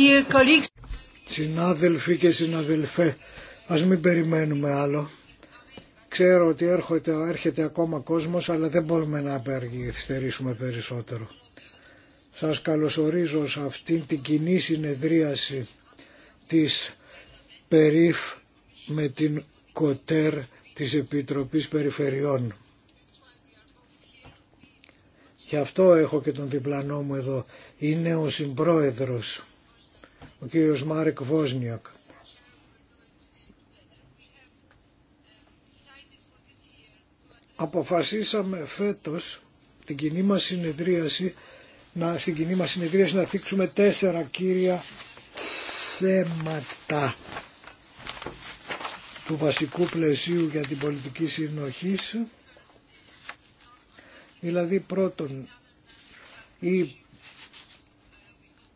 Dear colleagues. Συνάδελφοι και συναδελφέ, ας μην περιμένουμε άλλο. Ξέρω ότι έρχεται, έρχεται ακόμα κόσμος, αλλά δεν μπορούμε να απεργηθυστερήσουμε περισσότερο. Σας καλωσορίζω σε αυτήν την κοινή συνεδρίαση της ΠΕΡΙΦ με την ΚΟΤΕΡ της Επιτροπής Περιφερειών. Γι' αυτό έχω και τον διπλανό μου εδώ. Είναι ο συμπρόεδρος ο κύριος Μάρικ Βόσνιακ. Αποφασίσαμε φέτος την κοινή μας συνεδρίαση να, στην κοινή μας συνεδρίαση να θίξουμε τέσσερα κύρια θέματα του βασικού πλαισίου για την πολιτική συνοχή δηλαδή πρώτον η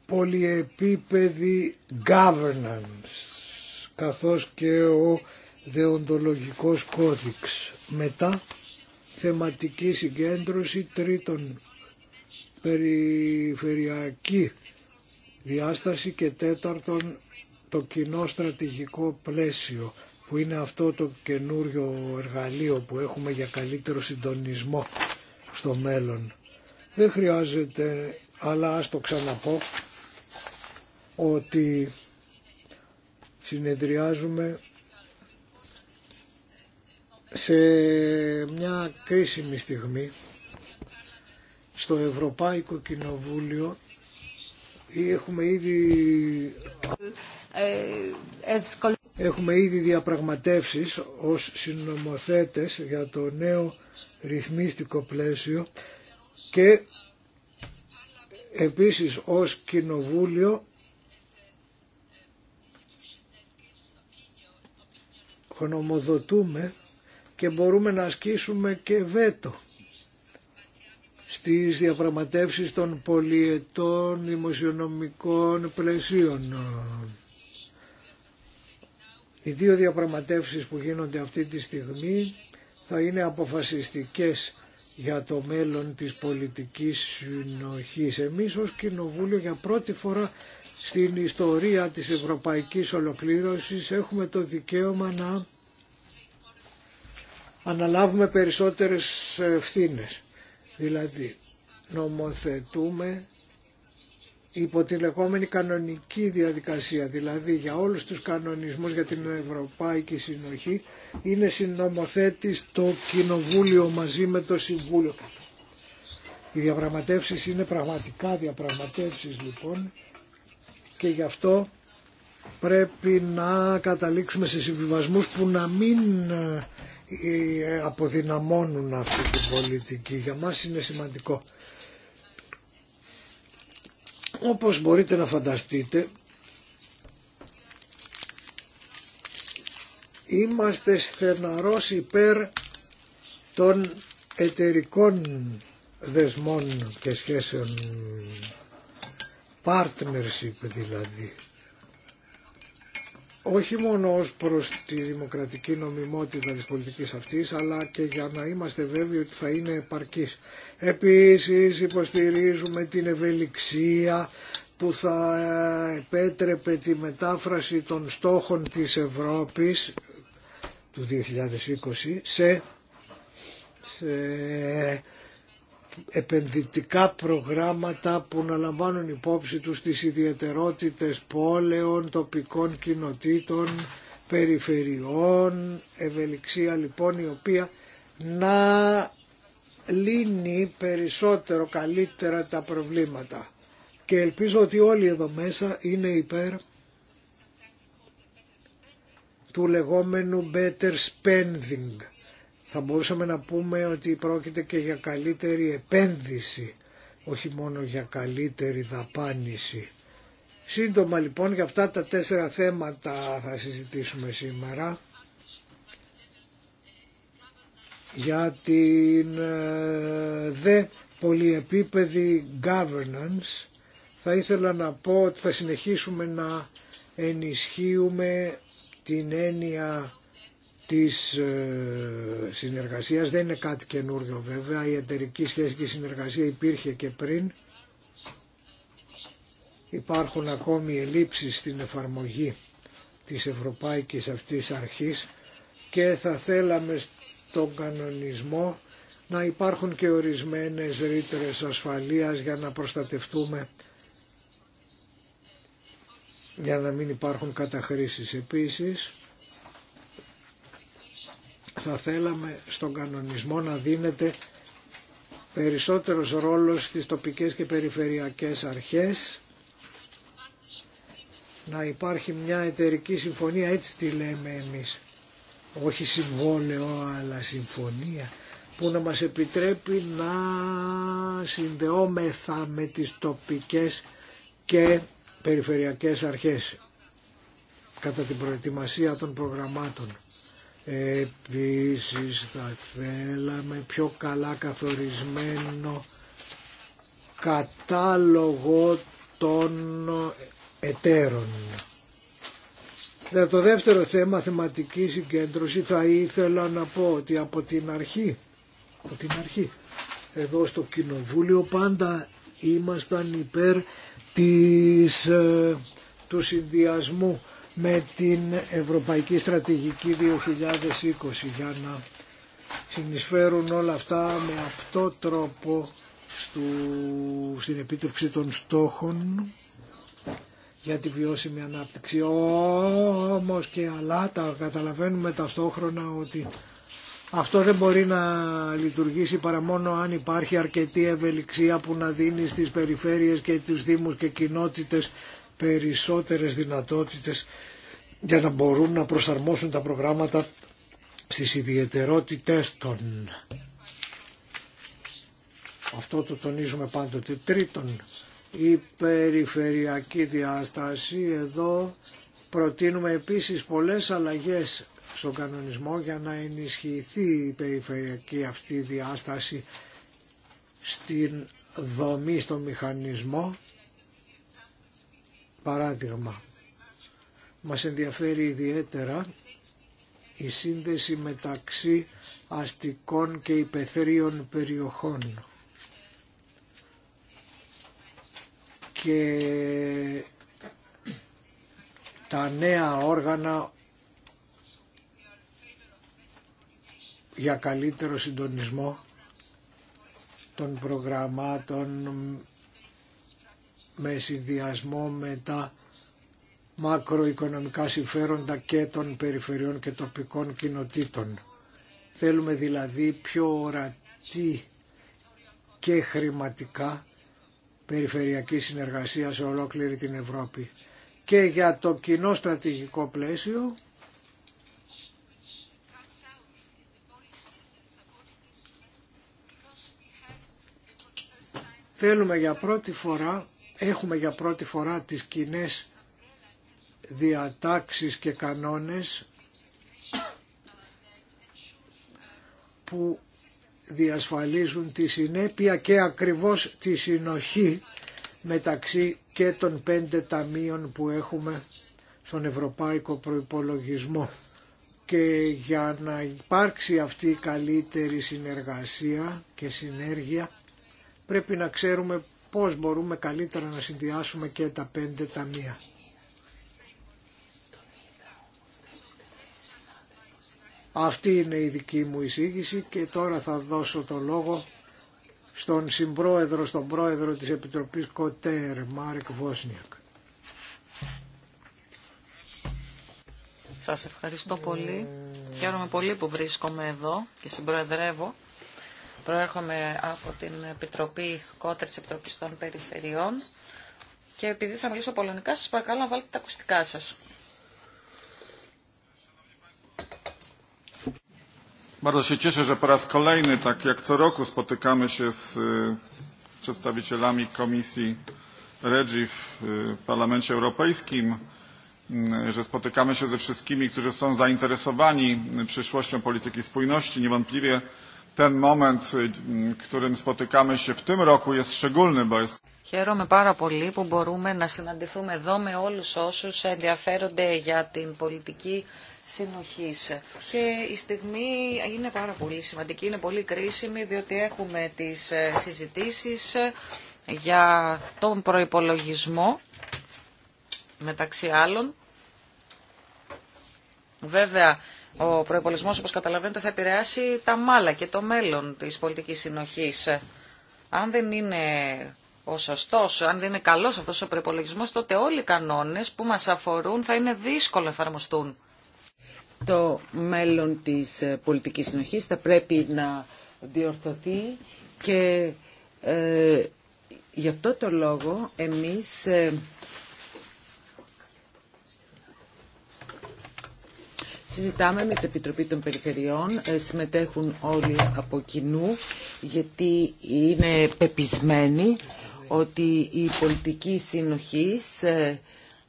πολυεπίπεδη governance καθώς και ο δεοντολογικός κώδικς. Μετά θεματική συγκέντρωση τρίτον περιφερειακή διάσταση και τέταρτον το κοινό στρατηγικό πλαίσιο που είναι αυτό το καινούριο εργαλείο που έχουμε για καλύτερο συντονισμό στο μέλλον. Δεν χρειάζεται, αλλά ας το ξαναπώ, ότι συνεδριάζουμε σε μια κρίσιμη στιγμή στο Ευρωπαϊκό Κοινοβούλιο έχουμε ήδη έχουμε ήδη διαπραγματεύσεις ως συνομοθέτες για το νέο ρυθμίστικο πλαίσιο και επίσης ως κοινοβούλιο γνωμοδοτούμε και μπορούμε να ασκήσουμε και βέτο στις διαπραγματεύσεις των πολιετών δημοσιονομικών πλαισίων. Οι δύο διαπραγματεύσεις που γίνονται αυτή τη στιγμή θα είναι αποφασιστικές για το μέλλον της πολιτικής συνοχής. Εμείς ως Κοινοβούλιο για πρώτη φορά στην ιστορία της ευρωπαϊκής ολοκλήρωσης έχουμε το δικαίωμα να αναλάβουμε περισσότερες ευθύνε, Δηλαδή νομοθετούμε υπό τη λεγόμενη κανονική διαδικασία, δηλαδή για όλους τους κανονισμούς για την Ευρωπαϊκή Συνοχή, είναι συνομοθέτης το Κοινοβούλιο μαζί με το Συμβούλιο. Οι διαπραγματεύσεις είναι πραγματικά διαπραγματεύσεις λοιπόν και γι' αυτό πρέπει να καταλήξουμε σε συμβιβασμούς που να μην ε, ε, αποδυναμώνουν αυτή την πολιτική. Για μας είναι σημαντικό. Όπως μπορείτε να φανταστείτε, είμαστε στεναρός υπέρ των εταιρικών δεσμών και σχέσεων partnership δηλαδή. Όχι μόνο ως προς τη δημοκρατική νομιμότητα της πολιτικής αυτής, αλλά και για να είμαστε βέβαιοι ότι θα είναι επαρκής. Επίσης υποστηρίζουμε την ευελιξία που θα ε, επέτρεπε τη μετάφραση των στόχων της Ευρώπης του 2020 σε, σε επενδυτικά προγράμματα που να λαμβάνουν υπόψη τους τις ιδιαιτερότητες πόλεων, τοπικών κοινοτήτων, περιφερειών, ευελιξία λοιπόν η οποία να λύνει περισσότερο καλύτερα τα προβλήματα. Και ελπίζω ότι όλοι εδώ μέσα είναι υπέρ του λεγόμενου better spending θα μπορούσαμε να πούμε ότι πρόκειται και για καλύτερη επένδυση, όχι μόνο για καλύτερη δαπάνηση. Σύντομα λοιπόν για αυτά τα τέσσερα θέματα θα συζητήσουμε σήμερα. Για την ε, δε πολυεπίπεδη governance θα ήθελα να πω ότι θα συνεχίσουμε να ενισχύουμε την έννοια της ε, συνεργασίας δεν είναι κάτι καινούριο βέβαια. Η εταιρική σχέση και η συνεργασία υπήρχε και πριν. Υπάρχουν ακόμη ελλείψεις στην εφαρμογή της ευρωπαϊκής αυτής αρχής και θα θέλαμε στον κανονισμό να υπάρχουν και ορισμένες ρήτρες ασφαλείας για να προστατευτούμε για να μην υπάρχουν καταχρήσεις. Επίσης, θα θέλαμε στον κανονισμό να δίνεται περισσότερος ρόλος στις τοπικές και περιφερειακές αρχές να υπάρχει μια εταιρική συμφωνία έτσι τη λέμε εμείς όχι συμβόλαιο αλλά συμφωνία που να μας επιτρέπει να συνδεόμεθα με τις τοπικές και περιφερειακές αρχές κατά την προετοιμασία των προγραμμάτων. Επίσης θα θέλαμε πιο καλά καθορισμένο κατάλογο των εταίρων. Για ναι, το δεύτερο θέμα θεματική συγκέντρωση θα ήθελα να πω ότι από την αρχή, από την αρχή εδώ στο Κοινοβούλιο πάντα ήμασταν υπέρ της, ε, του συνδυασμού με την Ευρωπαϊκή Στρατηγική 2020 για να συνεισφέρουν όλα αυτά με αυτό τρόπο στο, στην επίτευξη των στόχων για τη βιώσιμη ανάπτυξη. Όμως και αλλά τα καταλαβαίνουμε ταυτόχρονα ότι αυτό δεν μπορεί να λειτουργήσει παρά μόνο αν υπάρχει αρκετή ευελιξία που να δίνει στις περιφέρειες και τους δήμους και κοινότητες περισσότερες δυνατότητες για να μπορούν να προσαρμόσουν τα προγράμματα στις ιδιαιτερότητες των. Αυτό το τονίζουμε πάντοτε. Τρίτον, η περιφερειακή διάσταση εδώ προτείνουμε επίσης πολλές αλλαγές στον κανονισμό για να ενισχυθεί η περιφερειακή αυτή διάσταση στην δομή, στο μηχανισμό Παράδειγμα, μας ενδιαφέρει ιδιαίτερα η σύνδεση μεταξύ αστικών και υπεθρίων περιοχών και τα νέα όργανα για καλύτερο συντονισμό των προγραμμάτων με συνδυασμό με τα μακροοικονομικά συμφέροντα και των περιφερειών και τοπικών κοινοτήτων. Θέλουμε δηλαδή πιο ορατή και χρηματικά περιφερειακή συνεργασία σε ολόκληρη την Ευρώπη. Και για το κοινό στρατηγικό πλαίσιο θέλουμε για πρώτη φορά έχουμε για πρώτη φορά τις κοινέ διατάξεις και κανόνες που διασφαλίζουν τη συνέπεια και ακριβώς τη συνοχή μεταξύ και των πέντε ταμείων που έχουμε στον Ευρωπαϊκό Προϋπολογισμό. Και για να υπάρξει αυτή η καλύτερη συνεργασία και συνέργεια πρέπει να ξέρουμε πώς μπορούμε καλύτερα να συνδυάσουμε και τα πέντε τα μία. Αυτή είναι η δική μου εισήγηση και τώρα θα δώσω το λόγο στον συμπρόεδρο, στον πρόεδρο της Επιτροπής Κοτέρ, Μάρικ Βόσνιακ. Σας ευχαριστώ πολύ. Χαίρομαι πολύ που βρίσκομαι εδώ και συμπροεδρεύω Προέρχομαι από την Επιτροπή Κότερ της Επιτροπής των Περιφερειών και επειδή θα μιλήσω πολωνικά σας παρακαλώ να βάλετε τα ακουστικά σας. Bardzo się cieszę, że po raz kolejny, tak jak co roku, spotykamy się z przedstawicielami Komisji REGI w Parlamencie Europejskim, że spotykamy się ze wszystkimi, którzy są zainteresowani przyszłością polityki spójności. Niewątpliwie ten Χαίρομαι πάρα πολύ που μπορούμε να συναντηθούμε εδώ με όλους όσους ενδιαφέρονται για την πολιτική συνοχής. Και η στιγμή είναι πάρα πολύ σημαντική, είναι πολύ κρίσιμη, διότι έχουμε τις ε, συζητήσεις ε, για τον προϋπολογισμό, μεταξύ άλλων. Βέβαια, ο προπολογισμό, όπω καταλαβαίνετε, θα επηρεάσει τα μάλα και το μέλλον τη πολιτική συνοχή. Αν δεν είναι ο σωστό, αν δεν είναι καλό αυτό ο προπολογισμό, τότε όλοι οι κανόνε που μα αφορούν θα είναι δύσκολο να εφαρμοστούν. Το μέλλον της ε, πολιτικής συνοχής θα πρέπει να διορθωθεί και ε, γι' αυτό το λόγο εμείς ε, Συζητάμε με την Επιτροπή των Περιφερειών, ε, συμμετέχουν όλοι από κοινού, γιατί είναι πεπισμένοι ότι η πολιτική συνοχής ε,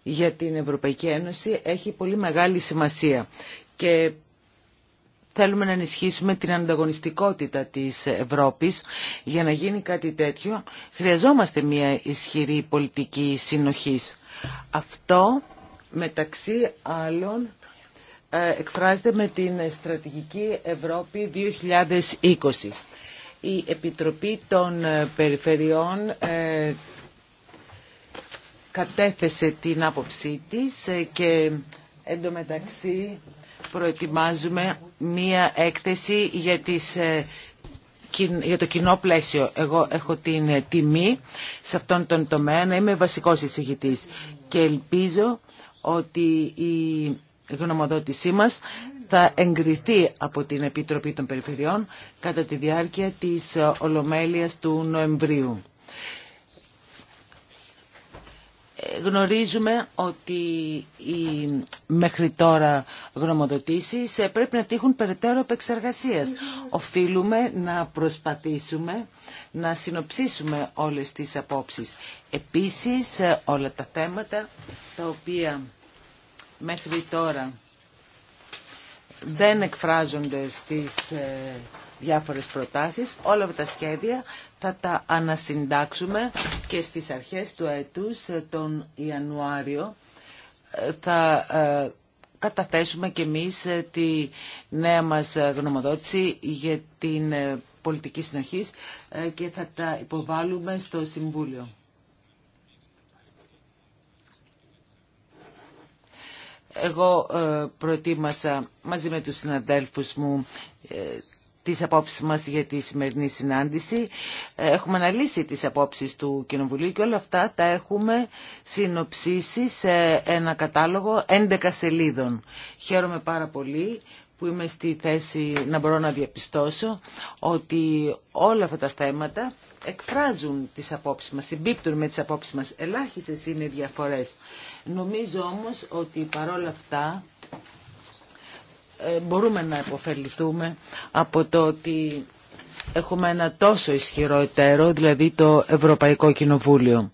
για την Ευρωπαϊκή Ένωση έχει πολύ μεγάλη σημασία. Και θέλουμε να ενισχύσουμε την ανταγωνιστικότητα της Ευρώπης. Για να γίνει κάτι τέτοιο, χρειαζόμαστε μια ισχυρή πολιτική συνοχής. Αυτό, μεταξύ άλλων, ε, εκφράζεται με την στρατηγική Ευρώπη 2020. Η Επιτροπή των ε, Περιφερειών ε, κατέθεσε την άποψή της και εντωμεταξύ προετοιμάζουμε μία έκθεση για για το κοινό πλαίσιο. Εγώ έχω την τιμή σε αυτόν τον τομέα να είμαι βασικός εισηγητής και ελπίζω ότι η γνωμοδότησή μας θα εγκριθεί από την Επιτροπή των Περιφερειών κατά τη διάρκεια της ε, Ολομέλειας του Νοεμβρίου. Ε, γνωρίζουμε ότι οι μέχρι τώρα γνωμοδοτήσεις ε, πρέπει να τύχουν περαιτέρω επεξεργασίας. Οφείλουμε να προσπαθήσουμε να συνοψίσουμε όλες τις απόψεις. Επίσης όλα τα θέματα τα οποία μέχρι τώρα δεν εκφράζονται στις ε, διάφορες προτάσεις. Όλα αυτά τα σχέδια θα τα ανασυντάξουμε και στις αρχές του έτους, ε, τον Ιανουάριο, ε, θα καταθέσουμε και εμείς τη νέα μας γνωμοδότηση για την πολιτική συνοχής και θα τα υποβάλουμε στο Συμβούλιο. Εγώ ε, προετοίμασα μαζί με τους συναδέλφους μου ε, τις απόψεις μας για τη σημερινή συνάντηση. Ε, έχουμε αναλύσει τις απόψεις του Κοινοβουλίου και όλα αυτά τα έχουμε συνοψίσει σε ένα κατάλογο 11 σελίδων. Χαίρομαι πάρα πολύ που είμαι στη θέση να μπορώ να διαπιστώσω ότι όλα αυτά τα θέματα εκφράζουν τις απόψεις μας, συμπίπτουν με τις απόψεις μας. Ελάχιστες είναι οι διαφορές. Νομίζω όμως ότι παρόλα αυτά ε, μπορούμε να υποφεληθούμε από το ότι έχουμε ένα τόσο ισχυρό εταίρο, δηλαδή το Ευρωπαϊκό Κοινοβούλιο.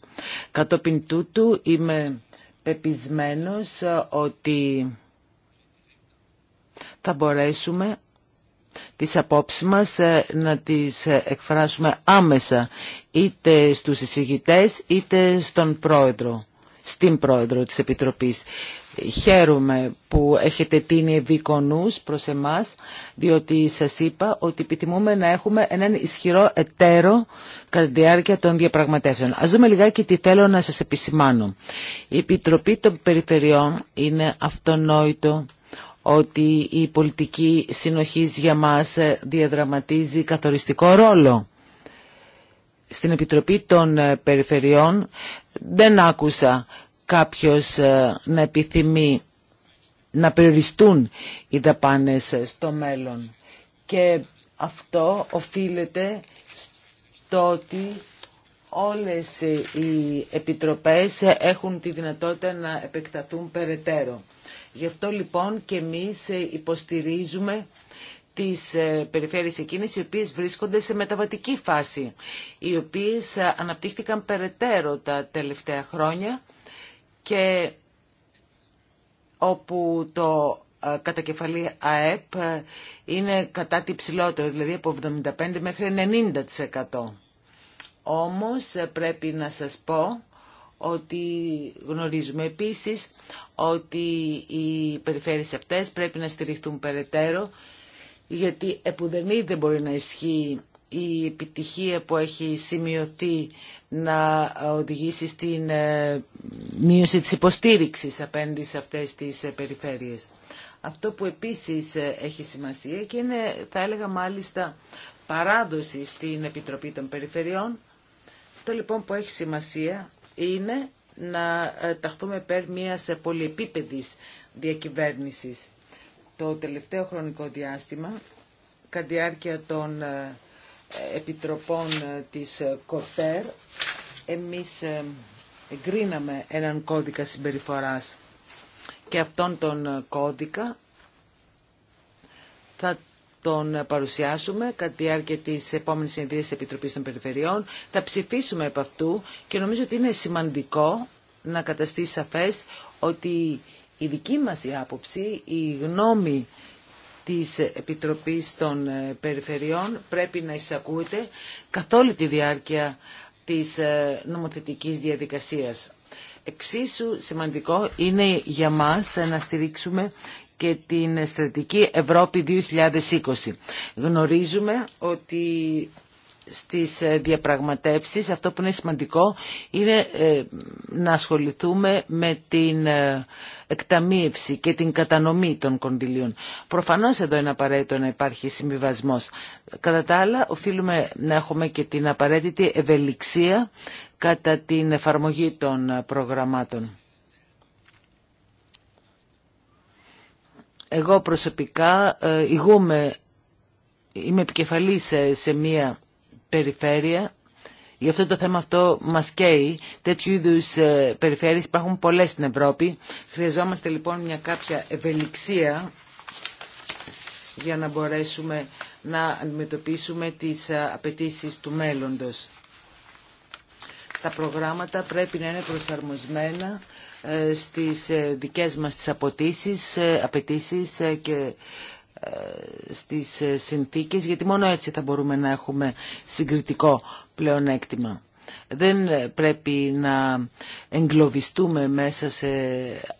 Κατόπιν τούτου είμαι πεπισμένος ότι θα μπορέσουμε τις απόψεις μας ε, να τις ε, εκφράσουμε άμεσα είτε στους εισηγητές είτε στον πρόεδρο, στην πρόεδρο της Επιτροπής. Χαίρομαι που έχετε τίνει ευήκονους προς εμάς, διότι σας είπα ότι επιθυμούμε να έχουμε έναν ισχυρό εταίρο κατά τη διάρκεια των διαπραγματεύσεων. Ας δούμε λιγάκι τι θέλω να σας επισημάνω. Η Επιτροπή των Περιφερειών είναι αυτονόητο ότι η πολιτική συνοχής για μας διαδραματίζει καθοριστικό ρόλο. Στην Επιτροπή των Περιφερειών δεν άκουσα κάποιος ε, να επιθυμεί να περιοριστούν οι δαπάνες στο μέλλον. Και αυτό οφείλεται στο ότι όλες οι επιτροπές έχουν τη δυνατότητα να επεκταθούν περαιτέρω. Γι' αυτό λοιπόν και εμείς ε, υποστηρίζουμε τις ε, περιφέρειες εκείνες οι οποίες βρίσκονται σε μεταβατική φάση, οι οποίες ε, αναπτύχθηκαν περαιτέρω τα τελευταία χρόνια και όπου το κατακεφαλή ΑΕΠ είναι κατά τη ψηλότερο, δηλαδή από 75 μέχρι 90%. Όμως πρέπει να σας πω ότι γνωρίζουμε επίσης ότι οι περιφέρειες αυτές πρέπει να στηριχτούν περαιτέρω γιατί επουδενή δεν μπορεί να ισχύει η επιτυχία που έχει σημειωθεί να οδηγήσει στην ε, μείωση της υποστήριξης απέναντι σε αυτές τις ε, περιφέρειες. Αυτό που επίσης ε, έχει σημασία και είναι, θα έλεγα μάλιστα, παράδοση στην Επιτροπή των Περιφερειών, το λοιπόν που έχει σημασία είναι να ε, ταχθούμε πέρ μιας ε, πολυεπίπεδης διακυβέρνησης. Το τελευταίο χρονικό διάστημα, κατά διάρκεια των ε, επιτροπών της ΚΟΤΕΡ, εμείς εγκρίναμε έναν κώδικα συμπεριφοράς και αυτόν τον κώδικα θα τον παρουσιάσουμε κατά τη διάρκεια τη επόμενη συνεδρία τη Επιτροπή των Περιφερειών. Θα ψηφίσουμε από αυτού και νομίζω ότι είναι σημαντικό να καταστεί σαφέ ότι η δική μας άποψη, η γνώμη της Επιτροπής των ε, Περιφερειών πρέπει να εισακούεται καθ' όλη τη διάρκεια της ε, νομοθετικής διαδικασίας. Εξίσου σημαντικό είναι για μας να στηρίξουμε και την στρατική Ευρώπη 2020. Γνωρίζουμε ότι στις ε, διαπραγματεύσεις αυτό που είναι σημαντικό είναι ε, να ασχοληθούμε με την ε, εκταμείευση και την κατανομή των κονδυλίων. Προφανώς εδώ είναι απαραίτητο να υπάρχει συμβιβασμός. Κατά τα άλλα, οφείλουμε να έχουμε και την απαραίτητη ευελιξία κατά την εφαρμογή των προγραμμάτων. Εγώ προσωπικά ε, ηγούμε, είμαι επικεφαλής σε, μια κάποια ευελιξία για να μπορέσουμε να αντιμετωπίσουμε τις ε, απαιτήσει του μέλλοντος. Τα προγράμματα πρέπει να είναι προσαρμοσμένα ε, στις ε, δικές μας τις αποτήσεις, απαιτήσεις ε, και στις συνθήκες, γιατί μόνο έτσι θα μπορούμε να έχουμε συγκριτικό πλεονέκτημα. Δεν πρέπει να εγκλωβιστούμε μέσα σε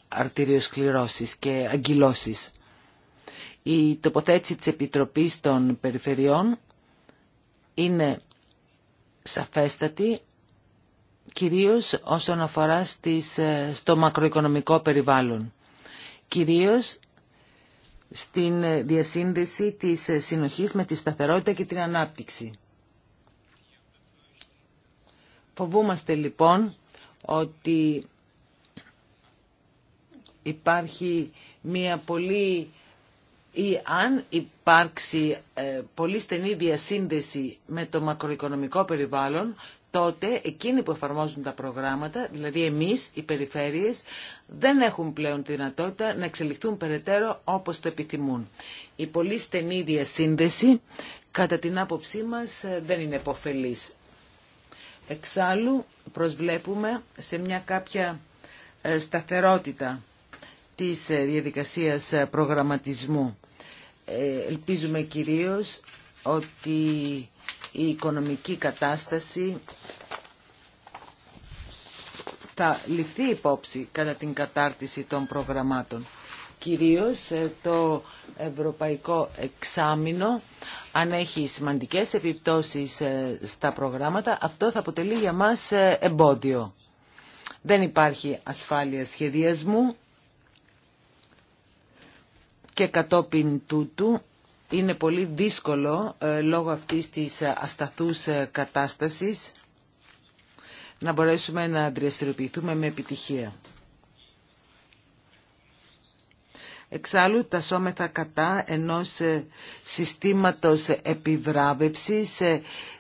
αρτηριοσκληρώσεις και αγκυλώσεις. Η τοποθέτηση της Επιτροπής των Περιφερειών είναι σαφέστατη κυρίως όσον αφορά στις, ε, στο μακροοικονομικό περιβάλλον. Κυρίως στην ε, διασύνδεση της ε, συνοχής με τη σταθερότητα και την ανάπτυξη. Φοβούμαστε λοιπόν ότι υπάρχει μια πολύ ή αν υπάρξει πολύ στενή διασύνδεση με το μακροοικονομικό περιβάλλον, τότε εκείνοι που εφαρμόζουν τα προγράμματα, δηλαδή εμείς οι περιφέρειες, δεν έχουν πλέον τη δυνατότητα να εξελιχθούν περαιτέρω όπως το επιθυμούν. Η πολύ στενή διασύνδεση, κατά την άποψή μας, δεν είναι επωφελής. Εξάλλου προσβλέπουμε σε μια κάποια ε, σταθερότητα της ε, διαδικασίας ε, προγραμματισμού. Ελπίζουμε κυρίως ότι η οικονομική κατάσταση θα ληφθεί υπόψη κατά την κατάρτιση των προγραμμάτων. Κυρίως ε, το Ευρωπαϊκό Εξάμεινο, αν έχει σημαντικές επιπτώσεις ε, στα προγράμματα, αυτό θα αποτελεί για μας ε, εμπόδιο. Δεν υπάρχει ασφάλεια σχεδιασμού και κατόπιν τούτου είναι πολύ δύσκολο ε, λόγω αυτής της ε, ασταθούς ε, κατάστασης να μπορέσουμε να δραστηριοποιηθούμε με επιτυχία. Εξάλλου τα σώμεθα κατά ενός συστήματος επιβράβευσης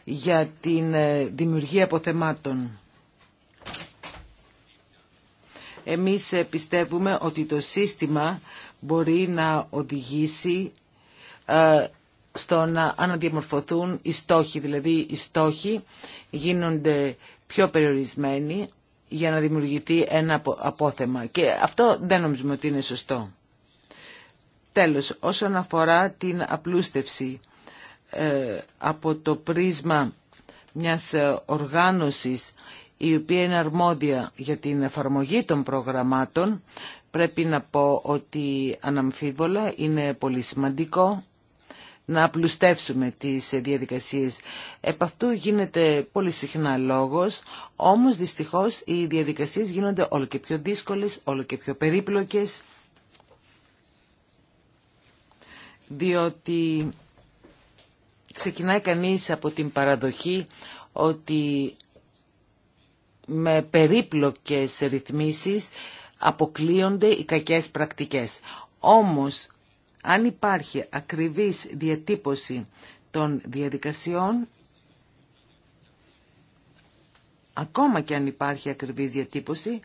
για την δημιουργία αποθεμάτων. Εμείς πιστεύουμε ότι το σύστημα μπορεί να οδηγήσει ε, στο να αναδιαμορφωθούν οι στόχοι. Δηλαδή οι στόχοι γίνονται πιο περιορισμένοι για να δημιουργηθεί ένα απόθεμα. Και αυτό δεν νομίζουμε ότι είναι σωστό. Τέλος, όσον αφορά την απλούστευση ε, από το πρίσμα μιας ε, οργάνωσης η οποία είναι αρμόδια για την εφαρμογή των προγραμμάτων, πρέπει να πω ότι αναμφίβολα είναι πολύ σημαντικό να απλουστεύσουμε τις διαδικασίες. Επ' αυτού γίνεται πολύ συχνά λόγος, όμως δυστυχώς οι διαδικασίες γίνονται όλο και πιο δύσκολες, όλο και πιο περίπλοκες, διότι ξεκινάει κανείς από την παραδοχή ότι με περίπλοκες ρυθμίσεις αποκλείονται οι κακές πρακτικές. Όμως αν υπάρχει ακριβής διατύπωση των διαδικασιών, ακόμα και αν υπάρχει ακριβής διατύπωση,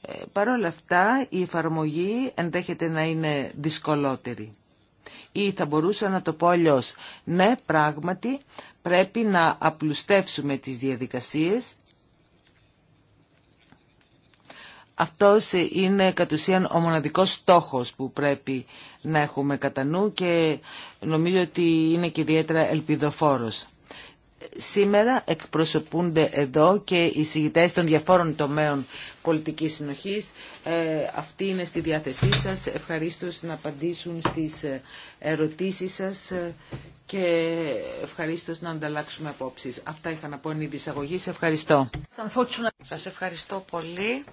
ε, παρόλα αυτά η εφαρμογή ενδέχεται να είναι δυσκολότερη. Ή θα μπορούσα να το πω αλλιώ. Ναι, πράγματι πρέπει να απλουστεύσουμε τις διαδικασίες Αυτός είναι κατ' ουσίαν ο μοναδικός στόχος που πρέπει να έχουμε κατά νου και νομίζω ότι είναι και ιδιαίτερα ελπιδοφόρος. Σήμερα εκπροσωπούνται εδώ και οι συγητές των διαφόρων τομέων πολιτικής συνοχής. Ε, αυτοί είναι στη διάθεσή σας. Ευχαρίστω να απαντήσουν στις ε, ερωτήσεις σας ε, και ευχαρίστω να ανταλλάξουμε απόψεις. Αυτά είχα να πω εν είδη εισαγωγής. Ευχαριστώ. Σας ευχαριστώ πολύ.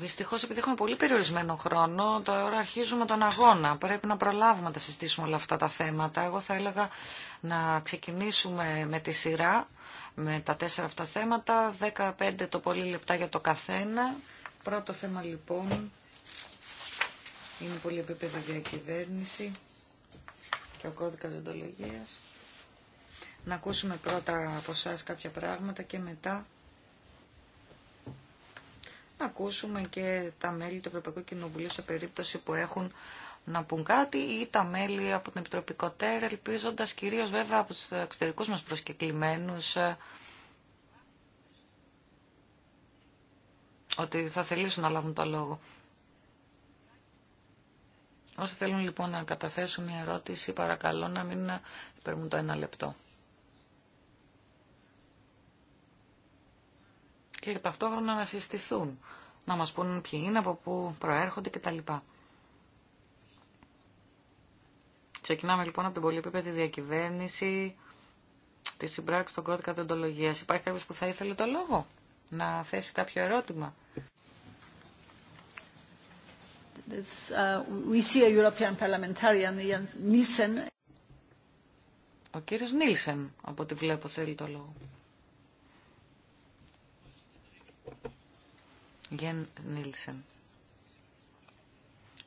Δυστυχώ επειδή έχουμε πολύ περιορισμένο χρόνο, τώρα αρχίζουμε τον αγώνα. Πρέπει να προλάβουμε να συζητήσουμε όλα αυτά τα θέματα. Εγώ θα έλεγα να ξεκινήσουμε με τη σειρά, με τα τέσσερα αυτά θέματα, 15 το πολύ λεπτά για το καθένα. Πρώτο θέμα λοιπόν είναι η πολυεπίπεδη διακυβέρνηση και ο κώδικας εντολογίας. Να ακούσουμε πρώτα από εσά κάποια πράγματα και μετά να ακούσουμε και τα μέλη του Ευρωπαϊκού Κοινοβουλίου σε περίπτωση που έχουν να πούν κάτι ή τα μέλη από την Επιτροπή Κοτέρ, ελπίζοντα κυρίως βέβαια από τους εξωτερικούς μας προσκεκλημένους ε, ότι θα θελήσουν να λάβουν το λόγο. Όσοι θέλουν λοιπόν να καταθέσουν μια ερώτηση, παρακαλώ να μην υπερμούν το ένα λεπτό. και ταυτόχρονα να συστηθούν, να μας πούν ποιοι είναι, από πού προέρχονται κτλ. Ξεκινάμε λοιπόν από την πολυεπίπεδη διακυβέρνηση τη συμπράξη των κώδικα διοντολογία. Υπάρχει κάποιο που θα ήθελε το λόγο να θέσει κάποιο ερώτημα. Uh, we see a European parliamentarian, Ο κύριος Νίλσεν, από ό,τι βλέπω, θέλει το λόγο. Γεν Νίλσεν.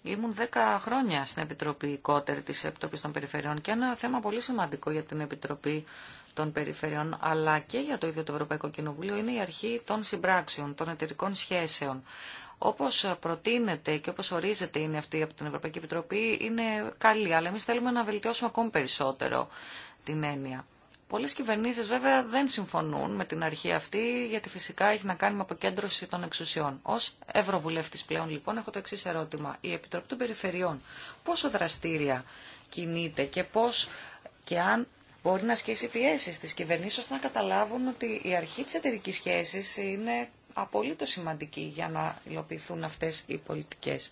Ήμουν 10 χρόνια στην Επιτροπή Κότερη της Επιτροπής των Περιφερειών και ένα θέμα πολύ σημαντικό για την Επιτροπή των Περιφερειών αλλά και για το ίδιο το Ευρωπαϊκό Κοινοβούλιο είναι η αρχή των συμπράξεων, των εταιρικών σχέσεων. Όπως προτείνεται και όπως ορίζεται είναι αυτή από την Ευρωπαϊκή Επιτροπή είναι καλή, αλλά εμείς θέλουμε να βελτιώσουμε ακόμη περισσότερο την έννοια. Πολλέ κυβερνήσει βέβαια δεν συμφωνούν με την αρχή αυτή, γιατί φυσικά έχει να κάνει με αποκέντρωση των εξουσιών. Ως Ευρωβουλευτή πλέον λοιπόν έχω το εξή ερώτημα. Η Επιτροπή των Περιφερειών πόσο δραστήρια κινείται και πώ και αν μπορεί να ασκήσει πιέσει στις κυβερνήσει ώστε να καταλάβουν ότι η αρχή της εταιρικής σχέσης είναι απολύτως σημαντική για να υλοποιηθούν αυτές οι πολιτικές.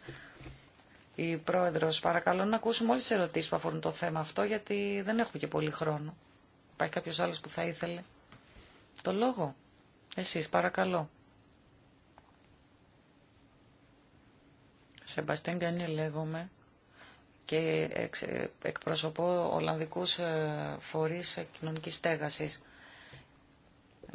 Η Πρόεδρος, παρακαλώ να ακούσουμε όλες τις ερωτήσεις που αφορούν το θέμα αυτό, γιατί δεν έχουμε και πολύ χρόνο. Υπάρχει κάποιος άλλος που θα ήθελε το λόγο. Εσείς παρακαλώ. Σεμπαστέν Κανιέ λέγομαι και εκπροσωπώ Ολλανδικούς ε, φορείς κοινωνικής στέγασης.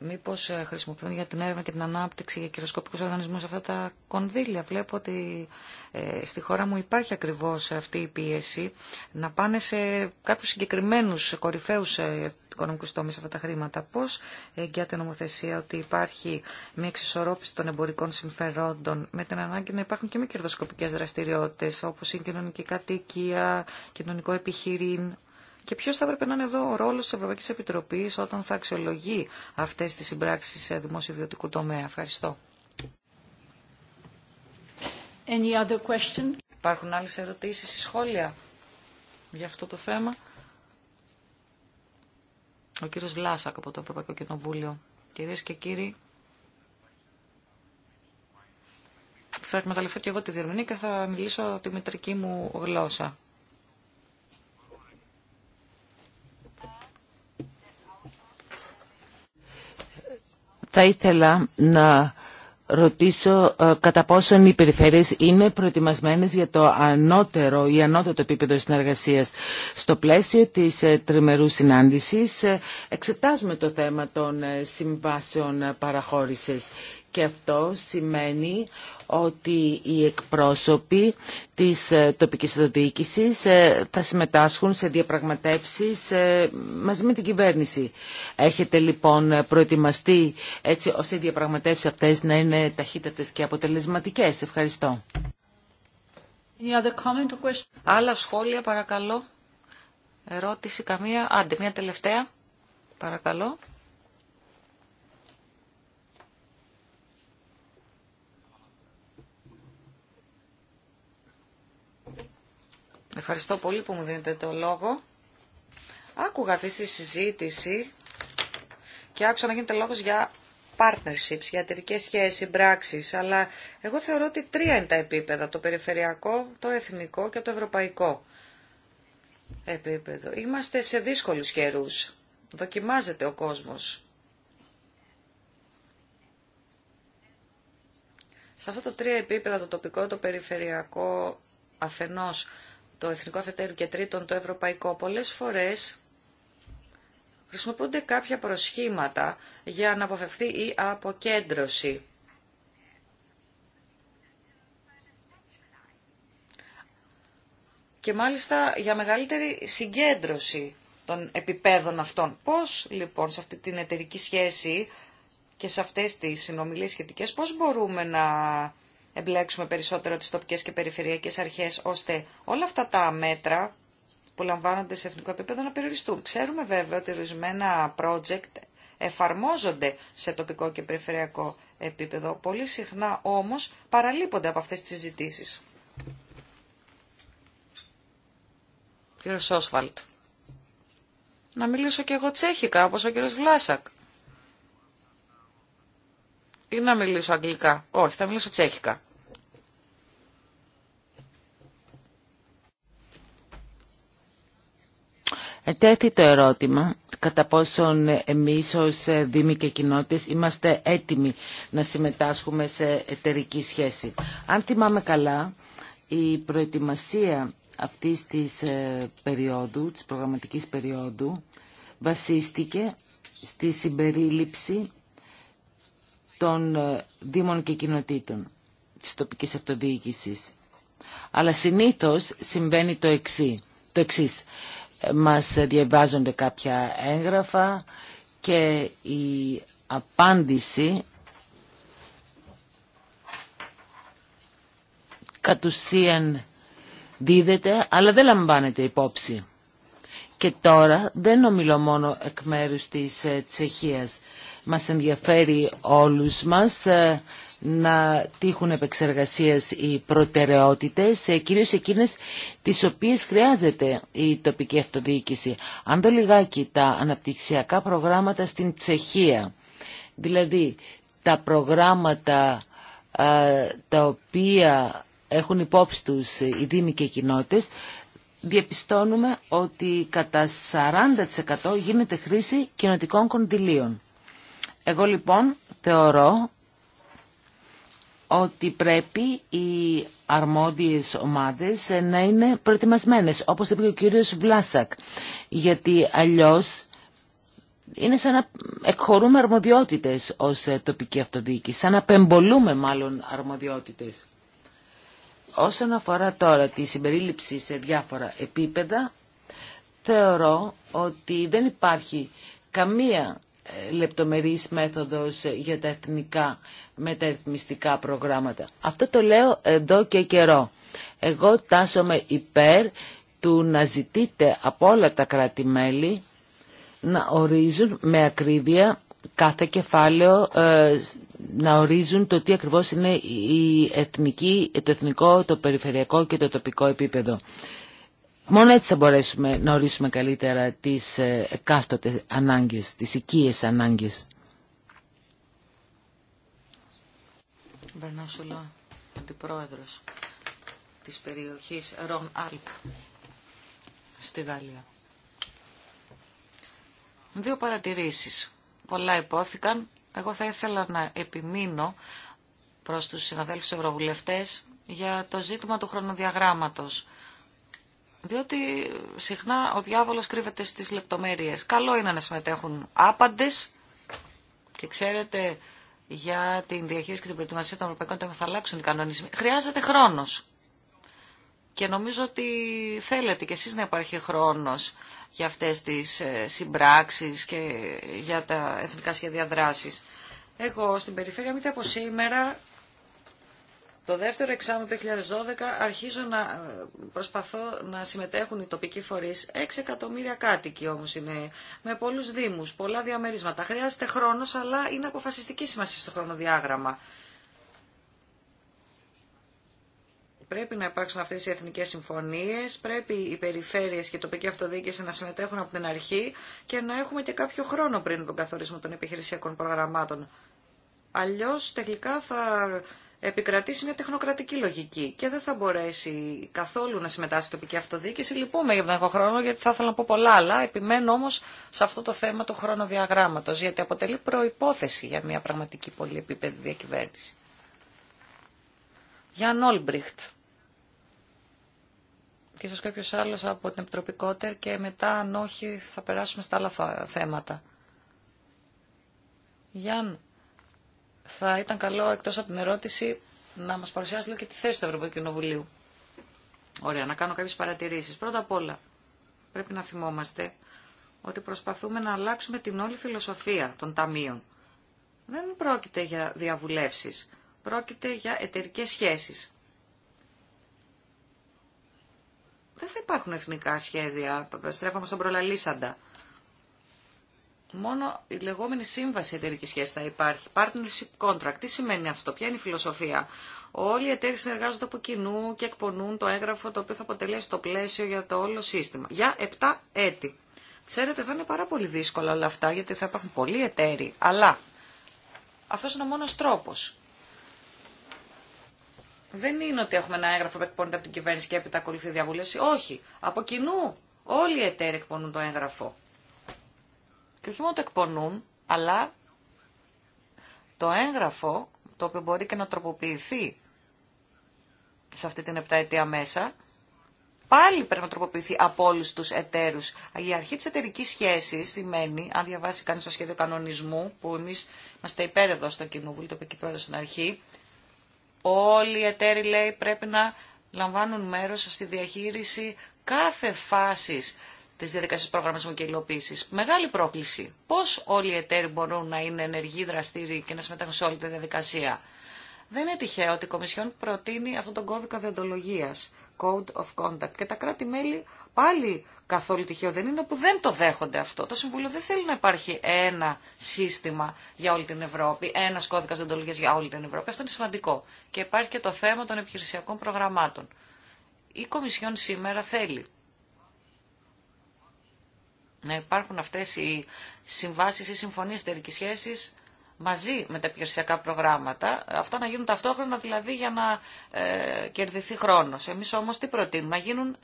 Μήπω ε, χρησιμοποιούν για την έρευνα και την ανάπτυξη για κυροσκοπικού οργανισμούς αυτά τα κονδύλια. Βλέπω ότι ε, στη χώρα μου υπάρχει ακριβώ αυτή η πίεση να πάνε σε συγκεκριμένου, συγκεκριμένους κορυφαίους ε, οικονομικούς τομείς αυτά τα χρήματα. Πώς για την νομοθεσία ότι υπάρχει μια εξισορρόπηση των εμπορικών συμφερόντων με την ανάγκη να υπάρχουν και μη κερδοσκοπικέ δραστηριότητε, όπω είναι κοινωνική κατοικία, κοινωνικό επιχειρήν, και ποιο θα έπρεπε να είναι εδώ ο ρόλο τη Ευρωπαϊκή Επιτροπή όταν θα αξιολογεί αυτέ τι συμπράξει σε δημοσιο τομέα. Ευχαριστώ. Any other question? Υπάρχουν άλλε ερωτήσει ή σχόλια για αυτό το θέμα. Ο κύριος Βλάσακ από το Ευρωπαϊκό Κοινοβούλιο. Κυρίες και κύριοι, θα εκμεταλλευτώ και εγώ τη διερμηνή και θα μιλήσω τη μητρική μου γλώσσα. Θα ήθελα να ρωτήσω ε, κατά πόσον οι περιφέρειες είναι προετοιμασμένες για το ανώτερο ή ανώτατο επίπεδο συνεργασίας. Στο πλαίσιο της ε, τριμερού συνάντησης ε, εξετάζουμε το θέμα των συμβάσεων παραχώρησης και αυτό σημαίνει ότι οι εκπρόσωποι της ε, τοπικής αυτοδιοίκησης ε, θα συμμετάσχουν σε διαπραγματεύσεις ε, μαζί με την κυβέρνηση. Έχετε λοιπόν προετοιμαστεί έτσι ώστε οι διαπραγματεύσεις αυτές να είναι ταχύτατες και αποτελεσματικές. Ευχαριστώ. Άλλα σχόλια παρακαλώ. Ερώτηση καμία. Άντε, μια τελευταία. Παρακαλώ. Ευχαριστώ πολύ που μου δίνετε το λόγο. Άκουγα αυτή τη συζήτηση και άκουσα να γίνεται λόγος για partnerships, για εταιρικές σχέσεις, πράξεις, αλλά εγώ θεωρώ ότι τρία είναι τα επίπεδα, το περιφερειακό, το εθνικό και το ευρωπαϊκό επίπεδο. Είμαστε σε δύσκολους καιρούς. Δοκιμάζεται ο κόσμος. Σε αυτά τα τρία επίπεδα, το τοπικό, το περιφερειακό αφενός το εθνικό αφετέρου και τρίτον το ευρωπαϊκό, πολλές φορές χρησιμοποιούνται κάποια προσχήματα για να αποφευθεί η αποκέντρωση. Και μάλιστα για μεγαλύτερη συγκέντρωση των επιπέδων αυτών. Πώς λοιπόν σε αυτή την εταιρική σχέση και σε αυτές τις συνομιλίες σχετικές, πώς μπορούμε να εμπλέξουμε περισσότερο τις τοπικές και περιφερειακές αρχές, ώστε όλα αυτά τα μέτρα που λαμβάνονται σε εθνικό επίπεδο να περιοριστούν. Ξέρουμε βέβαια ότι ορισμένα project εφαρμόζονται σε τοπικό και περιφερειακό επίπεδο. Πολύ συχνά όμως παραλείπονται από αυτές τις συζητήσεις. Κύριο Σόσφαλτ. Να μιλήσω και εγώ τσέχικα, όπως ο κύριος Βλάσακ ή να μιλήσω αγγλικά. Όχι, θα μιλήσω τσέχικα. Ετέθη το ερώτημα κατά πόσον εμείς ως Δήμοι και κοινότητες είμαστε έτοιμοι να συμμετάσχουμε σε εταιρική σχέση. Αν θυμάμαι καλά, η προετοιμασία αυτής της ε, περίοδου, της προγραμματικής περίοδου, βασίστηκε στη συμπερίληψη των ε, δήμων και κοινοτήτων της τοπικής αυτοδιοίκησης. Αλλά συνήθως συμβαίνει το, εξή, το εξής. Ε, μας διαβάζονται κάποια έγγραφα και η απάντηση κατ' ουσίαν δίδεται αλλά δεν λαμβάνεται υπόψη. Και τώρα δεν ομιλώ μόνο εκ μέρου της ε, Τσεχίας. Μας ενδιαφέρει όλους μας ε, να τύχουν επεξεργασίας οι προτεραιότητες, ε, κυρίως εκείνες τις οποίες χρειάζεται η τοπική αυτοδιοίκηση. Αν το λιγάκι τα αναπτυξιακά προγράμματα στην Τσεχία, δηλαδή τα προγράμματα τα οποία έχουν υπόψη τους οι δήμοι και οι κοινότητες, διαπιστώνουμε ότι κατά 40% γίνεται χρήση κοινοτικών κοντιλίων. Εγώ λοιπόν θεωρώ ότι πρέπει οι αρμόδιες ομάδες να είναι προετοιμασμένες, όπως είπε ο κύριος Βλάσακ, γιατί αλλιώς είναι σαν να εκχωρούμε αρμοδιότητες ως τοπική αυτοδιοίκηση, σαν να πεμπολούμε μάλλον αρμοδιότητες. Όσον αφορά τώρα τη συμπερίληψη σε διάφορα επίπεδα, θεωρώ ότι δεν υπάρχει καμία ε, λεπτομερής μέθοδος για τα εθνικά μεταρρυθμιστικά προγράμματα. Αυτό το λέω εδώ και καιρό. Εγώ τάσομαι υπέρ του να ζητείτε από όλα τα κράτη-μέλη να ορίζουν με ακρίβεια κάθε κεφάλαιο ε, να ορίζουν το τι ακριβώς είναι η εθνική, το εθνικό, το περιφερειακό και το τοπικό επίπεδο. Μόνο έτσι θα μπορέσουμε να ορίσουμε καλύτερα τις ε, εκάστοτε ανάγκες, τις οικίες ανάγκες. αντιπρόεδρος της περιοχής Ρον Αλπ στη Γαλλία. Δύο παρατηρήσεις. Πολλά υπόθηκαν, εγώ θα ήθελα να επιμείνω προς τους συναδέλφους ευρωβουλευτές για το ζήτημα του χρονοδιαγράμματος. Διότι συχνά ο διάβολος κρύβεται στις λεπτομέρειες. Καλό είναι να συμμετέχουν άπαντες και ξέρετε για την διαχείριση και την προετοιμασία των Ευρωπαϊκών Τέμων θα αλλάξουν οι κανονισμοί. Χρειάζεται χρόνος. Και νομίζω ότι θέλετε κι εσείς να υπάρχει χρόνος για αυτές τις ε, συμπράξεις και για τα εθνικά σχέδια δράσης. Εγώ στην περιφέρεια μήτε από σήμερα, το δεύτερο εξάμεινο του 2012, αρχίζω να ε, προσπαθώ να συμμετέχουν οι τοπικοί φορείς. 6 εκατομμύρια κάτοικοι όμως είναι, με πολλούς δήμους, πολλά διαμερίσματα. Χρειάζεται χρόνος, αλλά είναι αποφασιστική σημασία στο χρονοδιάγραμμα. πρέπει να υπάρξουν αυτές οι εθνικές συμφωνίες, πρέπει οι περιφέρειες και η τοπική αυτοδιοίκηση να συμμετέχουν από την αρχή και να έχουμε και κάποιο χρόνο πριν τον καθορισμό των επιχειρησιακών προγραμμάτων. Αλλιώς τελικά θα επικρατήσει μια τεχνοκρατική λογική και δεν θα μπορέσει καθόλου να συμμετάσχει η τοπική αυτοδιοίκηση. Λυπούμε για τον έχω χρόνο γιατί θα ήθελα να πω πολλά άλλα. Επιμένω όμω σε αυτό το θέμα του χρονοδιαγράμματο γιατί αποτελεί προπόθεση για μια πραγματική πολυεπίπεδη διακυβέρνηση. Γιάνν Όλμπριχτ και ίσως κάποιος άλλος από την Επιτροπή Κότερ και μετά αν όχι θα περάσουμε στα άλλα θέματα. Γιάν, θα ήταν καλό εκτός από την ερώτηση να μας παρουσιάσει λίγο και τη θέση του Ευρωπαϊκού Κοινοβουλίου. Ωραία, να κάνω κάποιες παρατηρήσεις. Πρώτα απ' όλα, πρέπει να θυμόμαστε ότι προσπαθούμε να αλλάξουμε την όλη φιλοσοφία των ταμείων. Δεν πρόκειται για διαβουλεύσεις, πρόκειται για εταιρικές σχέσεις. δεν θα υπάρχουν εθνικά σχέδια. Στρέφαμε στον προλαλήσαντα. Μόνο η λεγόμενη σύμβαση εταιρική σχέση θα υπάρχει. Partnership contract. Τι σημαίνει αυτό, ποια είναι η φιλοσοφία. Όλοι οι εταίροι συνεργάζονται από κοινού και εκπονούν το έγγραφο το οποίο θα αποτελέσει το πλαίσιο για το όλο σύστημα. Για 7 έτη. Ξέρετε, θα είναι πάρα πολύ δύσκολα όλα αυτά γιατί θα υπάρχουν πολλοί εταίροι. Αλλά αυτό είναι ο μόνο τρόπο δεν είναι ότι έχουμε ένα έγγραφο που εκπονείται από την κυβέρνηση και έπειτα ακολουθεί διαβούλευση. Όχι. Από κοινού όλοι οι εταίροι εκπονούν το έγγραφο. Και όχι μόνο το εκπονούν, αλλά το έγγραφο, το οποίο μπορεί και να τροποποιηθεί σε αυτή την επταετία μέσα, πάλι πρέπει να τροποποιηθεί από όλου του εταίρου. Η αρχή τη εταιρική σχέση σημαίνει, αν διαβάσει κανεί το σχέδιο κανονισμού, που εμεί είμαστε υπέρ εδώ στο Κοινοβούλιο, το είπε και στην αρχή, Όλοι οι εταίροι, λέει, πρέπει να λαμβάνουν μέρος στη διαχείριση κάθε φάσης της διαδικασίας προγραμματισμού και υλοποίησης. Μεγάλη πρόκληση. Πώς όλοι οι εταίροι μπορούν να είναι ενεργοί δραστήριοι και να συμμετέχουν σε όλη τη διαδικασία. Δεν είναι τυχαίο ότι η Κομισιόν προτείνει αυτόν τον κώδικα διοντολογία, Code of Conduct, και τα κράτη-μέλη πάλι καθόλου τυχαίο δεν είναι που δεν το δέχονται αυτό. Το Συμβούλιο δεν θέλει να υπάρχει ένα σύστημα για όλη την Ευρώπη, ένα κώδικα διοντολογία για όλη την Ευρώπη. Αυτό είναι σημαντικό. Και υπάρχει και το θέμα των επιχειρησιακών προγραμμάτων. Η Κομισιόν σήμερα θέλει να υπάρχουν αυτές οι συμβάσεις ή συμφωνίες εταιρικής σχέσης μαζί με τα επιχειρησιακά προγράμματα, αυτά να γίνουν ταυτόχρονα δηλαδή για να ε, κερδιθεί χρόνος. Εμείς όμως τι προτείνουμε, να γίνουν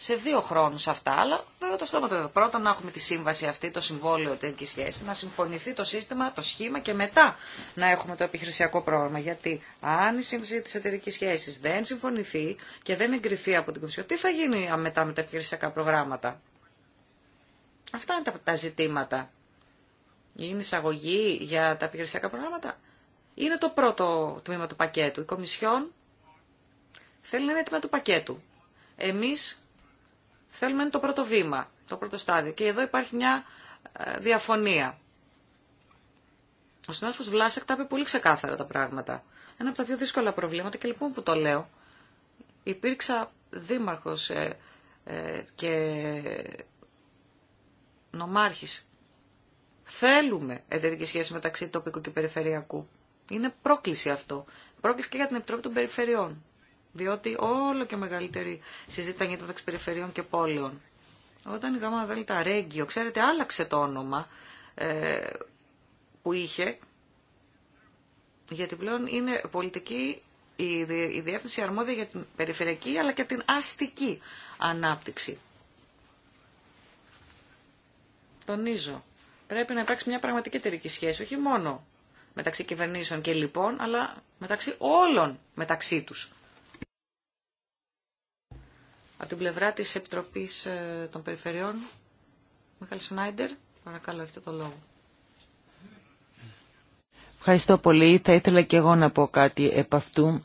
σε δύο χρόνους αυτά, αλλά βέβαια το στόμα το πρώτα να έχουμε τη σύμβαση αυτή, το συμβόλαιο τέτοια σχέση, να συμφωνηθεί το σύστημα, το σχήμα και μετά να έχουμε το επιχειρησιακό πρόγραμμα. Γιατί αν η σύμβαση της εταιρικής σχέσης δεν συμφωνηθεί και δεν εγκριθεί από την Κομισιό, τι θα γίνει μετά με τα επιχειρησιακά προγράμματα. Αυτά είναι τα ζητήματα είναι εισαγωγή για τα επιχειρησιακά προγράμματα. Είναι το πρώτο τμήμα του πακέτου. Η Κομισιόν θέλει να είναι τμήμα του πακέτου. Εμείς θέλουμε να είναι το πρώτο βήμα, το πρώτο στάδιο. Και εδώ υπάρχει μια ε, διαφωνία. Ο συνάδελφος Βλάσεκ τα είπε πολύ ξεκάθαρα τα πράγματα. Ένα από τα πιο δύσκολα προβλήματα και λοιπόν που το λέω. Υπήρξα δήμαρχος ε, ε, και νομάρχης Θέλουμε εταιρική σχέση μεταξύ τοπικού και περιφερειακού. Είναι πρόκληση αυτό. Πρόκληση και για την Επιτροπή των Περιφερειών. Διότι όλο και μεγαλύτερη συζήτηση γίνεται μεταξύ περιφερειών και πόλεων. Όταν η ΓΑΜΑ ΔΕΛΤΑ Ρέγγιο, ξέρετε, άλλαξε το όνομα ε, που είχε, γιατί πλέον είναι πολιτική η διεύθυνση αρμόδια για την περιφερειακή αλλά και την αστική ανάπτυξη. Τονίζω πρέπει να υπάρξει μια πραγματική εταιρική σχέση, όχι μόνο μεταξύ κυβερνήσεων και λοιπόν, αλλά μεταξύ όλων μεταξύ τους. Από την πλευρά της Επιτροπής ε, των Περιφερειών, Μιχαλ Σνάιντερ, παρακαλώ έχετε το λόγο. Ευχαριστώ πολύ. Θα ήθελα και εγώ να πω κάτι επ' αυτού.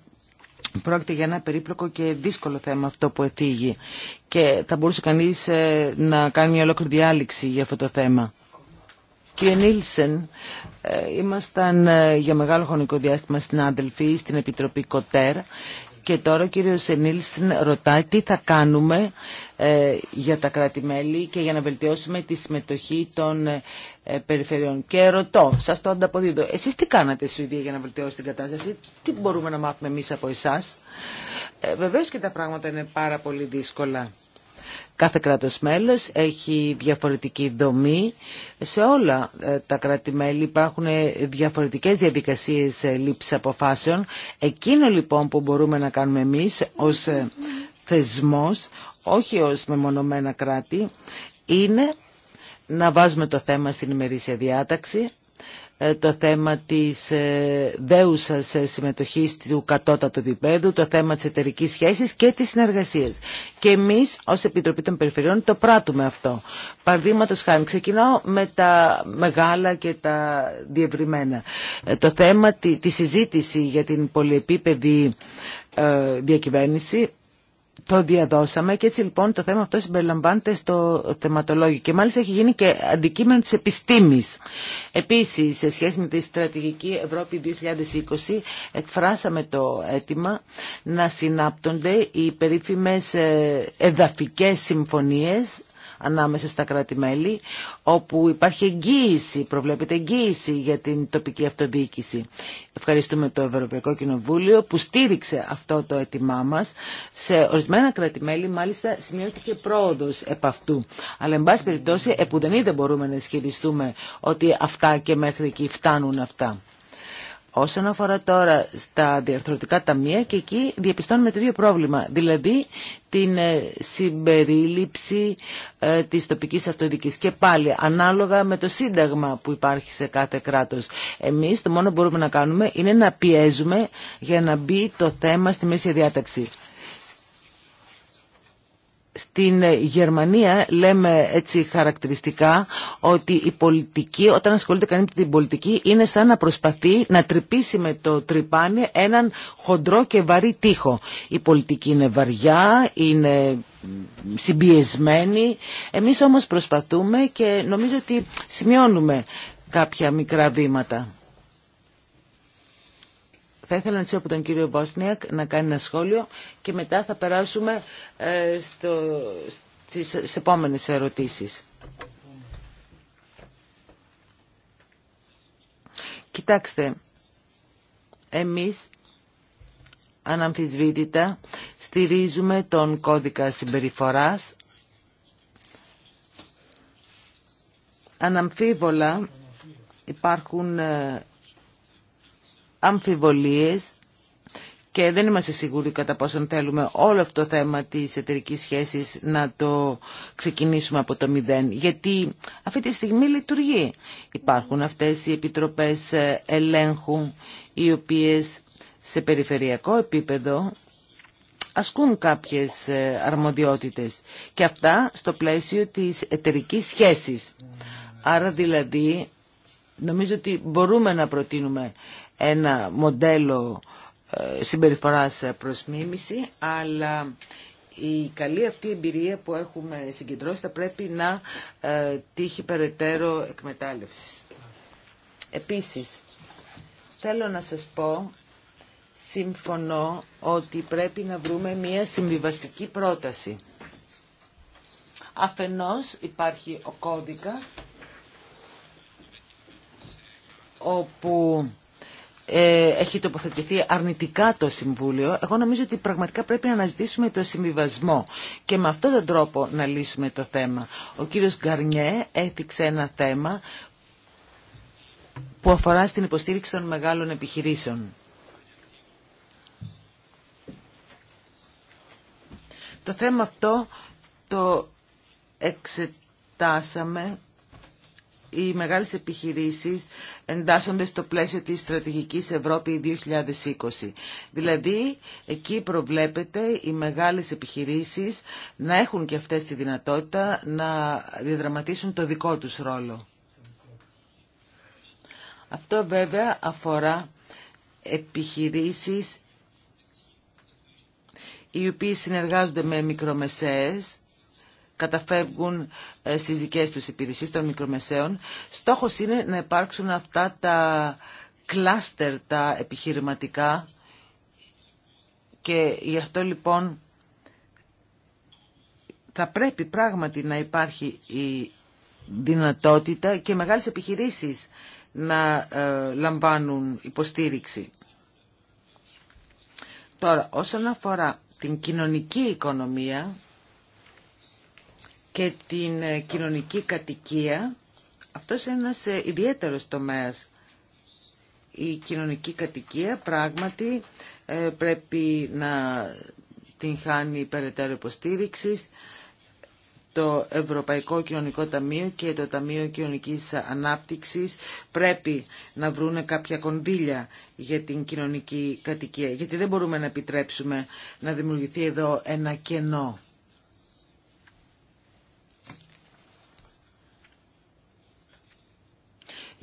Πρόκειται για ένα περίπλοκο και δύσκολο θέμα αυτό που εφήγει. και θα μπορούσε κανείς ε, να κάνει μια ολόκληρη διάληξη για αυτό το θέμα. Κύριε Νίλσεν, ε, ήμασταν ε, για μεγάλο χρονικό διάστημα στην Άντελφη, στην Επιτροπή Κοτέρ και τώρα ο κύριος Νίλσεν ρωτάει τι θα κάνουμε ε, για τα κράτη-μέλη και για να βελτιώσουμε τη συμμετοχή των περιφερειών. Και ρωτώ, σας το ανταποδίδω, εσείς τι κάνατε στη Σουηδία για να βελτιώσετε την κατάσταση, τι μπορούμε να μάθουμε εμείς από εσάς. Ε, βεβαίως και τα πράγματα είναι πάρα πολύ δύσκολα. Κάθε κράτος μέλος έχει διαφορετική δομή. Σε όλα ε, τα κράτη-μέλη υπάρχουν ε, διαφορετικές διαδικασίες ε, λήψης αποφάσεων. Εκείνο λοιπόν που μπορούμε να κάνουμε εμείς ως θεσμός, όχι ως μεμονωμένα κράτη, είναι να βάζουμε το θέμα στην ημερήσια διάταξη, ε, το θέμα της ε, δέουσας ε, συμμετοχής του κατώτατου επίπεδου, το θέμα της εταιρικής σχέσης και της συνεργασίας. Και εμείς ως Επιτροπή των Περιφερειών το πράττουμε αυτό. Παραδείγματος χάρη, ξεκινώ με τα μεγάλα και τα διευρυμένα. Το θέμα, της τη συζήτηση για την πολυεπίπεδη διακυβέρνηση το διαδώσαμε και έτσι λοιπόν το θέμα αυτό συμπεριλαμβάνεται στο θεματολόγιο και μάλιστα έχει γίνει και αντικείμενο της επιστήμης. Επίσης, σε σχέση με τη στρατηγική Ευρώπη 2020 εκφράσαμε το αίτημα να συνάπτονται οι περίφημες ε, εδαφικές συμφωνίες ανάμεσα στα κράτη-μέλη, όπου υπάρχει εγγύηση, προβλέπεται εγγύηση για την τοπική αυτοδιοίκηση. Ευχαριστούμε το Ευρωπαϊκό Κοινοβούλιο που στήριξε αυτό το αίτημά μα Σε ορισμένα κράτη-μέλη μάλιστα σημειώθηκε πρόοδος επ' αυτού. Αλλά εν πάση περιπτώσει, επουδενή δεν μπορούμε να ισχυριστούμε ότι αυτά και μέχρι εκεί φτάνουν αυτά. Όσον αφορά τώρα στα διαρθρωτικά ταμεία και εκεί διαπιστώνουμε το ίδιο πρόβλημα, δηλαδή την ε, συμπερίληψη ε, της τοπικής αυτοδικής και πάλι ανάλογα με το σύνταγμα που υπάρχει σε κάθε κράτος. Εμείς το μόνο που μπορούμε να κάνουμε είναι να πιέζουμε για να μπει το θέμα στη μέση διάταξη. Στην Γερμανία λέμε έτσι χαρακτηριστικά ότι η πολιτική, όταν ασχολείται κανείς με την πολιτική, είναι σαν να προσπαθεί να τρυπήσει με το τρυπάνι έναν χοντρό και βαρύ τείχο. Η πολιτική είναι βαριά, είναι συμπιεσμένη. Εμείς όμως προσπαθούμε και νομίζω ότι σημειώνουμε κάποια μικρά βήματα. Θα ήθελα να από τον κύριο Μπόσνιακ να κάνει ένα σχόλιο και μετά θα περάσουμε ε, στο, στις επόμενες ερωτήσεις. Κοιτάξτε, εμείς αναμφισβήτητα στηρίζουμε τον κώδικα συμπεριφοράς. Αναμφίβολα υπάρχουν ε, αμφιβολίες και δεν είμαστε σίγουροι κατά πόσον θέλουμε όλο αυτό το θέμα της εταιρικής σχέσης να το ξεκινήσουμε από το μηδέν. Γιατί αυτή τη στιγμή λειτουργεί. Υπάρχουν αυτές οι επιτροπές ελέγχου οι οποίες σε περιφερειακό επίπεδο ασκούν κάποιες ε, αρμοδιότητες και αυτά στο πλαίσιο της εταιρική σχέσης. Άρα δηλαδή νομίζω ότι μπορούμε να προτείνουμε ένα μοντέλο ε, συμπεριφοράς προς μίμηση, αλλά η καλή αυτή εμπειρία που έχουμε συγκεντρώσει θα πρέπει να ε, τύχει περαιτέρω εκμετάλλευση. Επίσης, θέλω να σας πω, συμφωνώ ότι πρέπει να βρούμε μία συμβιβαστική πρόταση. Αφενός υπάρχει ο κώδικας, όπου ε, έχει τοποθετηθεί αρνητικά το Συμβούλιο, εγώ νομίζω ότι πραγματικά πρέπει να αναζητήσουμε το συμβιβασμό και με αυτόν τον τρόπο να λύσουμε το θέμα. Ο κύριος Γκαρνιέ έθιξε ένα θέμα που αφορά στην υποστήριξη των μεγάλων επιχειρήσεων. Το θέμα αυτό το εξετάσαμε οι μεγάλες επιχειρήσεις εντάσσονται στο πλαίσιο της στρατηγικής Ευρώπη 2020. Δηλαδή, εκεί προβλέπεται οι μεγάλες επιχειρήσεις να έχουν και αυτές τη δυνατότητα να διαδραματίσουν το δικό τους ρόλο. Αυτό βέβαια αφορά επιχειρήσεις οι οποίοι συνεργάζονται με μικρομεσαίες καταφεύγουν ε, στις δικές τους υπηρεσίες των μικρομεσαίων. Στόχος είναι να υπάρξουν αυτά τα κλάστερ τα επιχειρηματικά και γι' αυτό λοιπόν θα πρέπει πράγματι να υπάρχει η δυνατότητα και μεγάλες επιχειρήσεις να ε, λαμβάνουν υποστήριξη. Τώρα, όσον αφορά την κοινωνική οικονομία, και την ε, κοινωνική κατοικία. Αυτός είναι ένας ε, ιδιαίτερος τομέας. Η κοινωνική κατοικία πράγματι ε, πρέπει να την χάνει περαιτέρω υποστήριξη. Το Ευρωπαϊκό Κοινωνικό Ταμείο και το Ταμείο Κοινωνικής Ανάπτυξης πρέπει να βρούνε κάποια κονδύλια για την κοινωνική κατοικία, γιατί δεν μπορούμε να επιτρέψουμε να δημιουργηθεί εδώ ένα κενό.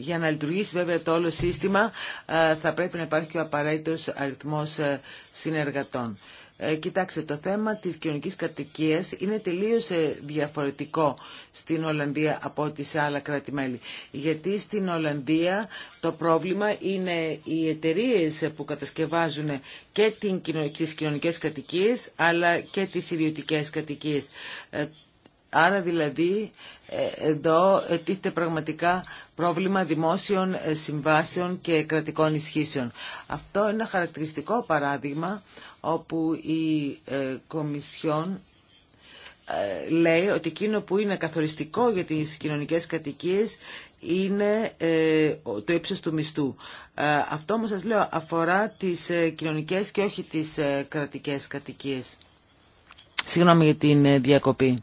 Για να λειτουργήσει βέβαια το όλο σύστημα ε, θα πρέπει να υπάρχει και ο απαραίτητος αριθμός ε, συνεργατών. Ε, κοιτάξτε, το θέμα της κοινωνικής κατοικίας είναι τελείως διαφορετικό στην Ολλανδία από ό,τι σε άλλα κράτη-μέλη. Γιατί στην Ολλανδία το πρόβλημα είναι οι εταιρείε που κατασκευάζουν και τις κοινωνικές κατοικίες αλλά και τις ιδιωτικές κατοικίες. Άρα δηλαδή ε, εδώ τίθεται πραγματικά πρόβλημα δημόσιων ε, συμβάσεων και κρατικών ισχύσεων. Αυτό είναι ένα χαρακτηριστικό παράδειγμα όπου η ε, Κομισιόν λέει ότι εκείνο που είναι καθοριστικό για τις κοινωνικές κατοικίες είναι το ύψος του μισθού. Αυτό όμως σας λέω αφορά τις κοινωνικές και όχι τις κρατικές κατοικίες. Συγγνώμη για την διακοπή.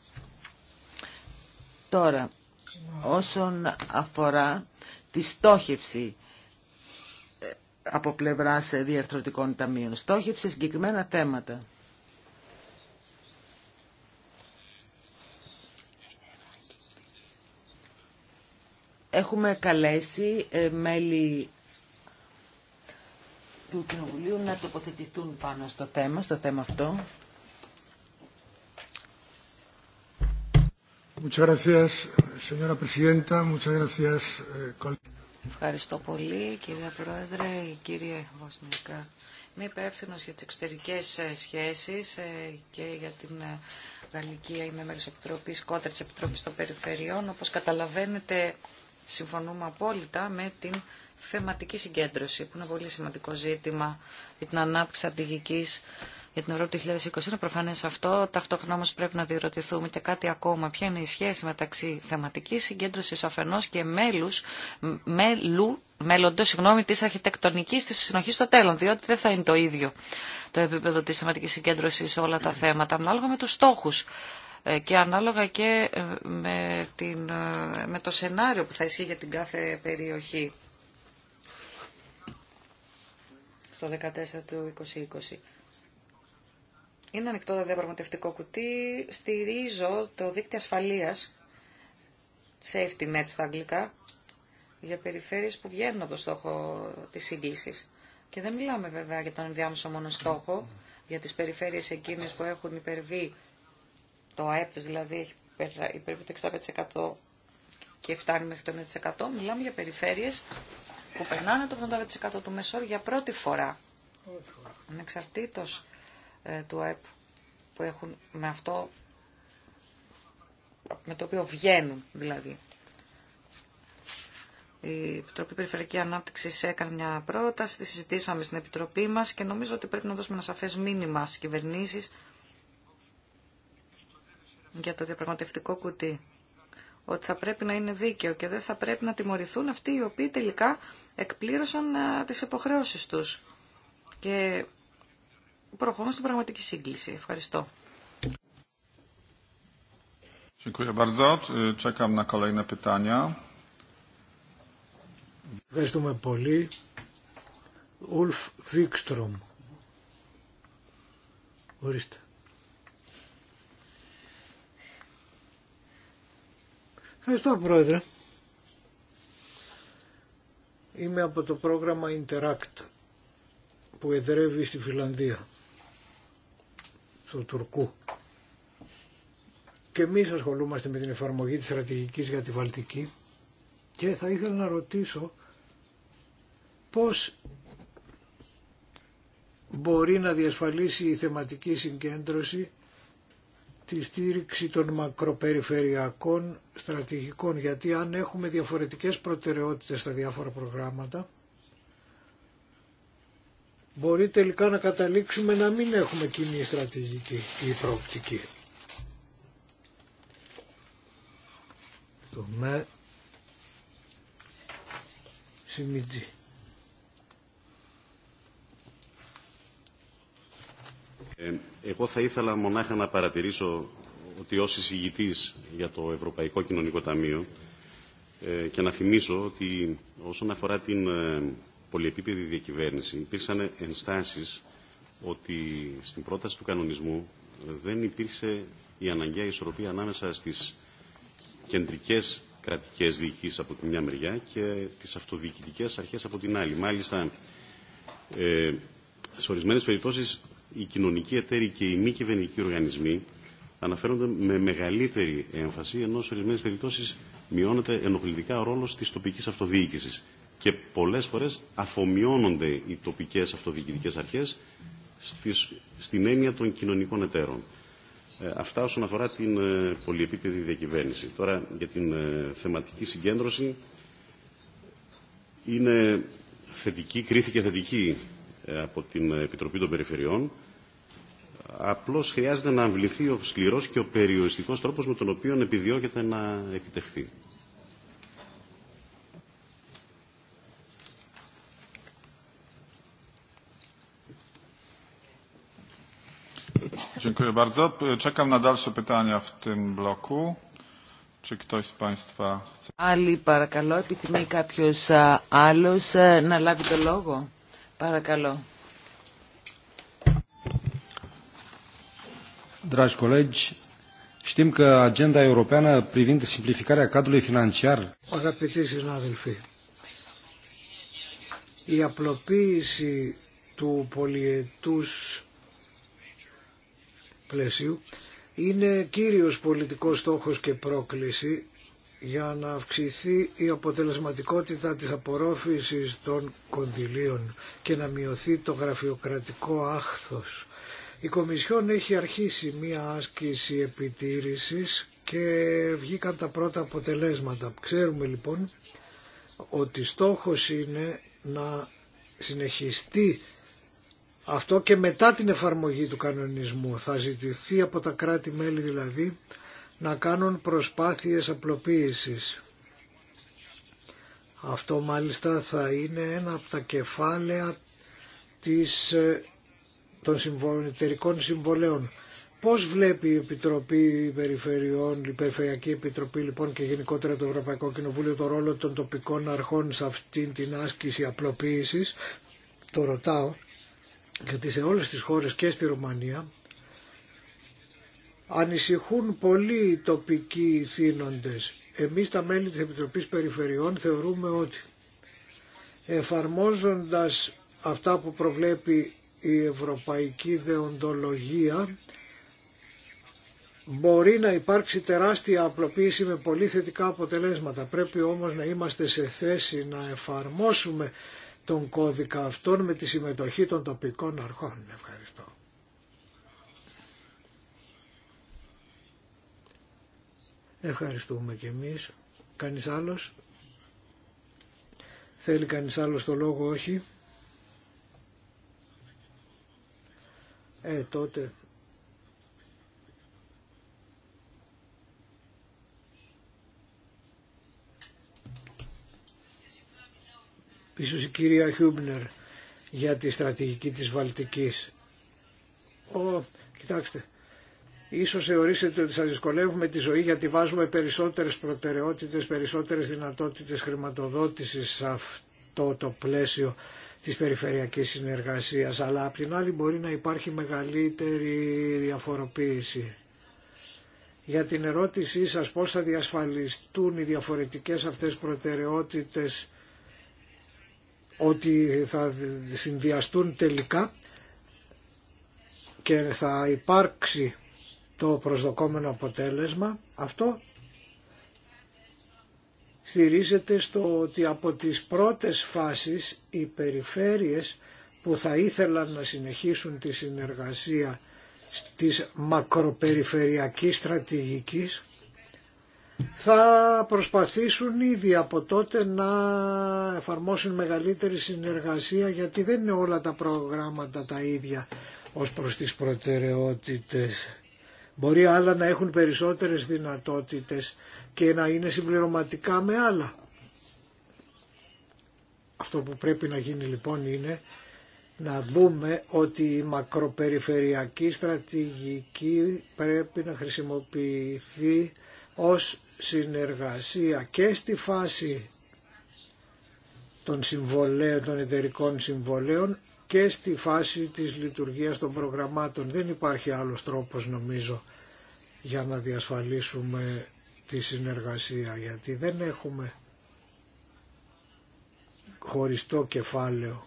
Τώρα, όσον αφορά τη στόχευση ε, από πλευράς ε, διαρθρωτικών ταμείων, στόχευση συγκεκριμένα θέματα. Έχουμε καλέσει ε, μέλη του Κοινοβουλίου να τοποθετηθούν πάνω στο θέμα, στο θέμα αυτό. Eh, Ευχαριστώ πολύ, κύριε Πρόεδρε, κύριε Βοσνιακά. Είμαι υπεύθυνο για τι εξωτερικέ ε, σχέσει ε, και για την ε, Γαλλική. Είμαι μέλο Επιτροπή κότερ τη Επιτροπή των Περιφερειών. Όπω καταλαβαίνετε, συμφωνούμε απόλυτα με την θεματική συγκέντρωση, που είναι πολύ σημαντικό ζήτημα για την ανάπτυξη αντιγικής για την Ευρώπη του 2020 είναι αυτό. Ταυτόχρονα όμω πρέπει να διερωτηθούμε και κάτι ακόμα. Ποια είναι η σχέση μεταξύ θεματική συγκέντρωση αφενός και μέλους, μέλου, μέλλοντό, συγγνώμη, τη αρχιτεκτονικής τη συνοχή στο τέλο, διότι δεν θα είναι το ίδιο το επίπεδο τη θεματική συγκέντρωση σε όλα τα θέματα, ανάλογα με του στόχου ε, και ανάλογα και ε, με, την, ε, με το σενάριο που θα ισχύει για την κάθε περιοχή στο 14 του 2020. Είναι ανοιχτό το διαπραγματευτικό κουτί. Στηρίζω το δίκτυο ασφαλείας, safety net στα αγγλικά, για περιφέρειες που βγαίνουν από το στόχο της σύγκλησης. Και δεν μιλάμε βέβαια για τον ενδιάμεσο μόνο στόχο, για τις περιφέρειες εκείνες που έχουν υπερβεί το ΑΕΠ δηλαδή έχει υπερβεί το 65% και φτάνει μέχρι το 9%. Μιλάμε για περιφέρειες που περνάνε το 85% του μεσόρου για πρώτη φορά. Ανεξαρτήτως ε, του ΑΕΠ που έχουν με αυτό με το οποίο βγαίνουν δηλαδή. Η Επιτροπή Περιφερειακή Ανάπτυξη έκανε μια πρόταση, τη συζητήσαμε στην Επιτροπή μα και νομίζω ότι πρέπει να δώσουμε ένα σαφέ μήνυμα στι κυβερνήσει για το διαπραγματευτικό κουτί. Ότι θα πρέπει να είναι δίκαιο και δεν θα πρέπει να τιμωρηθούν αυτοί οι οποίοι τελικά εκπλήρωσαν ε, τι υποχρεώσει του. Και προχωρούν στην πραγματική σύγκληση. Ευχαριστώ. Ευχαριστούμε πολύ. Ουλφ Βίκστρομ. Ορίστε. Ευχαριστώ Πρόεδρε. Είμαι από το πρόγραμμα Interact που εδρεύει στη Φιλανδία του Τουρκού. Και εμεί ασχολούμαστε με την εφαρμογή της στρατηγικής για τη Βαλτική και θα ήθελα να ρωτήσω πώς μπορεί να διασφαλίσει η θεματική συγκέντρωση τη στήριξη των μακροπεριφερειακών στρατηγικών γιατί αν έχουμε διαφορετικές προτεραιότητες στα διάφορα προγράμματα μπορεί τελικά να καταλήξουμε να μην έχουμε κοινή στρατηγική ή προοπτική. με ε, εγώ θα ήθελα μονάχα να παρατηρήσω ότι ως εισηγητής για το Ευρωπαϊκό Κοινωνικό Ταμείο ε, και να θυμίσω ότι όσον αφορά την ε, πολυεπίπεδη διακυβέρνηση υπήρξαν ενστάσεις ότι στην πρόταση του κανονισμού δεν υπήρξε η αναγκαία ισορροπία ανάμεσα στις κεντρικές κρατικές διοικήσεις από τη μια μεριά και τις αυτοδιοικητικές αρχές από την άλλη. Μάλιστα, ε, σε ορισμένες περιπτώσεις οι κοινωνικοί εταίροι και οι μη κυβερνητικοί οργανισμοί αναφέρονται με μεγαλύτερη έμφαση, ενώ σε ορισμένε περιπτώσει μειώνεται ενοχλητικά ο ρόλο τη τοπική αυτοδιοίκηση και πολλές φορές αφομοιώνονται οι τοπικές αυτοδιοικητικές αρχές στις, στην έννοια των κοινωνικών εταίρων. Ε, αυτά όσον αφορά την ε, πολυεπίπεδη διακυβέρνηση. Τώρα για την ε, θεματική συγκέντρωση είναι θετική, κρίθηκε θετική από την Επιτροπή των Περιφερειών. Απλώς χρειάζεται να αμβληθεί ο σκληρός και ο περιοριστικός τρόπος με τον οποίο επιδιώκεται να επιτευχθεί. Dziękuję bardzo. Czekam na dalsze pytania w tym bloku. Czy ktoś z Państwa chce... Άλλοι παρακαλώ, επιθυμεί κάποιος άλλος να λάβει το λόγο. Παρακαλώ. Dragi colegi, știm că agenda europeană privind simplificarea cadrului financiar... Αγαπητοί συνάδελφοι, η απλοποίηση του πολιετούς πλαισίου είναι κύριος πολιτικός στόχος και πρόκληση για να αυξηθεί η αποτελεσματικότητα της απορρόφησης των κονδυλίων και να μειωθεί το γραφειοκρατικό άχθος. Η Κομισιόν έχει αρχίσει μία άσκηση επιτήρησης και βγήκαν τα πρώτα αποτελέσματα. Ξέρουμε λοιπόν ότι στόχος είναι να συνεχιστεί αυτό και μετά την εφαρμογή του κανονισμού θα ζητηθεί από τα κράτη-μέλη δηλαδή να κάνουν προσπάθειες απλοποίησης. Αυτό μάλιστα θα είναι ένα από τα κεφάλαια της, ε, των εταιρικών συμβολέων. Πώς βλέπει η Επιτροπή Περιφερειών, η Περιφερειακή Επιτροπή λοιπόν και γενικότερα το Ευρωπαϊκό Κοινοβούλιο το ρόλο των τοπικών αρχών σε αυτήν την άσκηση απλοποίησης, το ρωτάω, γιατί σε όλες τις χώρες και στη Ρουμανία ανησυχούν πολλοί οι τοπικοί θύνοντες. Εμείς τα μέλη της Επιτροπής Περιφερειών θεωρούμε ότι εφαρμόζοντας αυτά που προβλέπει η Ευρωπαϊκή Δεοντολογία μπορεί να υπάρξει τεράστια απλοποίηση με πολύ θετικά αποτελέσματα. Πρέπει όμως να είμαστε σε θέση να εφαρμόσουμε τον κώδικα αυτών με τη συμμετοχή των τοπικών αρχών. Ευχαριστώ. Ευχαριστούμε και εμείς. Κανείς άλλος. Θέλει κανείς άλλος το λόγο, όχι. Ε, τότε ίσως η κυρία Χιούμπνερ για τη στρατηγική της Βαλτικής. Ο, κοιτάξτε, ίσως θεωρήσετε ότι σας δυσκολεύουμε τη ζωή γιατί βάζουμε περισσότερες προτεραιότητες, περισσότερες δυνατότητες χρηματοδότησης σε αυτό το πλαίσιο της περιφερειακής συνεργασίας, αλλά απ' την άλλη μπορεί να υπάρχει μεγαλύτερη διαφοροποίηση. Για την ερώτησή σας πώς θα διασφαλιστούν οι διαφορετικές αυτές προτεραιότητες ότι θα συνδυαστούν τελικά και θα υπάρξει το προσδοκόμενο αποτέλεσμα, αυτό στηρίζεται στο ότι από τις πρώτες φάσεις οι περιφέρειες που θα ήθελαν να συνεχίσουν τη συνεργασία της μακροπεριφερειακής στρατηγικής θα προσπαθήσουν ήδη από τότε να εφαρμόσουν μεγαλύτερη συνεργασία γιατί δεν είναι όλα τα προγράμματα τα ίδια ως προς τις προτεραιότητες. Μπορεί άλλα να έχουν περισσότερες δυνατότητες και να είναι συμπληρωματικά με άλλα. Αυτό που πρέπει να γίνει λοιπόν είναι να δούμε ότι η μακροπεριφερειακή στρατηγική πρέπει να χρησιμοποιηθεί ως συνεργασία και στη φάση των, συμβολέων, των εταιρικών συμβολέων και στη φάση της λειτουργίας των προγραμμάτων. Δεν υπάρχει άλλος τρόπος νομίζω για να διασφαλίσουμε τη συνεργασία γιατί δεν έχουμε χωριστό κεφάλαιο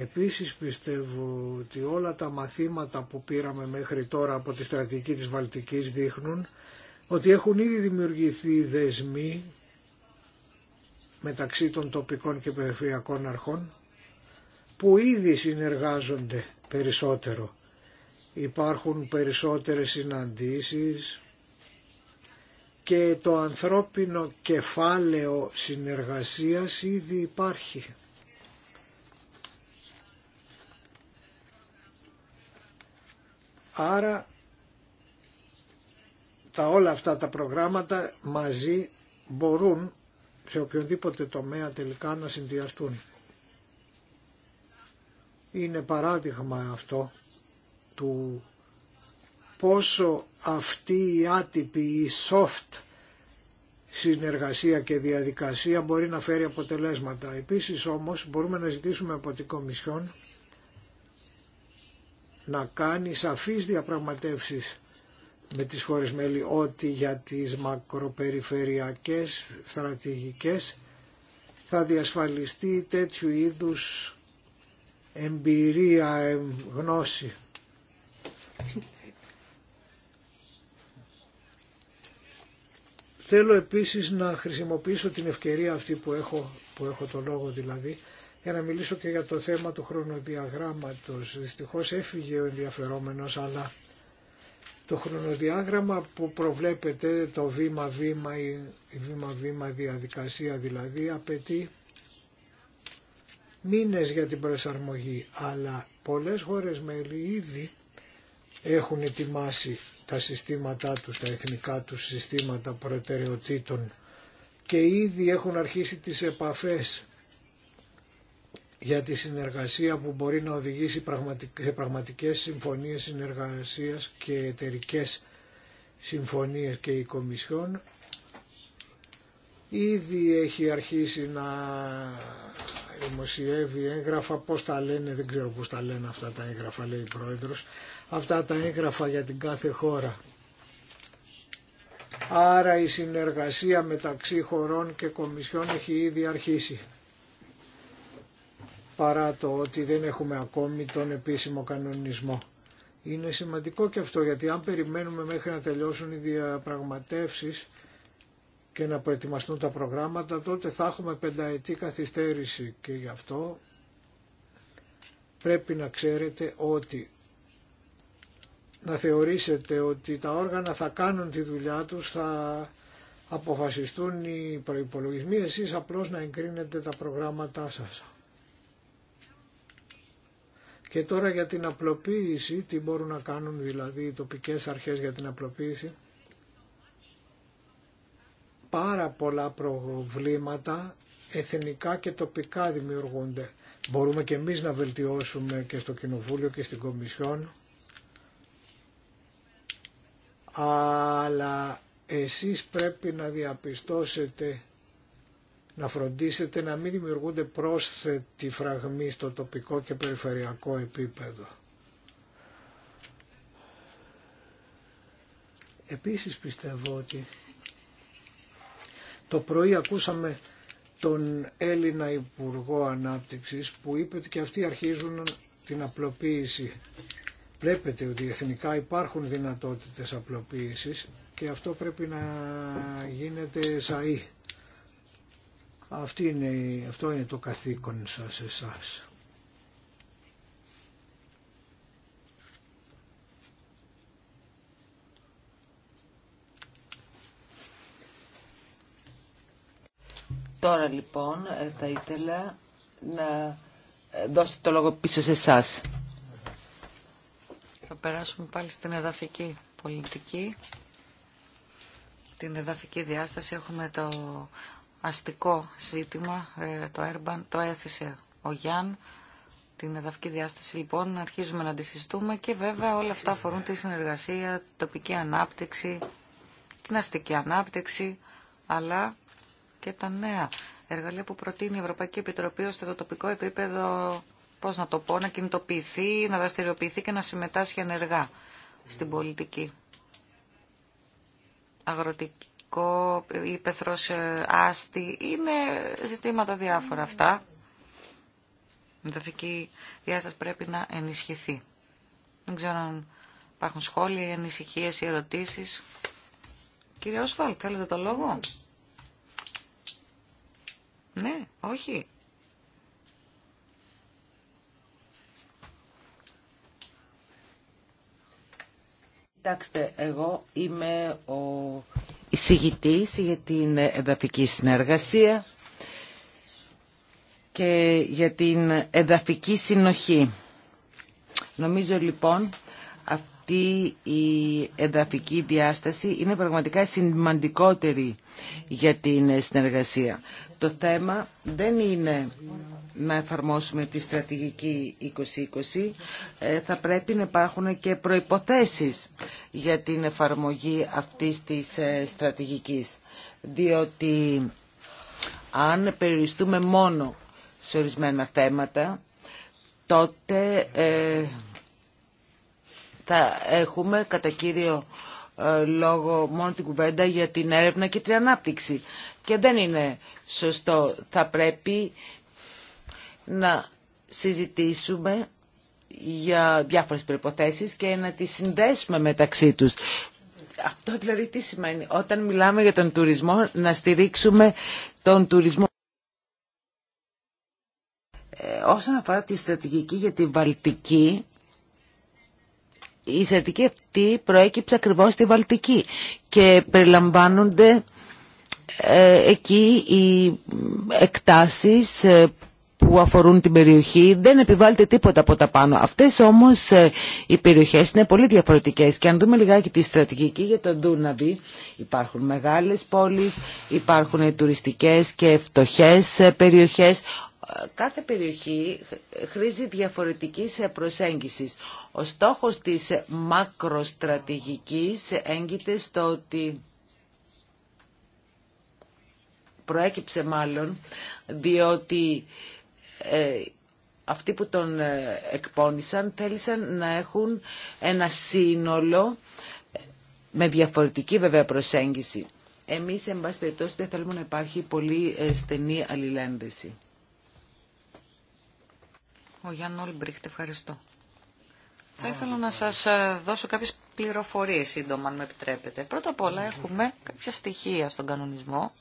Επίσης πιστεύω ότι όλα τα μαθήματα που πήραμε μέχρι τώρα από τη στρατηγική της Βαλτικής δείχνουν ότι έχουν ήδη δημιουργηθεί δεσμοί μεταξύ των τοπικών και περιφερειακών αρχών που ήδη συνεργάζονται περισσότερο. Υπάρχουν περισσότερες συναντήσεις και το ανθρώπινο κεφάλαιο συνεργασίας ήδη υπάρχει. Άρα τα όλα αυτά τα προγράμματα μαζί μπορούν σε οποιοδήποτε τομέα τελικά να συνδυαστούν. Είναι παράδειγμα αυτό του πόσο αυτή η άτυπη, η soft συνεργασία και διαδικασία μπορεί να φέρει αποτελέσματα. Επίσης όμως μπορούμε να ζητήσουμε από την Κομισιόν να κάνει σαφείς διαπραγματεύσεις με τις χώρες μέλη ότι για τις μακροπεριφερειακές στρατηγικές θα διασφαλιστεί τέτοιου είδους εμπειρία, γνώση. Θέλω επίσης να χρησιμοποιήσω την ευκαιρία αυτή που έχω, που έχω το λόγο δηλαδή για να μιλήσω και για το θέμα του χρονοδιαγράμματος. Δυστυχώς έφυγε ο ενδιαφερόμενος, αλλά το χρονοδιάγραμμα που προβλέπεται το βήμα-βήμα ή βήμα-βήμα διαδικασία δηλαδή απαιτεί μήνες για την προσαρμογή, αλλά πολλές χώρες μέλη ήδη έχουν ετοιμάσει τα συστήματά τους, τα εθνικά τους συστήματα προτεραιοτήτων και ήδη έχουν αρχίσει τις επαφές για τη συνεργασία που μπορεί να οδηγήσει σε πραγματικές συμφωνίες συνεργασίας και εταιρικέ συμφωνίες και η Κομισιόν ήδη έχει αρχίσει να δημοσιεύει έγγραφα, πώς τα λένε, δεν ξέρω πώς τα λένε αυτά τα έγγραφα λέει η Πρόεδρος, αυτά τα έγγραφα για την κάθε χώρα. Άρα η συνεργασία μεταξύ χωρών και κομισιών έχει ήδη αρχίσει παρά το ότι δεν έχουμε ακόμη τον επίσημο κανονισμό. Είναι σημαντικό και αυτό γιατί αν περιμένουμε μέχρι να τελειώσουν οι διαπραγματεύσεις και να προετοιμαστούν τα προγράμματα τότε θα έχουμε πενταετή καθυστέρηση και γι' αυτό πρέπει να ξέρετε ότι να θεωρήσετε ότι τα όργανα θα κάνουν τη δουλειά τους, θα αποφασιστούν οι προϋπολογισμοί, εσείς απλώς να εγκρίνετε τα προγράμματά σας. Και τώρα για την απλοποίηση, τι μπορούν να κάνουν δηλαδή οι τοπικές αρχές για την απλοποίηση. Πάρα πολλά προβλήματα εθνικά και τοπικά δημιουργούνται. Μπορούμε και εμείς να βελτιώσουμε και στο Κοινοβούλιο και στην Κομισιόν. Αλλά εσείς πρέπει να διαπιστώσετε να φροντίσετε να μην δημιουργούνται πρόσθετοι φραγμοί στο τοπικό και περιφερειακό επίπεδο. Επίσης πιστεύω ότι το πρωί ακούσαμε τον Έλληνα Υπουργό Ανάπτυξης που είπε ότι και αυτοί αρχίζουν την απλοποίηση. Βλέπετε ότι εθνικά υπάρχουν δυνατότητες απλοποίησης και αυτό πρέπει να γίνεται σαΐ αυτό είναι το καθήκον σας εσάς. Τώρα λοιπόν ε, θα ήθελα να ε, δώσετε το λόγο πίσω σε εσά. Θα περάσουμε πάλι στην εδαφική πολιτική. Την εδαφική διάσταση έχουμε το αστικό ζήτημα, ε, το urban, το έθισε ο Γιάν, την εδαφική διάσταση λοιπόν, αρχίζουμε να τη και βέβαια όλα αυτά αφορούν τη συνεργασία, τοπική ανάπτυξη, την αστική ανάπτυξη, αλλά και τα νέα εργαλεία που προτείνει η Ευρωπαϊκή Επιτροπή ώστε το τοπικό επίπεδο, πώς να το πω, να κινητοποιηθεί, να δραστηριοποιηθεί και να συμμετάσχει ενεργά στην πολιτική. Αγροτική ηθικό, ε, Άστη, είναι ζητήματα διάφορα αυτά. Η μεταφική διάσταση πρέπει να ενισχυθεί. Δεν ξέρω αν υπάρχουν σχόλια, ανησυχίε, ή ερωτήσεις. Κύριε Όσφαλ, θέλετε το λόγο. Ναι, όχι. Κοιτάξτε, εγώ είμαι ο εισηγητής για την εδαφική συνεργασία και για την εδαφική συνοχή. Νομίζω λοιπόν αυτή η εδαφική διάσταση είναι πραγματικά σημαντικότερη για την συνεργασία. Το θέμα δεν είναι να εφαρμόσουμε τη στρατηγική 2020 ε, θα πρέπει να υπάρχουν και προϋποθέσεις για την εφαρμογή αυτής της ε, στρατηγικής. Διότι αν περιοριστούμε μόνο σε ορισμένα θέματα, τότε ε, θα έχουμε κατά κύριο λόγο μόνο την κουβέντα για την έρευνα και την ανάπτυξη. Και δεν είναι σωστό. Θα πρέπει να συζητήσουμε για διάφορες προϋποθέσεις και να τις συνδέσουμε μεταξύ τους. Αυτό δηλαδή τι σημαίνει. Όταν μιλάμε για τον τουρισμό, να στηρίξουμε τον τουρισμό. Ε, όσον αφορά τη στρατηγική για τη Βαλτική, η στρατηγική αυτή προέκυψε ακριβώς στη Βαλτική και περιλαμβάνονται ε, εκεί οι εκτάσεις ε, που αφορούν την περιοχή δεν επιβάλλεται τίποτα από τα πάνω. Αυτές όμως ε, οι περιοχές είναι πολύ διαφορετικές και αν δούμε λιγάκι τη στρατηγική για τον Δούναβη υπάρχουν μεγάλες πόλεις, υπάρχουν τουριστικές και φτωχές ε, περιοχές κάθε περιοχή χρήζει διαφορετικής ε, προσέγγιση. Ο στόχος της μακροστρατηγικής έγκυται στο ότι προέκυψε μάλλον διότι ε, αυτοί που τον ε, εκπώνησαν θέλησαν να έχουν ένα σύνολο ε, με διαφορετική βέβαια προσέγγιση. Εμείς, εν πάση περιπτώσει, δεν θέλουμε να υπάρχει πολύ στενή αλληλένδεση. Ο Γιάννη Όλμπριχτ, ευχαριστώ. Θα ήθελα να σας δώσω κάποιες πληροφορίες σύντομα, αν με επιτρέπετε. Πρώτα απ' όλα έχουμε κάποια στοιχεία στον κανονισμό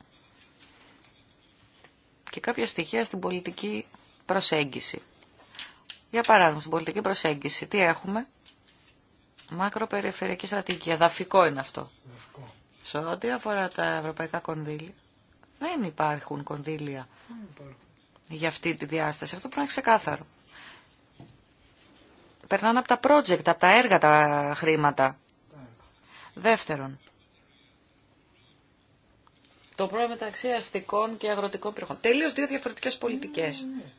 και κάποια στοιχεία στην πολιτική προσέγγιση. Για παράδειγμα, στην πολιτική προσέγγιση, τι έχουμε. Μακροπεριφερειακή στρατηγική. Εδαφικό είναι αυτό. Σε ό,τι αφορά τα ευρωπαϊκά κονδύλια, δεν υπάρχουν κονδύλια για αυτή τη διάσταση. Αυτό πρέπει να είναι ξεκάθαρο. Περνάνε από τα project, από τα έργα τα χρήματα. Δεύτερον, το πρόβλημα μεταξύ αστικών και αγροτικών περιοχών. Τελείως δύο διαφορετικές πολιτικές. Ναι, ναι, ναι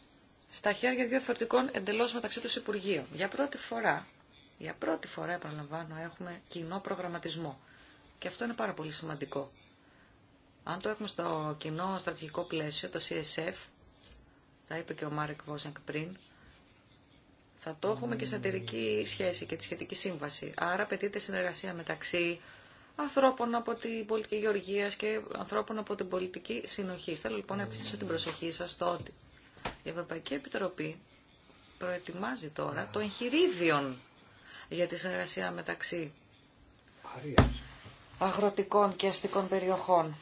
στα χέρια δύο διαφορετικών εντελώ μεταξύ του Υπουργείων. Για πρώτη φορά, για πρώτη φορά επαναλαμβάνω, έχουμε κοινό προγραμματισμό. Και αυτό είναι πάρα πολύ σημαντικό. Αν το έχουμε στο κοινό στρατηγικό πλαίσιο, το CSF, τα είπε και ο Μάρικ Βόζενκ πριν, θα το έχουμε και στην εταιρική σχέση και τη σχετική σύμβαση. Άρα απαιτείται συνεργασία μεταξύ ανθρώπων από την πολιτική γεωργία και ανθρώπων από την πολιτική συνοχή. Θέλω λοιπόν να επιστήσω την προσοχή σα στο ότι η Ευρωπαϊκή Επιτροπή προετοιμάζει τώρα το εγχειρίδιον για τη συνεργασία μεταξύ αγροτικών και αστικών περιοχών.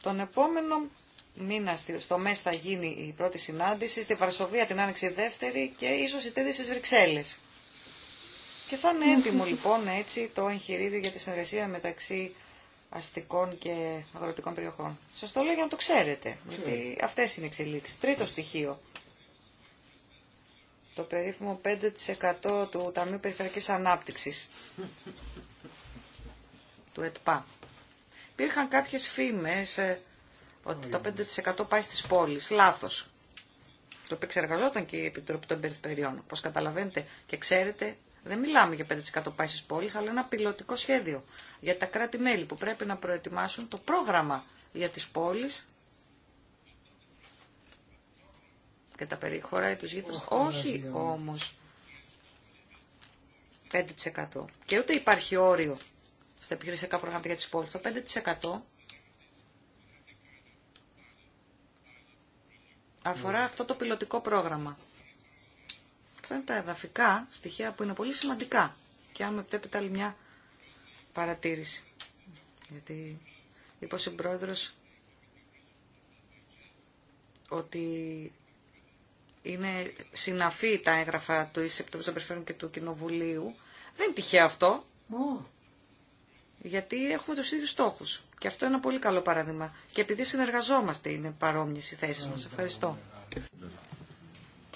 Τον επόμενο μήνα στο ΜΕΣ θα γίνει η πρώτη συνάντηση, στη Βαρσοβία την άνοιξη δεύτερη και ίσως η τρίτη στις Βρυξέλλες. Και θα είναι έτοιμο λοιπόν έτσι το εγχειρίδιο για τη συνεργασία μεταξύ αστικών και αγροτικών περιοχών. Σας το λέω για να το ξέρετε, γιατί ναι. αυτές είναι εξελίξεις. Τρίτο στοιχείο. Το περίφημο 5% του Ταμείου Περιφερειακής Ανάπτυξης, του ΕΤΠΑ. Υπήρχαν κάποιες φήμες ε, ότι το 5% πάει στις πόλεις. Λάθος. Το εξεργαζόταν και η Επιτροπή των Περιφερειών. Όπως καταλαβαίνετε και ξέρετε, δεν μιλάμε για 5% πάει στι αλλά ένα πιλωτικό σχέδιο για τα κράτη-μέλη που πρέπει να προετοιμάσουν το πρόγραμμα για τις πόλεις και τα περιχωράει του γείτονες. Όχι όμως 5%. Και ούτε υπάρχει όριο στα επιχειρησιακά προγράμματα για τις πόλεις. Το 5% αφορά ναι. αυτό το πιλωτικό πρόγραμμα. Αυτά είναι τα εδαφικά στοιχεία που είναι πολύ σημαντικά. Και αν με επιτρέπετε άλλη μια παρατήρηση. Γιατί είπε ο συμπρόεδρος ότι είναι συναφή τα έγγραφα του Επιτροπή των Περιφέρων και του Κοινοβουλίου. Δεν είναι τυχαίο αυτό. Oh. Γιατί έχουμε του ίδιου στόχου. Και αυτό είναι ένα πολύ καλό παράδειγμα. Και επειδή συνεργαζόμαστε είναι παρόμοιε οι θέσεις μας. Ευχαριστώ.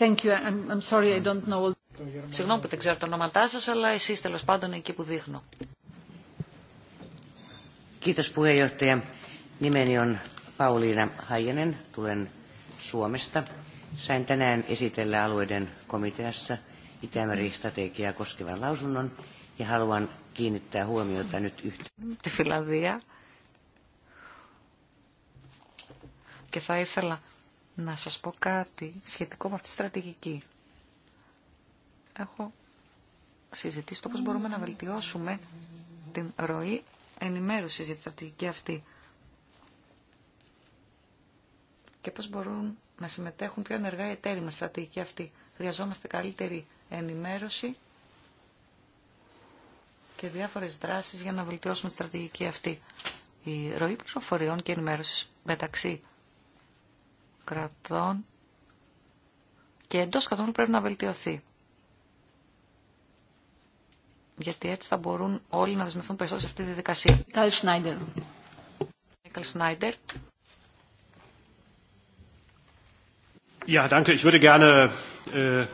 Thank you. I'm, I'm sorry, I don't know. Συγγνώμη που δεν ξέρω τα ονόματά σας, αλλά εσείς τέλος πάντων εκεί που δείχνω. Kiitos puheenjohtaja. Nimeni on Pauliina Haijanen, tulen Suomesta. Sain tänään esitellä alueiden komiteassa Itämeri-strategiaa koskevan lausunnon ja haluan kiinnittää huomiota nyt yhteen. Finlandia. Και θα ήθελα να σας πω κάτι σχετικό με αυτή τη στρατηγική. Έχω συζητήσει το πώς μπορούμε να βελτιώσουμε την ροή ενημέρωσης για τη στρατηγική αυτή και πώς μπορούν να συμμετέχουν πιο ενεργά οι εταίροι μας στρατηγική αυτή. Χρειαζόμαστε καλύτερη ενημέρωση και διάφορες δράσεις για να βελτιώσουμε τη στρατηγική αυτή. Η ροή πληροφοριών και ενημέρωσης μεταξύ κρατών και εντός κρατών πρέπει να βελτιωθεί. Γιατί έτσι θα μπορούν όλοι να δεσμευτούν περισσότερο σε αυτή τη διαδικασία. Καλ Σνάιντερ. Καλή Σνάιντερ. Ja, danke. Ich würde gerne... Äh,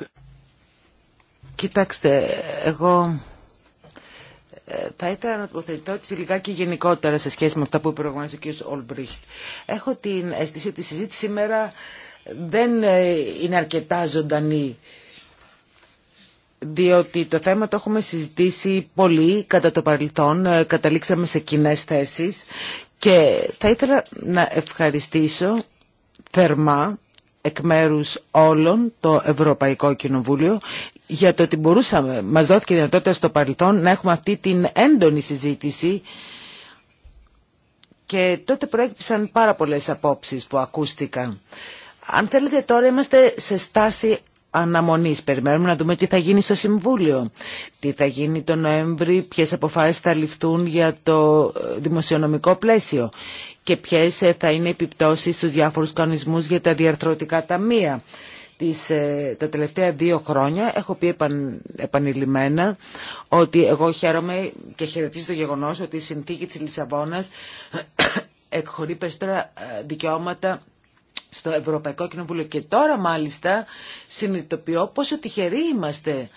Κοιτάξτε, εγώ θα ήθελα να τοποθετηθώ έτσι λιγάκι γενικότερα σε σχέση με αυτά που είπε ο κ. Ολμπρίχτ. Έχω την αίσθηση ότι η συζήτηση σήμερα δεν ε, είναι αρκετά ζωντανή διότι το θέμα το έχουμε συζητήσει πολύ κατά το παρελθόν, ε, καταλήξαμε σε κοινέ θέσει. και θα ήθελα να ευχαριστήσω θερμά εκ μέρους όλων το Ευρωπαϊκό Κοινοβούλιο για το ότι μπορούσαμε, μας δόθηκε η δυνατότητα στο παρελθόν να έχουμε αυτή την έντονη συζήτηση και τότε προέκυψαν πάρα πολλές απόψεις που ακούστηκαν. Αν θέλετε τώρα είμαστε σε στάση αναμονής. Περιμένουμε να δούμε τι θα γίνει στο Συμβούλιο, τι θα γίνει το Νοέμβρη, ποιες αποφάσεις θα ληφθούν για το ε, δημοσιονομικό πλαίσιο και ποιες ε, θα είναι επιπτώσεις στους διάφορους κανονισμούς για τα διαρθρωτικά ταμεία. Τις, ε, τα τελευταία δύο χρόνια έχω πει επαν, επανειλημμένα ότι εγώ χαίρομαι και χαιρετίζω το γεγονός ότι η συνθήκη της Λισαβόνας εκχωρεί περισσότερα ε, δικαιώματα στο Ευρωπαϊκό Κοινοβούλιο και τώρα μάλιστα συνειδητοποιώ πόσο τυχεροί είμαστε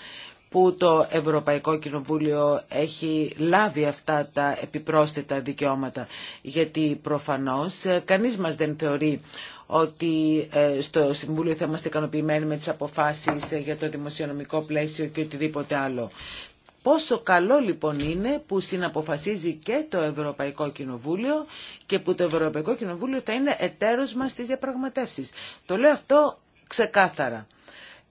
που το Ευρωπαϊκό Κοινοβούλιο έχει λάβει αυτά τα επιπρόσθετα δικαιώματα. Γιατί προφανώς ε, κανείς μας δεν θεωρεί ότι ε, στο Συμβούλιο θα είμαστε ικανοποιημένοι με τις αποφάσεις ε, για το δημοσιονομικό πλαίσιο και οτιδήποτε άλλο. Πόσο καλό λοιπόν είναι που συναποφασίζει και το Ευρωπαϊκό Κοινοβούλιο και που το Ευρωπαϊκό Κοινοβούλιο θα είναι εταίρος μας στις διαπραγματεύσεις. Το λέω αυτό ξεκάθαρα.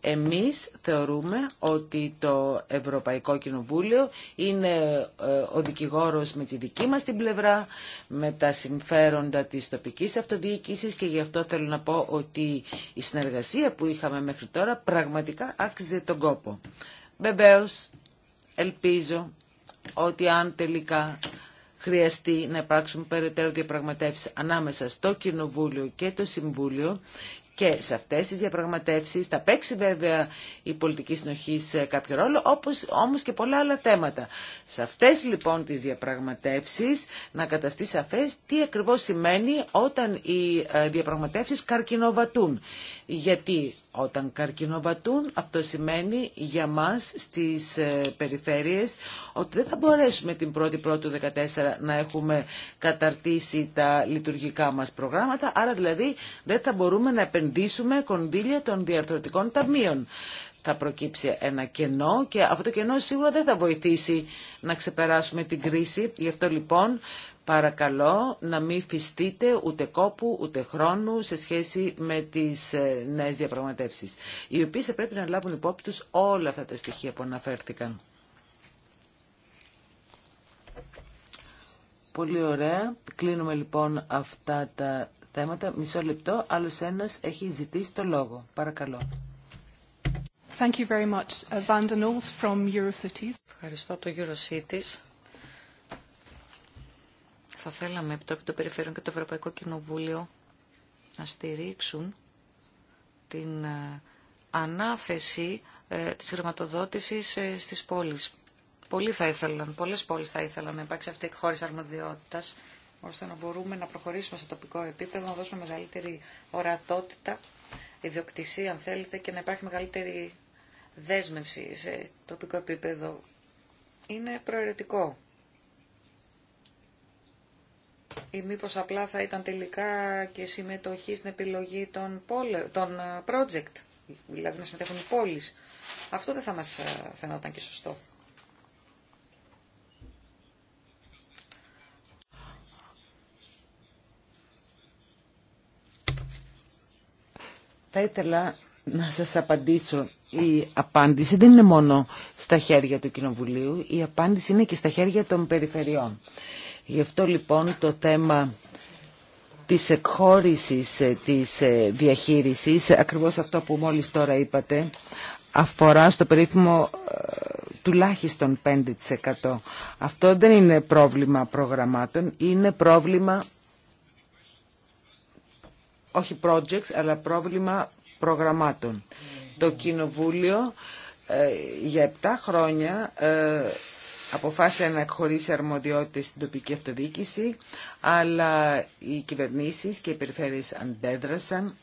Εμείς θεωρούμε ότι το Ευρωπαϊκό Κοινοβούλιο είναι ε, ο δικηγόρος με τη δική μας την πλευρά, με τα συμφέροντα της τοπικής αυτοδιοίκησης και γι' αυτό θέλω να πω ότι η συνεργασία που είχαμε μέχρι τώρα πραγματικά άξιζε τον κόπο. Βεβαίω, ελπίζω ότι αν τελικά χρειαστεί να υπάρξουν περαιτέρω διαπραγματεύσεις ανάμεσα στο Κοινοβούλιο και το Συμβούλιο και σε αυτές τις διαπραγματεύσεις θα παίξει βέβαια η πολιτική συνοχή σε κάποιο ρόλο, όπως, όμως και πολλά άλλα θέματα. Σε αυτές λοιπόν τις διαπραγματεύσεις να καταστεί σαφές τι ακριβώς σημαίνει όταν οι ε, διαπραγματεύσεις καρκινοβατούν. Γιατί όταν καρκινοβατούν αυτό σημαίνει για μας στις ε, περιφέρειες ότι δεν θα μπορέσουμε την 1η του 14 να έχουμε καταρτήσει τα λειτουργικά μας προγράμματα, άρα δηλαδή δεν θα μπορούμε να επενδύσουμε κονδύλια των διαρθρωτικών ταμείων θα προκύψει ένα κενό και αυτό το κενό σίγουρα δεν θα βοηθήσει να ξεπεράσουμε την κρίση. Γι' αυτό λοιπόν Παρακαλώ να μην φυστείτε ούτε κόπου ούτε χρόνου σε σχέση με τις ε, νέες διαπραγματεύσεις, οι οποίες θα πρέπει να λάβουν υπόψη τους όλα αυτά τα στοιχεία που αναφέρθηκαν. Πολύ ωραία. Κλείνουμε λοιπόν αυτά τα θέματα. Μισό λεπτό. άλλο ένας έχει ζητήσει το λόγο. Παρακαλώ. Thank you very much. Uh, from Ευχαριστώ από το EuroCities θα θέλαμε το Επιτροπή και το Ευρωπαϊκό Κοινοβούλιο να στηρίξουν την ε, ανάθεση ε, της χρηματοδότησης ε, στις πόλεις. Πολλοί θα ήθελαν, πολλές πόλεις θα ήθελαν να υπάρξει αυτή η εκχώρηση αρμοδιότητας, ώστε να μπορούμε να προχωρήσουμε σε τοπικό επίπεδο, να δώσουμε μεγαλύτερη ορατότητα, ιδιοκτησία αν θέλετε, και να υπάρχει μεγαλύτερη δέσμευση σε τοπικό επίπεδο. Είναι προαιρετικό ή μήπως απλά θα ήταν τελικά και συμμετοχή στην επιλογή των, πόλε, των ε, project, δηλαδή να συμμετέχουν οι πόλεις. Αυτό δεν θα μας ε, φαινόταν και σωστό. Θα ήθελα να σας απαντήσω. Η απάντηση δεν είναι μόνο στα χέρια του Κοινοβουλίου, η απάντηση είναι και στα χέρια των περιφερειών. Γι' αυτό λοιπόν το θέμα της εκχώρησης ε, της ε, διαχείρισης, ακριβώς αυτό που μόλις τώρα είπατε, αφορά στο περίφημο ε, τουλάχιστον 5%. Αυτό δεν είναι πρόβλημα προγραμμάτων, είναι πρόβλημα όχι projects, αλλά πρόβλημα προγραμμάτων. Το Κοινοβούλιο για 7 χρόνια αποφάσισε να εκχωρήσει αρμοδιότητες στην τοπική αυτοδιοίκηση, αλλά οι κυβερνήσεις και οι περιφέρειες αντέδρασαν.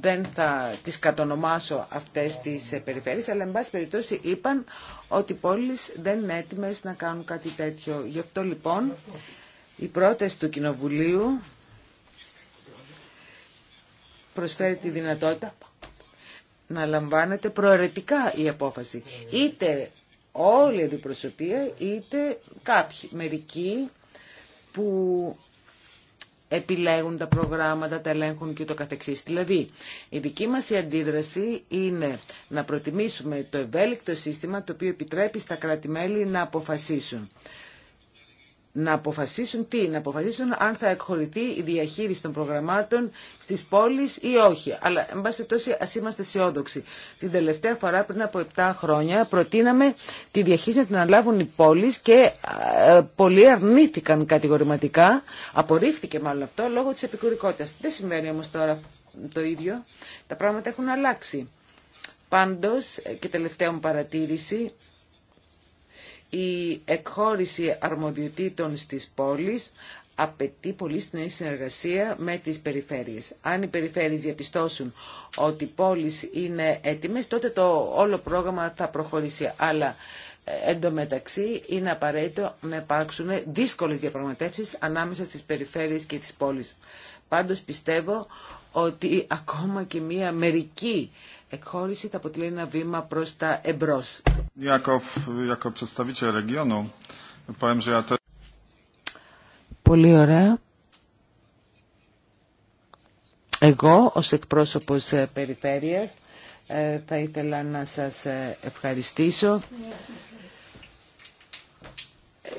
Δεν θα τις κατονομάσω αυτές τις ε, περιφέρειες, αλλά εν πάση περιπτώσει είπαν ότι οι πόλεις δεν είναι έτοιμες να κάνουν κάτι τέτοιο. Γι' αυτό λοιπόν η πρόταση του Κοινοβουλίου προσφέρει τη δυνατότητα να λαμβάνεται προαιρετικά η απόφαση. Είτε όλη η αντιπροσωπεία είτε κάποιοι, μερικοί που επιλέγουν τα προγράμματα, τα ελέγχουν και το καθεξής. Δηλαδή, η δική μας η αντίδραση είναι να προτιμήσουμε το ευέλικτο σύστημα το οποίο επιτρέπει στα κράτη-μέλη να αποφασίσουν να αποφασίσουν τι, να αποφασίσουν αν θα εκχωρηθεί η διαχείριση των προγραμμάτων στις πόλεις ή όχι. Αλλά, εν πάση περιπτώσει, ας είμαστε αισιόδοξοι. Την τελευταία φορά, πριν από 7 χρόνια, προτείναμε τη διαχείριση να την αναλάβουν οι πόλεις και ε, πολλοί αρνήθηκαν κατηγορηματικά, απορρίφθηκε μάλλον αυτό, λόγω της επικουρικότητας. Δεν σημαίνει όμως τώρα το ίδιο. Τα πράγματα έχουν αλλάξει. Πάντως, ε, και τελευταία μου παρατήρηση, η εκχώρηση αρμοδιοτήτων στις πόλεις απαιτεί πολύ στην συνεργασία με τις περιφέρειες. Αν οι περιφέρειες διαπιστώσουν ότι οι πόλεις είναι έτοιμες, τότε το όλο πρόγραμμα θα προχωρήσει. Αλλά ε, εντωμεταξύ είναι απαραίτητο να υπάρξουν δύσκολες διαπραγματεύσεις ανάμεσα στις περιφέρειες και τις πόλεις. Πάντως πιστεύω ότι ακόμα και μία μερική εκχώρηση θα αποτελεί ένα βήμα προς τα εμπρός. Πολύ ωραία. Εγώ ω εκπρόσωπος ε, περιφέρειας ε, θα ήθελα να σας ε, ευχαριστήσω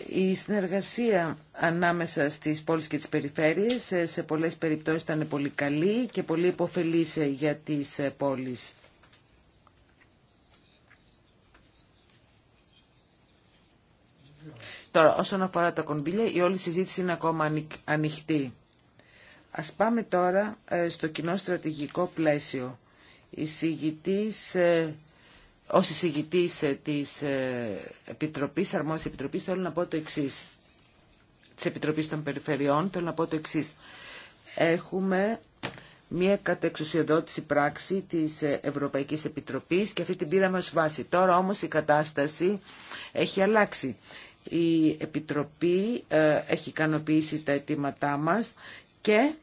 η συνεργασία ανάμεσα στις πόλεις και τις περιφέρειες σε πολλές περιπτώσεις ήταν πολύ καλή και πολύ υποφελής για τις ε, πόλεις. Τώρα, όσον αφορά τα κονδύλια, η όλη συζήτηση είναι ακόμα ανοιχτή. Ας πάμε τώρα ε, στο κοινό στρατηγικό πλαίσιο. Η συγητής ε, ως εισηγητής ε, της ε, Επιτροπής, αρμόδια Επιτροπής, θέλω να πω το εξής. Της Επιτροπής των Περιφερειών, θέλω να πω το εξής. Έχουμε μια κατεξουσιοδότηση πράξη της ε, Ευρωπαϊκής Επιτροπής και αυτή την πήραμε ω βάση. Τώρα όμως η κατάσταση έχει αλλάξει. Η Επιτροπή έχει ικανοποιήσει τα αιτήματά μας και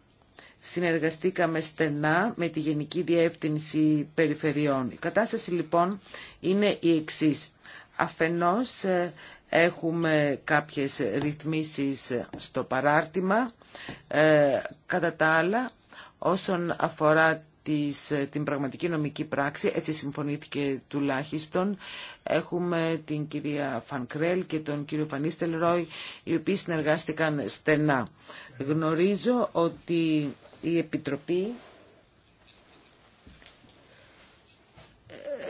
συνεργαστήκαμε στενά με τη Γενική Διεύθυνση Περιφερειών. Η κατάσταση λοιπόν είναι η εξής. Αφενός ε, έχουμε κάποιες ρυθμίσεις στο παράρτημα. Ε, κατά τα άλλα, όσον αφορά της, ε, την πραγματική νομική πράξη, έτσι συμφωνήθηκε τουλάχιστον, έχουμε την κυρία Φανκρέλ και τον κύριο Φανίστελ Ρόι, οι οποίοι συνεργάστηκαν στενά. Γνωρίζω ότι η Επιτροπή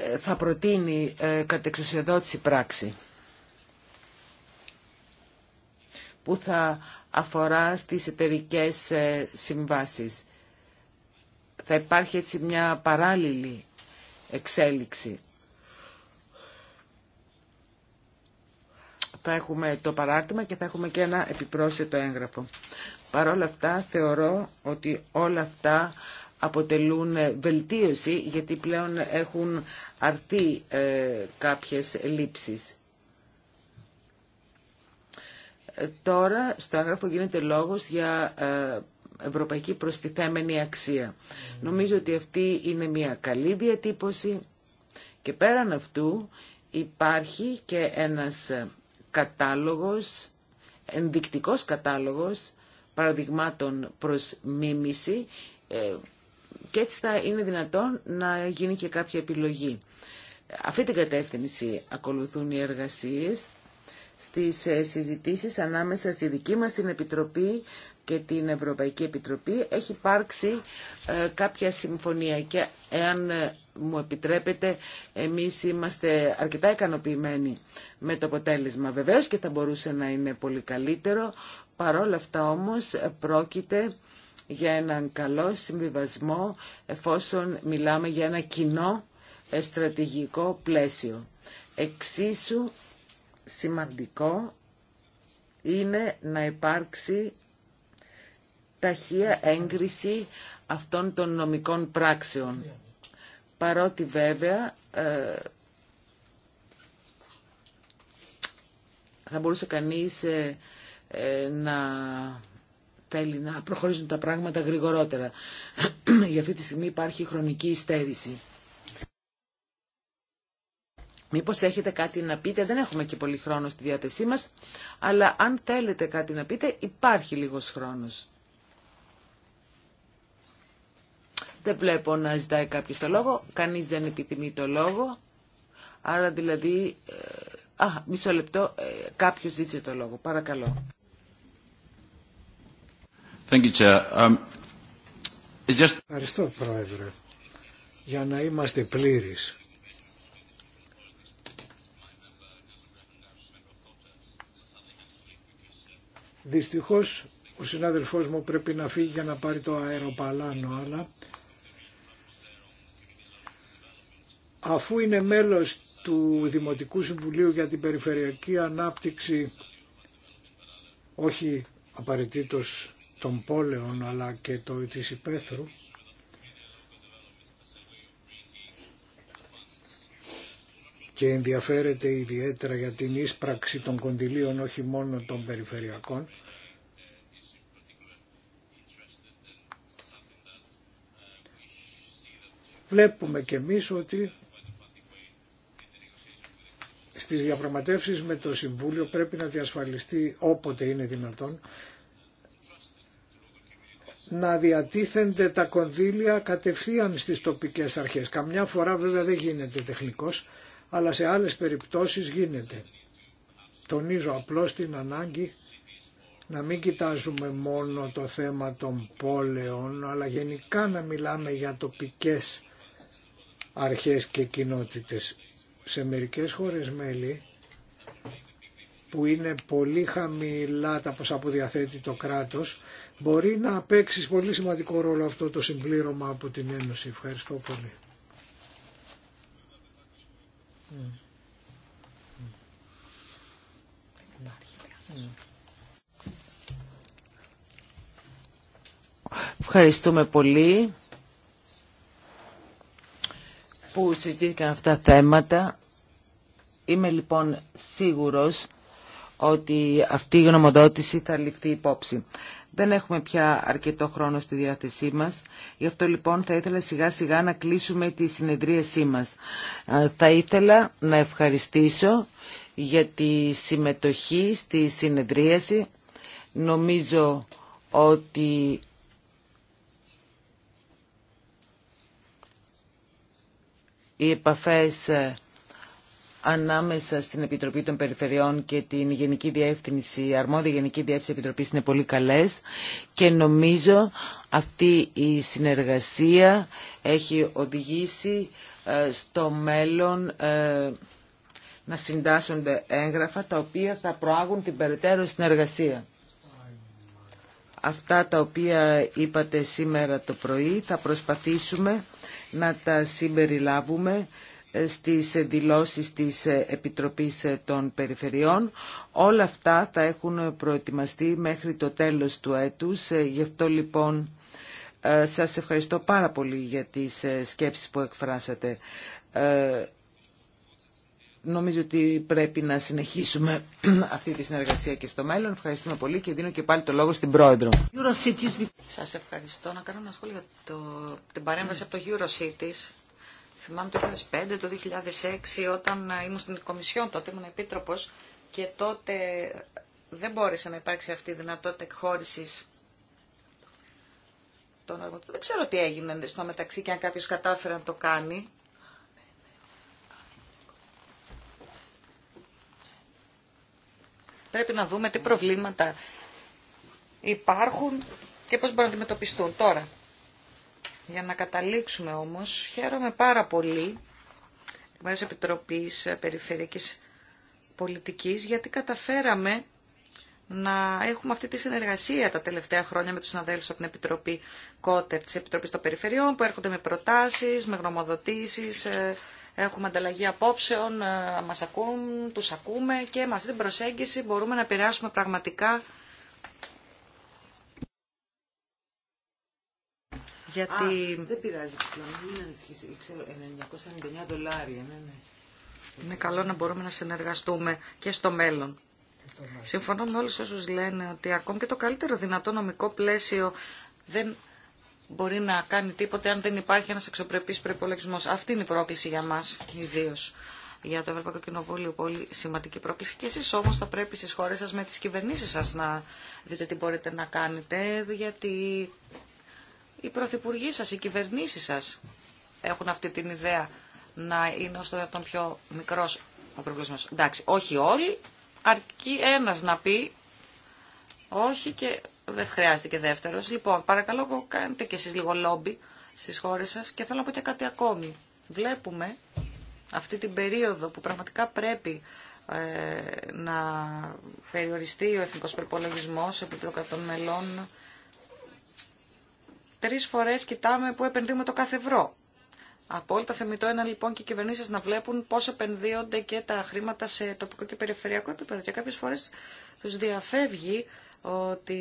ε, θα προτείνει ε, εξουσιοδότηση πράξη που θα αφορά στις εταιρικές ε, συμβάσεις. Θα υπάρχει έτσι μια παράλληλη εξέλιξη. Θα έχουμε το παράρτημα και θα έχουμε και ένα επιπρόσθετο έγγραφο. Παρ' όλα αυτά θεωρώ ότι όλα αυτά αποτελούν βελτίωση γιατί πλέον έχουν αρθεί ε, κάποιες λήψεις. Ε, τώρα στο άγγραφο γίνεται λόγος για ε, ευρωπαϊκή προστιθέμενη αξία. Νομίζω ότι αυτή είναι μια καλή διατύπωση και πέραν αυτού υπάρχει και ένας κατάλογος, ενδεικτικός κατάλογος παραδειγμάτων προς μίμηση ε, και έτσι θα είναι δυνατόν να γίνει και κάποια επιλογή. Αυτή την κατεύθυνση ακολουθούν οι εργασίες στις ε, συζητήσεις ανάμεσα στη δική μας την Επιτροπή και την Ευρωπαϊκή Επιτροπή έχει υπάρξει ε, κάποια συμφωνία και εάν μου επιτρέπετε εμείς είμαστε αρκετά ικανοποιημένοι με το αποτέλεσμα. Βεβαίως και θα μπορούσε να είναι πολύ καλύτερο. Παρόλα αυτά όμως πρόκειται για έναν καλό συμβιβασμό εφόσον μιλάμε για ένα κοινό ε, στρατηγικό πλαίσιο. Εξίσου σημαντικό είναι να υπάρξει ταχεία έγκριση αυτών των νομικών πράξεων. Παρότι βέβαια ε, θα μπορούσε κανείς ε, ε, να θέλει να προχωρήσουν τα πράγματα γρηγορότερα. Για αυτή τη στιγμή υπάρχει χρονική υστέρηση. Μήπως έχετε κάτι να πείτε, δεν έχουμε και πολύ χρόνο στη διάθεσή μας, αλλά αν θέλετε κάτι να πείτε υπάρχει λίγος χρόνος. Δεν βλέπω να ζητάει κάποιος το λόγο, κανείς δεν επιθυμεί το λόγο, άρα δηλαδή, ε, α, μισό λεπτό, ε, κάποιος ζήτησε το λόγο, παρακαλώ. Um, Ευχαριστώ, Πρόεδρε. Για να είμαστε πλήρεις. Δυστυχώς ο συνάδελφός μου πρέπει να φύγει για να πάρει το αεροπαλάνο, αλλά αφού είναι μέλος του Δημοτικού Συμβουλίου για την Περιφερειακή Ανάπτυξη, όχι απαραίτητος των πόλεων αλλά και το, της υπαίθρου και ενδιαφέρεται ιδιαίτερα για την ίσπραξη των κοντιλίων όχι μόνο των περιφερειακών βλέπουμε και εμείς ότι στις διαπραγματεύσεις με το Συμβούλιο πρέπει να διασφαλιστεί όποτε είναι δυνατόν να διατίθενται τα κονδύλια κατευθείαν στις τοπικές αρχές. Καμιά φορά βέβαια δεν γίνεται τεχνικός, αλλά σε άλλες περιπτώσεις γίνεται. Τονίζω απλώς την ανάγκη να μην κοιτάζουμε μόνο το θέμα των πόλεων, αλλά γενικά να μιλάμε για τοπικές αρχές και κοινότητες. Σε μερικές χώρες μέλη, που είναι πολύ χαμηλά τα ποσά που διαθέτει το κράτος, μπορεί να παίξει πολύ σημαντικό ρόλο αυτό το συμπλήρωμα από την Ένωση. Ευχαριστώ πολύ. Ευχαριστούμε πολύ που συζητήθηκαν αυτά τα θέματα. Είμαι λοιπόν σίγουρος ότι αυτή η γνωμοδότηση θα ληφθεί υπόψη. Δεν έχουμε πια αρκετό χρόνο στη διάθεσή μας. Γι' αυτό λοιπόν θα ήθελα σιγά σιγά να κλείσουμε τη συνεδρίασή μας. Ε, θα ήθελα να ευχαριστήσω για τη συμμετοχή στη συνεδρίαση. Νομίζω ότι οι επαφές ε, ανάμεσα στην Επιτροπή των Περιφερειών και την Γενική Διεύθυνση, η αρμόδια Γενική Διεύθυνση Επιτροπής είναι πολύ καλές και νομίζω αυτή η συνεργασία έχει οδηγήσει ε, στο μέλλον ε, να συντάσσονται έγγραφα τα οποία θα προάγουν την περαιτέρω συνεργασία. Αυτά τα οποία είπατε σήμερα το πρωί θα προσπαθήσουμε να τα συμπεριλάβουμε στις δηλώσεις της Επιτροπής των Περιφερειών. Όλα αυτά θα έχουν προετοιμαστεί μέχρι το τέλος του έτους. Γι' αυτό λοιπόν ε, σας ευχαριστώ πάρα πολύ για τις ε, σκέψεις που εκφράσατε. Ε, νομίζω ότι πρέπει να συνεχίσουμε αυτή τη συνεργασία και στο μέλλον. Ευχαριστούμε πολύ και δίνω και πάλι το λόγο στην Πρόεδρο. Σας ευχαριστώ. Να κάνω ένα σχόλιο για το... την παρέμβαση από το EuroCities Θυμάμαι το 2005, το 2006, όταν ε, ήμουν στην Κομισιόν, τότε ήμουν επίτροπο και τότε δεν μπόρεσε να υπάρξει αυτή η δυνατότητα εκχώρηση των Δεν ξέρω τι έγινε στο μεταξύ και αν κάποιο κατάφερε να το κάνει. Πρέπει να δούμε τι προβλήματα υπάρχουν και πώς μπορούν να αντιμετωπιστούν τώρα για να καταλήξουμε όμως, χαίρομαι πάρα πολύ μέσω Επιτροπής Περιφερειακής Πολιτικής, γιατί καταφέραμε να έχουμε αυτή τη συνεργασία τα τελευταία χρόνια με τους συναδέλφους από την Επιτροπή Κότερ, της Επιτροπής των Περιφερειών, που έρχονται με προτάσεις, με γνωμοδοτήσεις, ε, έχουμε ανταλλαγή απόψεων, ε, μας ακούν, τους ακούμε και με αυτή την προσέγγιση μπορούμε να επηρεάσουμε πραγματικά Γιατί... δεν πειράζει, ε, ξέρω, 999 δολάρια, ναι, ναι, Είναι καλό να μπορούμε να συνεργαστούμε και στο μέλλον. Συμφωνώ με όλους όσους λένε ότι ακόμη και το καλύτερο δυνατό νομικό πλαίσιο δεν μπορεί να κάνει τίποτε αν δεν υπάρχει ένας εξωπρεπής προϋπολογισμός. Αυτή είναι η πρόκληση για μας ιδίω. Για το Ευρωπαϊκό Κοινοβούλιο πολύ σημαντική πρόκληση και εσείς όμως θα πρέπει στις χώρες σας με τις κυβερνήσεις σας να δείτε τι μπορείτε να κάνετε γιατί οι πρωθυπουργοί σας, οι κυβερνήσεις σας έχουν αυτή την ιδέα να είναι ως το τον πιο μικρός ο προβλησμός. Εντάξει, όχι όλοι, αρκεί ένας να πει όχι και δεν χρειάζεται και δεύτερος. Λοιπόν, παρακαλώ κάνετε και εσείς λίγο λόμπι στις χώρες σας και θέλω να πω και κάτι ακόμη. Βλέπουμε αυτή την περίοδο που πραγματικά πρέπει ε, να περιοριστεί ο εθνικός προπολογισμό επί των κρατών μελών Τρει φορές κοιτάμε πού επενδύουμε το κάθε ευρώ. Απόλυτα θεμητό είναι λοιπόν και οι κυβερνήσει να βλέπουν πώ επενδύονται και τα χρήματα σε τοπικό και περιφερειακό επίπεδο. Και κάποιε φορέ του διαφεύγει ότι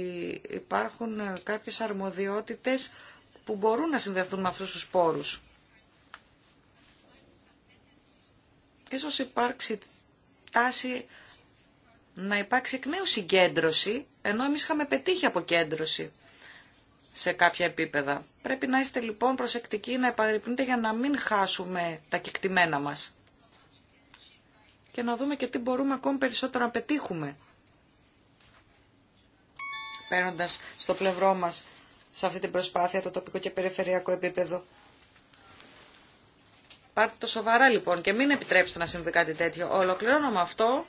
υπάρχουν κάποιες αρμοδιότητες που μπορούν να συνδεθούν με αυτούς τους πόρους. Ίσως υπάρξει τάση να υπάρξει εκ νέου συγκέντρωση, ενώ εμείς είχαμε πετύχει αποκέντρωση σε κάποια επίπεδα. Πρέπει να είστε λοιπόν προσεκτικοί να επαγρυπνείτε για να μην χάσουμε τα κεκτημένα μας και να δούμε και τι μπορούμε ακόμη περισσότερο να πετύχουμε παίρνοντα στο πλευρό μας σε αυτή την προσπάθεια το τοπικό και περιφερειακό επίπεδο. Πάρτε το σοβαρά λοιπόν και μην επιτρέψετε να συμβεί κάτι τέτοιο. Ολοκληρώνω με αυτό.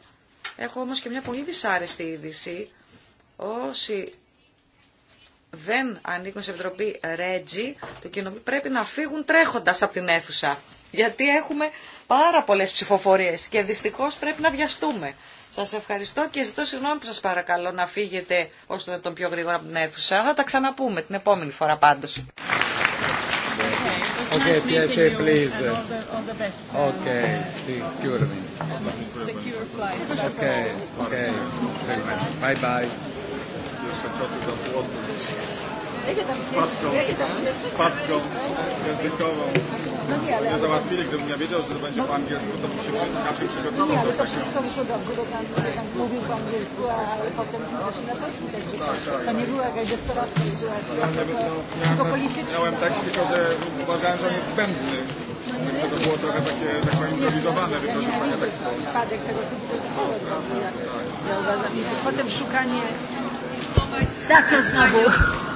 Έχω όμως και μια πολύ δυσάρεστη είδηση. Όσοι δεν ανήκουν σε Επιτροπή Ρέτζι το κοινοβούλιο πρέπει να φύγουν τρέχοντας από την αίθουσα. Γιατί έχουμε πάρα πολλές ψηφοφορίες και δυστυχώς πρέπει να βιαστούμε. Σας ευχαριστώ και ζητώ συγγνώμη που σας παρακαλώ να φύγετε όσο το τον πιο γρήγορα από την αίθουσα. Θα τα ξαναπούμε την επόμενη φορά πάντως. Okay, please. Okay, secure przekroku językową. załatwili, gdybym nie wiedział, że będzie po to przygotował. to pan mówił po angielsku, a potem się to nie była jakaś tak tylko że uważałem, że jest zbędny. To było trochę takie, tak powiem, improwizowane jest Potem szukanie That's just not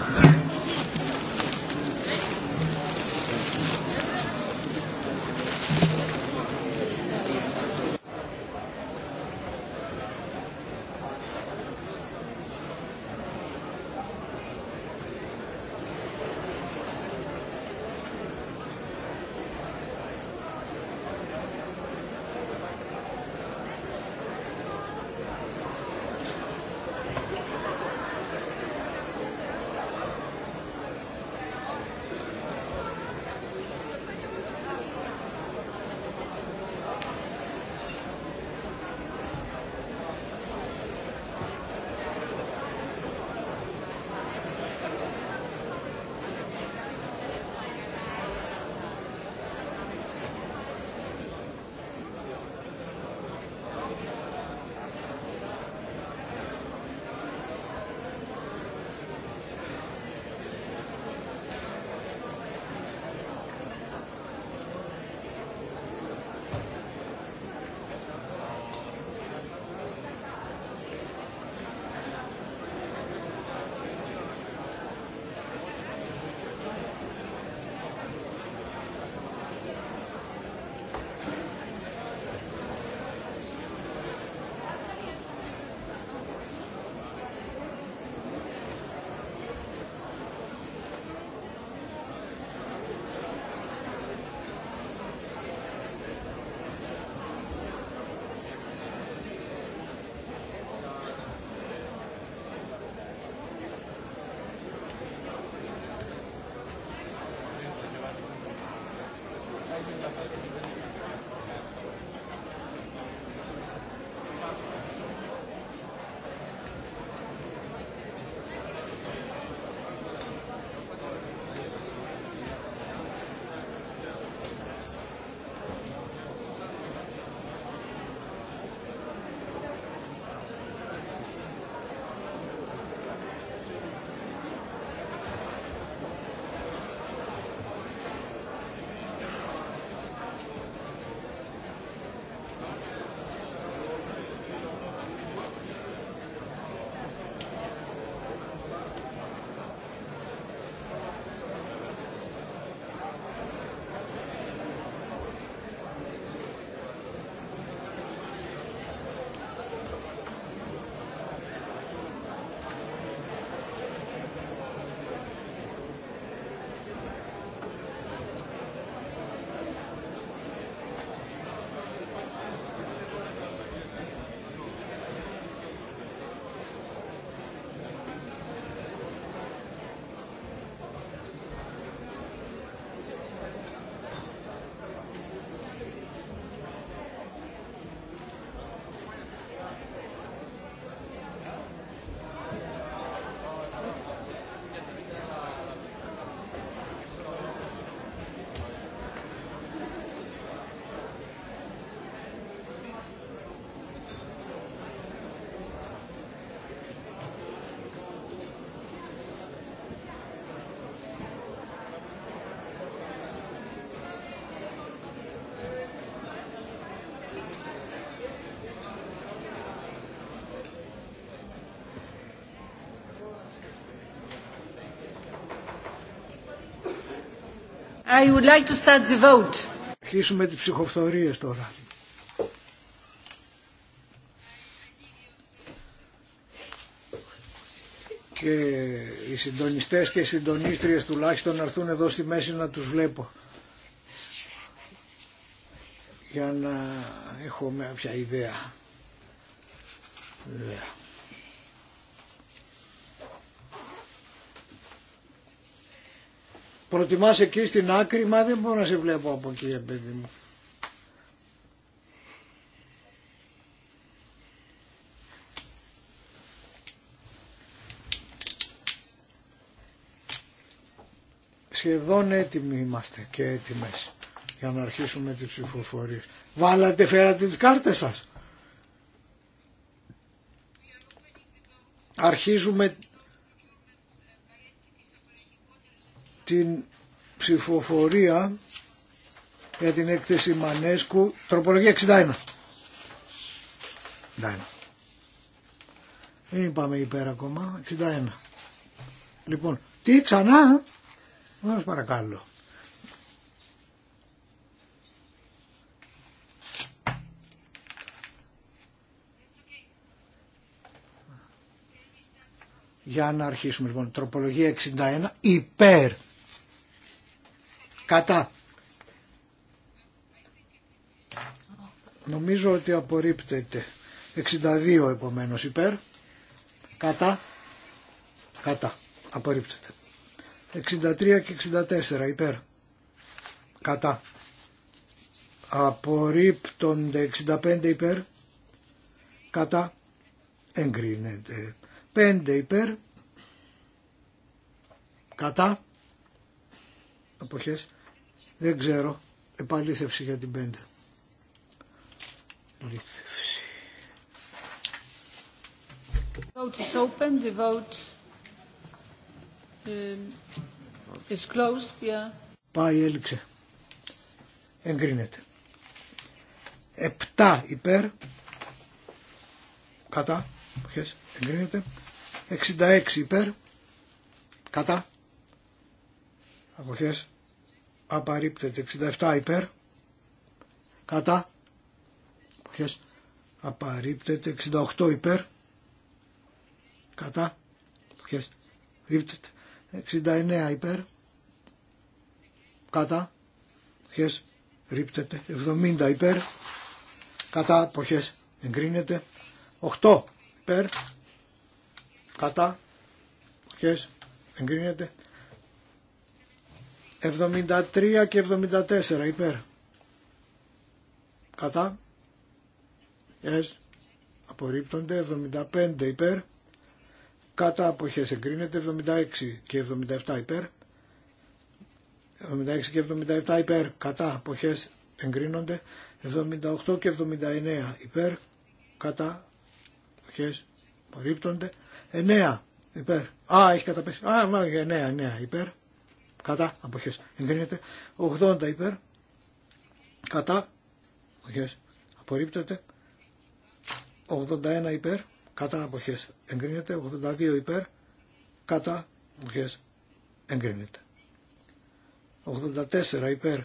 I would like to start the vote. Αρχίσουμε τις ψυχοφθορίες τώρα. Και οι συντονιστές και οι συντονίστριες τουλάχιστον να έρθουν εδώ στη μέση να τους βλέπω. Για να έχω μια ιδέα. προτιμάς εκεί στην άκρη, μα δεν μπορώ να σε βλέπω από εκεί, ε, παιδί μου. Σχεδόν έτοιμοι είμαστε και έτοιμες για να αρχίσουμε τις ψηφοφορίε. Βάλατε, φέρατε τις κάρτες σας. Αρχίζουμε την ψηφοφορία για την έκθεση Μανέσκου, τροπολογία 61. Δεν είπαμε υπέρ ακόμα, 61. Λοιπόν, τι ξανά, μας παρακαλώ. Για να αρχίσουμε λοιπόν. Τροπολογία 61 υπέρ Κατά. Νομίζω ότι απορρίπτεται. 62 επομένως υπέρ. Κατά. Κατά. Απορρίπτεται. 63 και 64 υπέρ. Κατά. Απορρίπτονται 65 υπέρ. Κατά. Εγκρίνεται. 5 υπέρ. Κατά. Αποχές. Δεν ξέρω. Επαλήθευση για την 5. Επαλήθευση. The vote is open. The vote um, is closed. Yeah. Πάει, έληξε. Εγκρίνεται. 7 υπέρ. Κατά. Ποιες. Εγκρίνεται. 66 υπέρ. Κατά. Αποχές απαρρίπτεται 67 υπέρ κατά Ποιες; απαρρίπτεται 68 υπέρ κατά Ποιες; Ρίπτεται. 69 υπέρ κατά Ποιες; ρίπτεται 70 υπέρ κατά Ποιες; εγκρίνεται 8 υπέρ κατά Ποιες; εγκρίνεται 73 και 74 υπέρ. Κατά. Yes. Απορρίπτονται. 75 υπέρ. Κατά αποχές εγκρίνεται. 76 και 77 υπέρ. 76 και 77 υπέρ. Κατά αποχές εγκρίνονται. 78 και 79 υπέρ. Κατά αποχές απορρίπτονται. 9 υπέρ. Α, έχει καταπέσει. Α, μάλλον 9, 9 υπέρ κατά αποχές εγκρίνεται 80 υπέρ κατά αποχές απορρίπτεται 81 υπέρ κατά αποχές εγκρίνεται 82 υπέρ κατά αποχές εγκρίνεται 84 υπέρ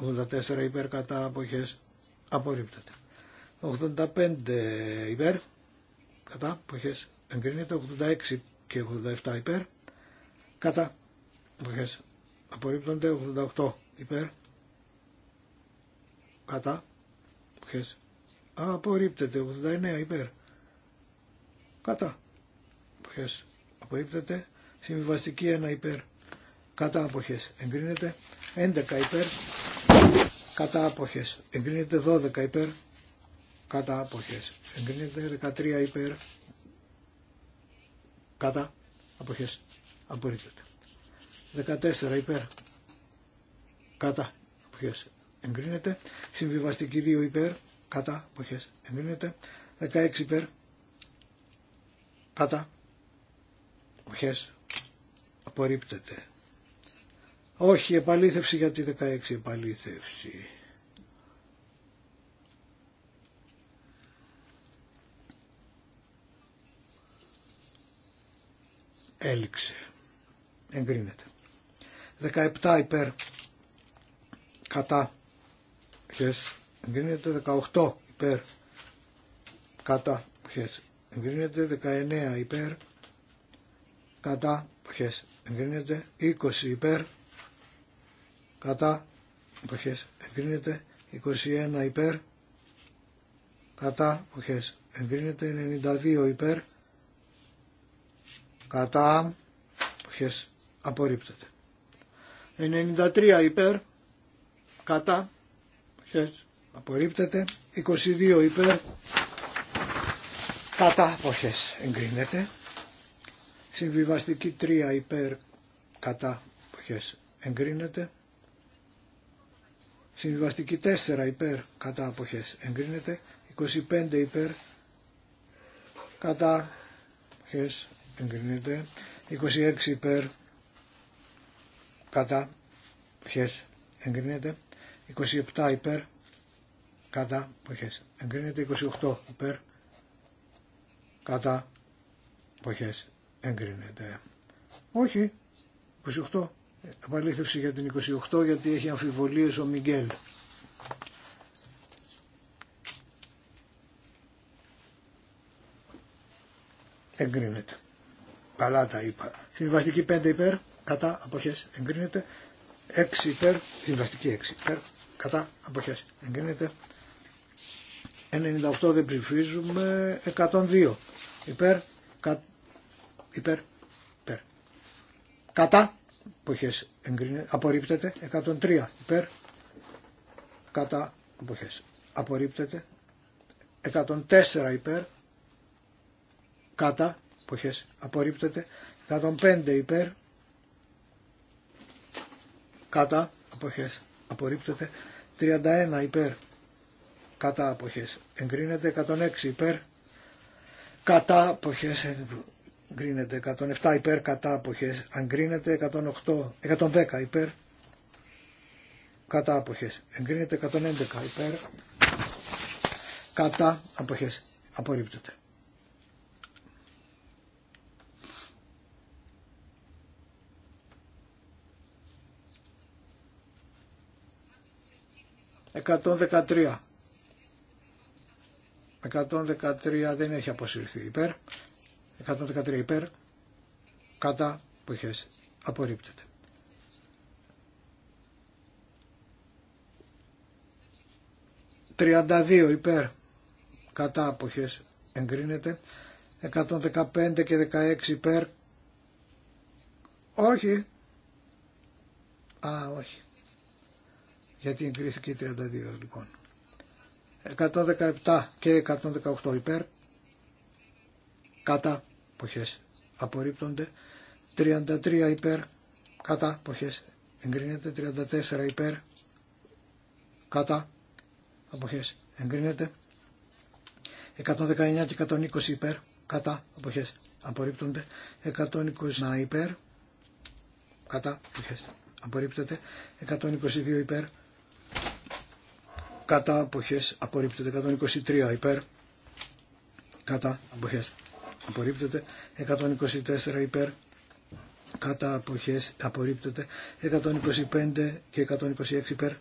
84 υπέρ κατά αποχές απορρίπτεται 85 υπέρ κατά αποχές εγκρίνεται 86 και 87 υπέρ κατά Απορρίπτονται 88 υπέρ. Κατά. Αποχές. Απορρίπτεται 89 υπέρ. Κατά. Αποχές. Απορρίπτεται. Συμβιβαστική 1 υπέρ. Κατά αποχές. Εγκρίνεται 11 υπέρ. Κατά αποχές. Εγκρίνεται 12 υπέρ. Κατά αποχές. Εγκρίνεται 13 υπέρ. Κατά αποχές. Απορρίπτεται. 14 υπέρ. Κατά. Αποχές. Εγκρίνεται. Συμβιβαστική 2 υπέρ. Κατά. Αποχές. Εγκρίνεται. 16 υπέρ. Κατά. Αποχές. Απορρίπτεται. Όχι, επαλήθευση γιατί 16 επαλήθευση. Έληξε. Εγκρίνεται. 17 υπέρ κατά χες εγκρίνεται 18 υπέρ κατά χες εγκρίνεται 19 υπέρ κατά χες εγκρίνεται 20 υπέρ κατά εποχές εγκρίνεται 21 υπέρ κατά εποχές εγκρίνεται 92 υπέρ κατά εποχές απορρίπτεται 93 υπέρ, κατά, χες, απορρίπτεται. 22 υπέρ, κατά, όχες, εγκρίνεται. Συμβιβαστική 3 υπέρ, κατά, όχες, εγκρίνεται. Συμβιβαστική 4 υπέρ, κατά, αποχές, εγκρίνεται. 25 υπέρ, κατά, αποχές, εγκρίνεται. 26 υπέρ, κατά ποιες εγκρίνεται 27 υπέρ κατά ποιες εγκρίνεται 28 υπέρ κατά ποιες εγκρίνεται όχι 28 Απαλήθευση για την 28 γιατί έχει αμφιβολίες ο Μιγγέλ εγκρίνεται καλά τα είπα συμβαστική 5 υπέρ κατά αποχές εγκρίνεται 6 υπέρ, συμβαστική 6 υπέρ, κατά αποχές εγκρίνεται 98 δεν ψηφίζουμε 102 υπέρ, κα, υπέρ, υπέρ. κατά αποχές εγκρίνεται, απορρίπτεται 103 υπέρ, κατά αποχές απορρίπτεται 104 υπέρ, κατά αποχές απορρίπτεται 105 υπέρ, κατά αποχές απορρίπτεται 31 υπέρ κατά αποχές εγκρίνεται 106 υπέρ κατά αποχές εγκρίνεται 107 υπέρ κατά αποχές εγκρίνεται 108, 110 υπέρ κατά αποχές εγκρίνεται 111 υπέρ κατά αποχές απορρίπτεται 113. 113 δεν έχει αποσυρθεί υπέρ. 113 υπέρ. Κατά αποχές. Απορρίπτεται. «32 υπέρ κατά αποχές εγκρίνεται, 115 και 16 υπέρ, όχι, α όχι, γιατί εγκρίθηκε η 32 λοιπόν. 117 και 118 υπέρ, κατά ποχές απορρίπτονται, 33 υπέρ, κατά ποχές εγκρίνεται, 34 υπέρ, κατά αποχές εγκρίνεται, 119 και 120 υπέρ, κατά αποχές απορρίπτονται, 120 υπέρ, κατά αποχές απορρίπτεται, 122 υπέρ, κατά αποχές απορρίπτεται 123 υπέρ κατά αποχές απορρίπτεται 124 υπέρ κατά αποχές απορρίπτεται 125 και 126 υπέρ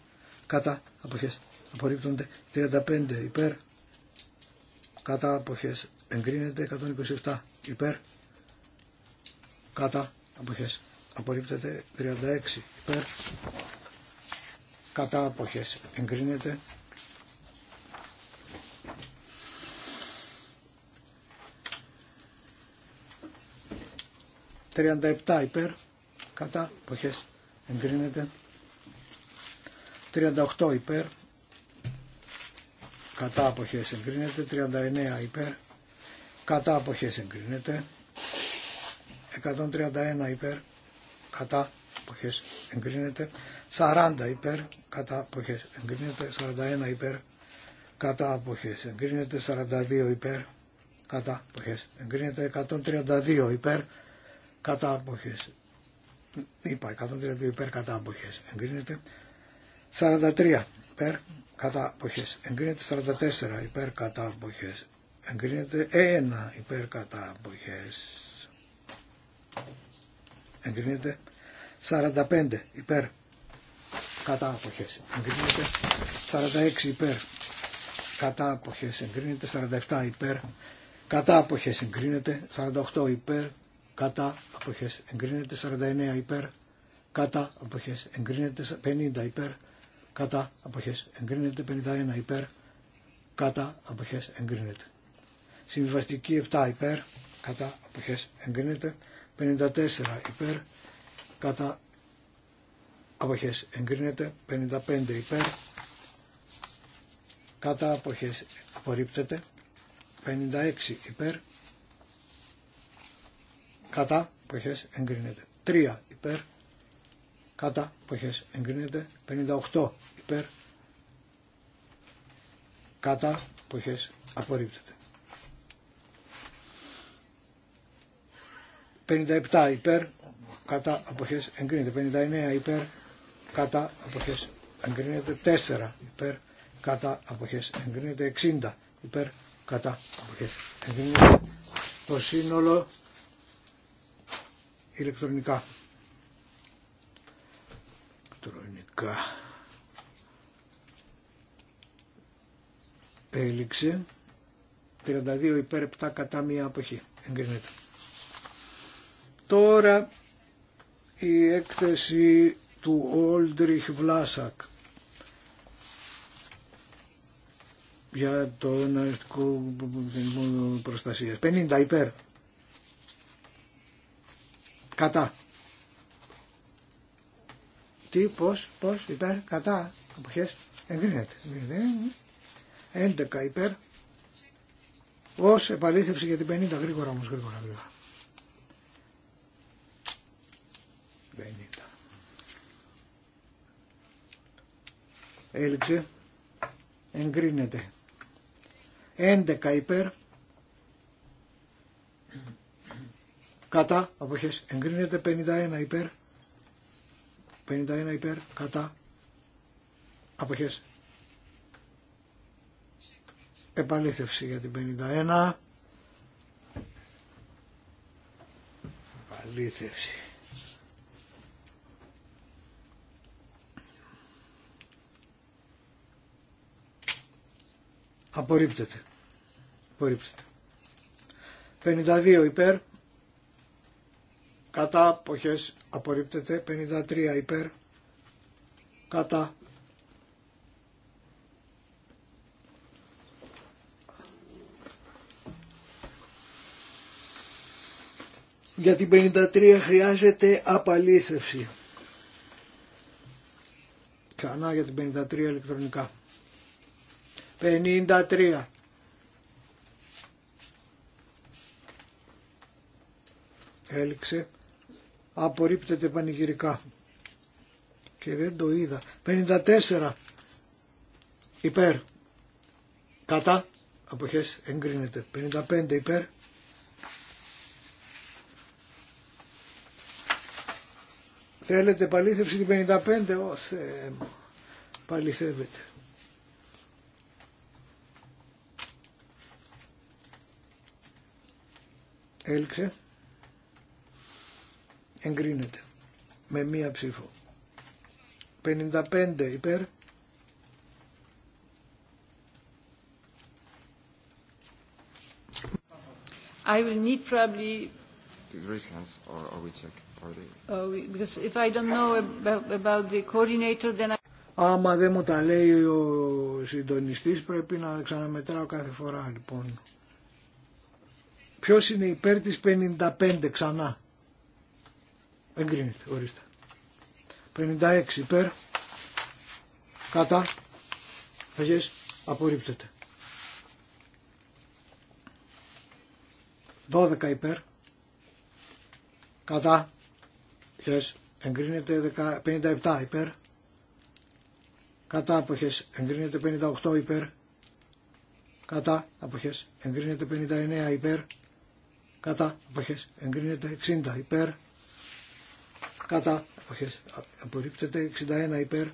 κατά αποχές απορρίπτονται 35 υπέρ κατά αποχές εγκρίνεται 127 υπέρ κατά αποχές απορρίπτεται 36 υπέρ κατά αποχές εγκρίνεται. 37 υπέρ, κατά αποχές εγκρίνεται. 38 υπέρ, κατά αποχές εγκρίνεται, 39 υπέρ, κατά αποχές εγκρίνεται, 131 υπέρ, κατά αποχές εγκρίνεται, 40 υπέρ κατά αποχές εγκρίνεται, 41 υπέρ κατά αποχές εγκρίνεται, 42 υπέρ κατά αποχές εγκρίνεται, 132 υπέρ κατά αποχές είπα 132 υπέρ κατά αποχές εγκρίνεται, 43 υπέρ κατά αποχές εγκρίνεται, 44 υπέρ κατά αποχές εγκρίνεται, 1 υπέρ κατά αποχές εγκρίνεται, 45 υπέρ κατά αποχές εγκρίνεται 46 υπέρ κατά αποχές εγκρίνεται 47 υπέρ κατά αποχές εγκρίνεται 48 υπέρ κατά αποχές εγκρίνεται 49 υπέρ κατά αποχές εγκρίνεται 50 υπέρ κατά αποχές εγκρίνεται 51 υπέρ κατά αποχές εγκρίνεται συμβιβαστική 7 υπέρ κατά αποχές εγκρίνεται 54 υπέρ κατά αποχές εγκρίνεται 55 υπέρ κατά αποχές απορρίπτεται 56 υπέρ κατά αποχές εγκρίνεται 3 υπέρ κατά αποχές εγκρίνεται 58 υπέρ κατά αποχές απορρίπτεται 57 υπέρ κατά αποχές εγκρίνεται 59 υπέρ κατά αποχές εγκρίνεται 4 υπέρ κατά αποχές εγκρίνεται 60 υπέρ κατά αποχές εγκρίνεται το σύνολο ηλεκτρονικά ηλεκτρονικά έληξε 32 υπέρ 7 κατά μία αποχή εγκρίνεται τώρα η έκθεση του Όλτριχ Βλάσακ για τον αριστικό προστασία 50 υπέρ. Κατά. Τι, πώ, πώ υπέρ, κατά, αποχές, εγκρίνεται. 11 υπέρ. Ω επαλήθευση για την 50, γρήγορα όμω γρήγορα, γρήγορα. Έληξε. Εγκρίνεται. 11 υπέρ. Κατά. Αποχές. Εγκρίνεται. 51 υπέρ. 51 υπέρ. Κατά. Αποχές. Επαλήθευση για την 51. Επαλήθευση. Απορρίπτεται. Απορρίπτεται. 52 υπέρ. Κατά αποχές απορρίπτεται. 53 υπέρ. Κατά. Για την 53 χρειάζεται απαλήθευση. Ξανά για την 53 ηλεκτρονικά. 53. Έληξε. Απορρίπτεται πανηγυρικά. Και δεν το είδα. 54. Υπέρ. Κατά. Αποχές εγκρίνεται. 55 υπέρ. Θέλετε παλήθευση την 55. Ω Θεέ μου. Παληθεύεται. Έλξε. Εγκρίνεται. Με μία ψήφο. 55 υπέρ. Άμα δεν μου τα λέει ο συντονιστής πρέπει να ξαναμετράω κάθε φορά λοιπόν. Ποιος είναι υπέρ της 55 ξανά. Εγκρίνεται, ορίστε. 56 υπέρ. Κατά. Αγιές, απορρίπτεται. 12 υπέρ. Κατά. Αγιές, εγκρίνεται 57 υπέρ. Κατά αποχές εγκρίνεται 58 υπέρ. Κατά αποχές εγκρίνεται 59 υπέρ κατά εποχές εγκρίνεται 60 υπέρ κατά εποχές απορρίπτεται 61 υπέρ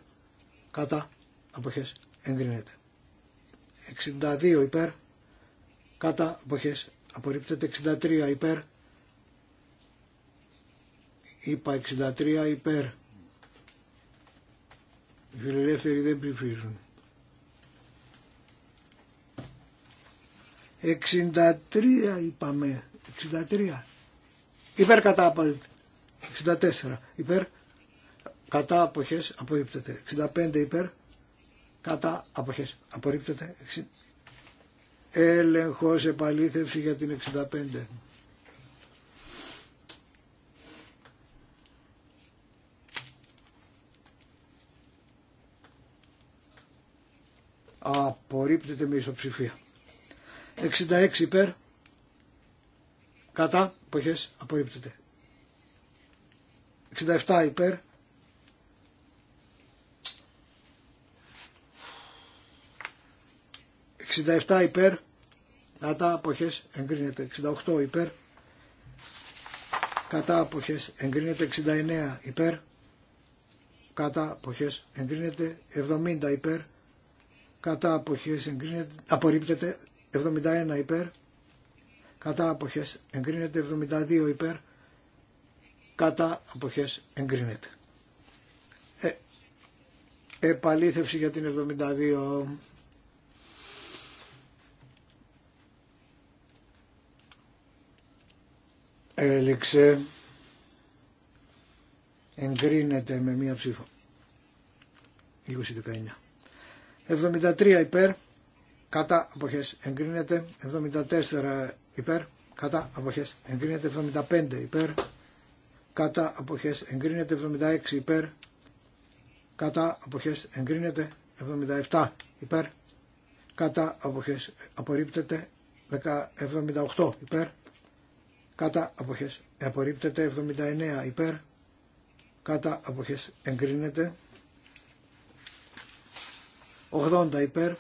κατά εποχές εγκρίνεται 62 υπέρ κατά εποχές απορρίπτεται 63 υπέρ είπα 63 υπέρ οι φιλελεύθεροι δεν ψηφίζουν 63 είπαμε 63. Υπέρ κατά απορρίπτεται. 64. Υπέρ κατά αποχές απορρίπτεται. 65 υπέρ κατά αποχές απορρίπτεται. Έλεγχος επαλήθευση για την 65. Απορρίπτεται με ισοψηφία. 66 υπέρ Κατά αποχές απορρίπτεται. 67 υπέρ. ...67 υπέρ, κατά αποχές εγκρίνεται 68 υπέρ, κατά αποχές εγκρίνεται 69 υπέρ, κατά αποχές εγκρίνεται 70 υπέρ, κατά αποχές εγκρίνεται, απορρίπτεται 71 υπέρ, κατά αποχές εγκρίνεται 72 υπέρ κατά αποχές εγκρίνεται. Ε, επαλήθευση για την 72 έληξε εγκρίνεται με μία ψήφο 20-19 73 υπέρ κατά αποχές εγκρίνεται 74 υπέρ, κατά αποχές εγκρίνεται 75 υπέρ, κατά αποχές εγκρίνεται 76 υπέρ, κατά αποχές εγκρίνεται 77 υπέρ, κατά αποχές απορρίπτεται 78 υπέρ, κατά αποχές απορρίπτεται 79 υπέρ, κατά αποχές εγκρίνεται 80 υπέρ,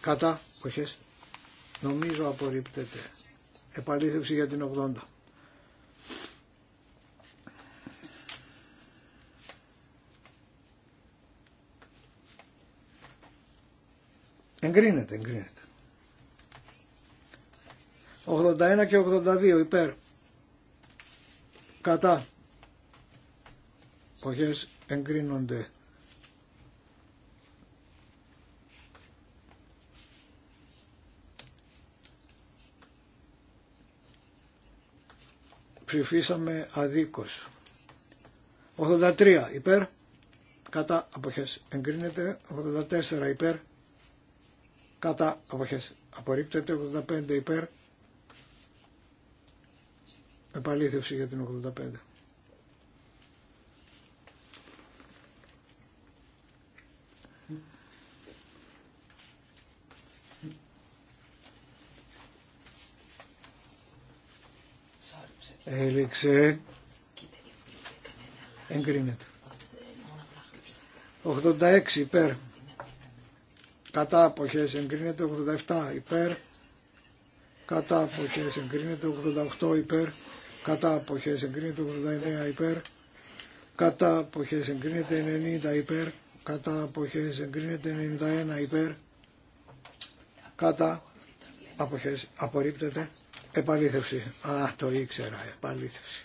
κατά αποχές Νομίζω απορρίπτεται. Επαλήθευση για την 80. Εγκρίνεται, εγκρίνεται. 81 και 82 υπέρ. Κατά. Οχές εγκρίνονται. ψηφίσαμε αδίκως. 83 υπέρ, κατά αποχές εγκρίνεται, 84 υπέρ, κατά αποχές απορρίπτεται, 85 υπέρ, επαλήθευση για την 85. Έληξε. Εγκρίνεται. 86 υπέρ. Κατά αποχές εγκρίνεται 87 υπέρ. Κατά αποχές εγκρίνεται 88 υπέρ. Κατά αποχές εγκρίνεται 89 υπέρ. Κατά αποχές εγκρίνεται 90 υπέρ. Κατά αποχές εγκρίνεται 91 υπέρ. Κατά αποχές απορρίπτεται Επαλήθευση. Α, το ήξερα. Επαλήθευση.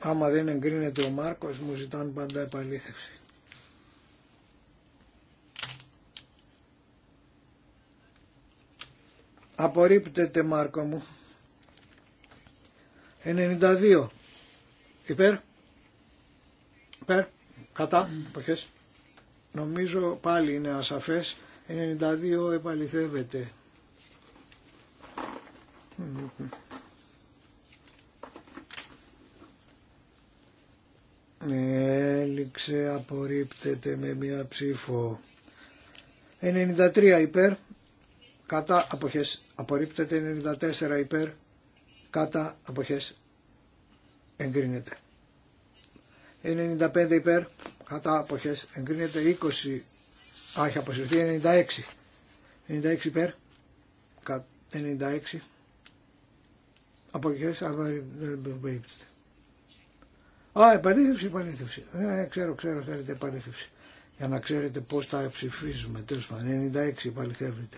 Άμα δεν εγκρίνεται ο Μάρκος μου ζητάνε πάντα επαλήθευση. Απορρίπτεται Μάρκο μου. 92. Υπέρ. Υπέρ. Κατά. Εποχές. Νομίζω πάλι είναι ασαφές. 92 επαληθεύεται. Έληξε, απορρίπτεται με μία ψήφο. 93 υπέρ, κατά αποχές. Απορρίπτεται 94 υπέρ, κατά αποχές. Εγκρίνεται. 95 υπέρ, κατά αποχές. Εγκρίνεται 20 Α, έχει αποσυρθεί 96. 96 υπέρ. 96. Αποχές, αλλά δεν Α, επανήθευση, επανήθευση. Ε, ξέρω, ξέρω, θέλετε επανήθευση. Για να ξέρετε πώς θα ψηφίζουμε, τέλος πάντων. 96 επαληθεύεται.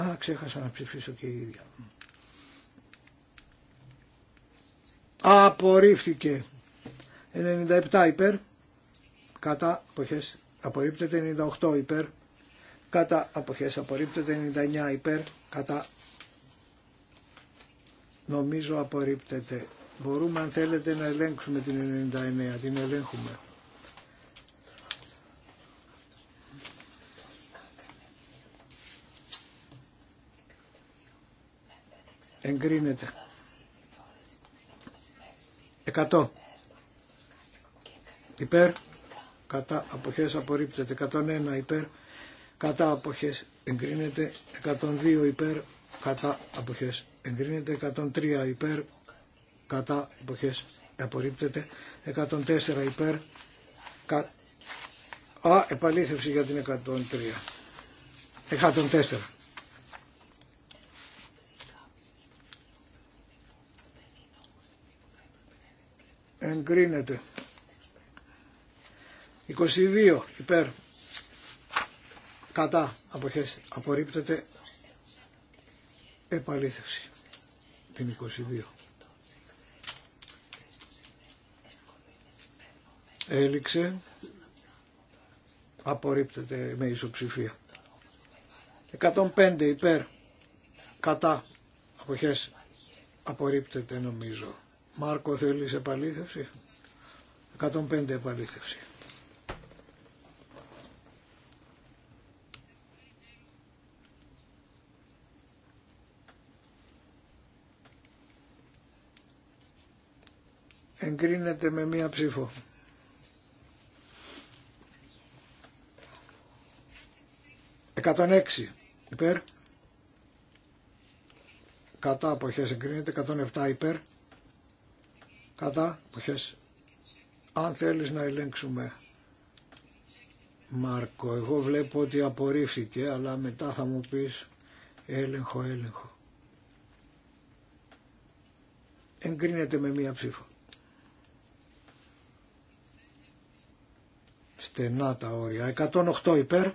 Α, ξέχασα να ψηφίσω και η ίδια. Απορρίφθηκε. 97 υπέρ κατά αποχές απορρίπτεται 98 υπέρ κατά αποχές απορρίπτεται 99 υπέρ κατά νομίζω απορρίπτεται μπορούμε αν θέλετε να ελέγξουμε την 99 την ελέγχουμε εγκρίνεται 100 υπέρ κατά αποχές απορρίπτεται 101 υπέρ κατά αποχές εγκρίνεται 102 υπέρ κατά αποχές εγκρίνεται 103 υπέρ κατά αποχές απορρίπτεται 104 υπέρ Α, επαλήθευση για την 103 104 εγκρίνεται 22 υπέρ κατά αποχές απορρίπτεται επαλήθευση την 22. Έληξε, απορρίπτεται με ισοψηφία. 105 υπέρ, κατά, αποχές, απορρίπτεται νομίζω. Μάρκο θέλεις επαλήθευση, 105 επαλήθευση. εγκρίνεται με μία ψήφο. 106 υπέρ. Κατά αποχές εγκρίνεται. 107 υπέρ. Κατά αποχές. Αν θέλεις να ελέγξουμε Μάρκο, εγώ βλέπω ότι απορρίφθηκε, αλλά μετά θα μου πεις έλεγχο, έλεγχο. Εγκρίνεται με μία ψήφο. στενά τα όρια. 108 υπέρ.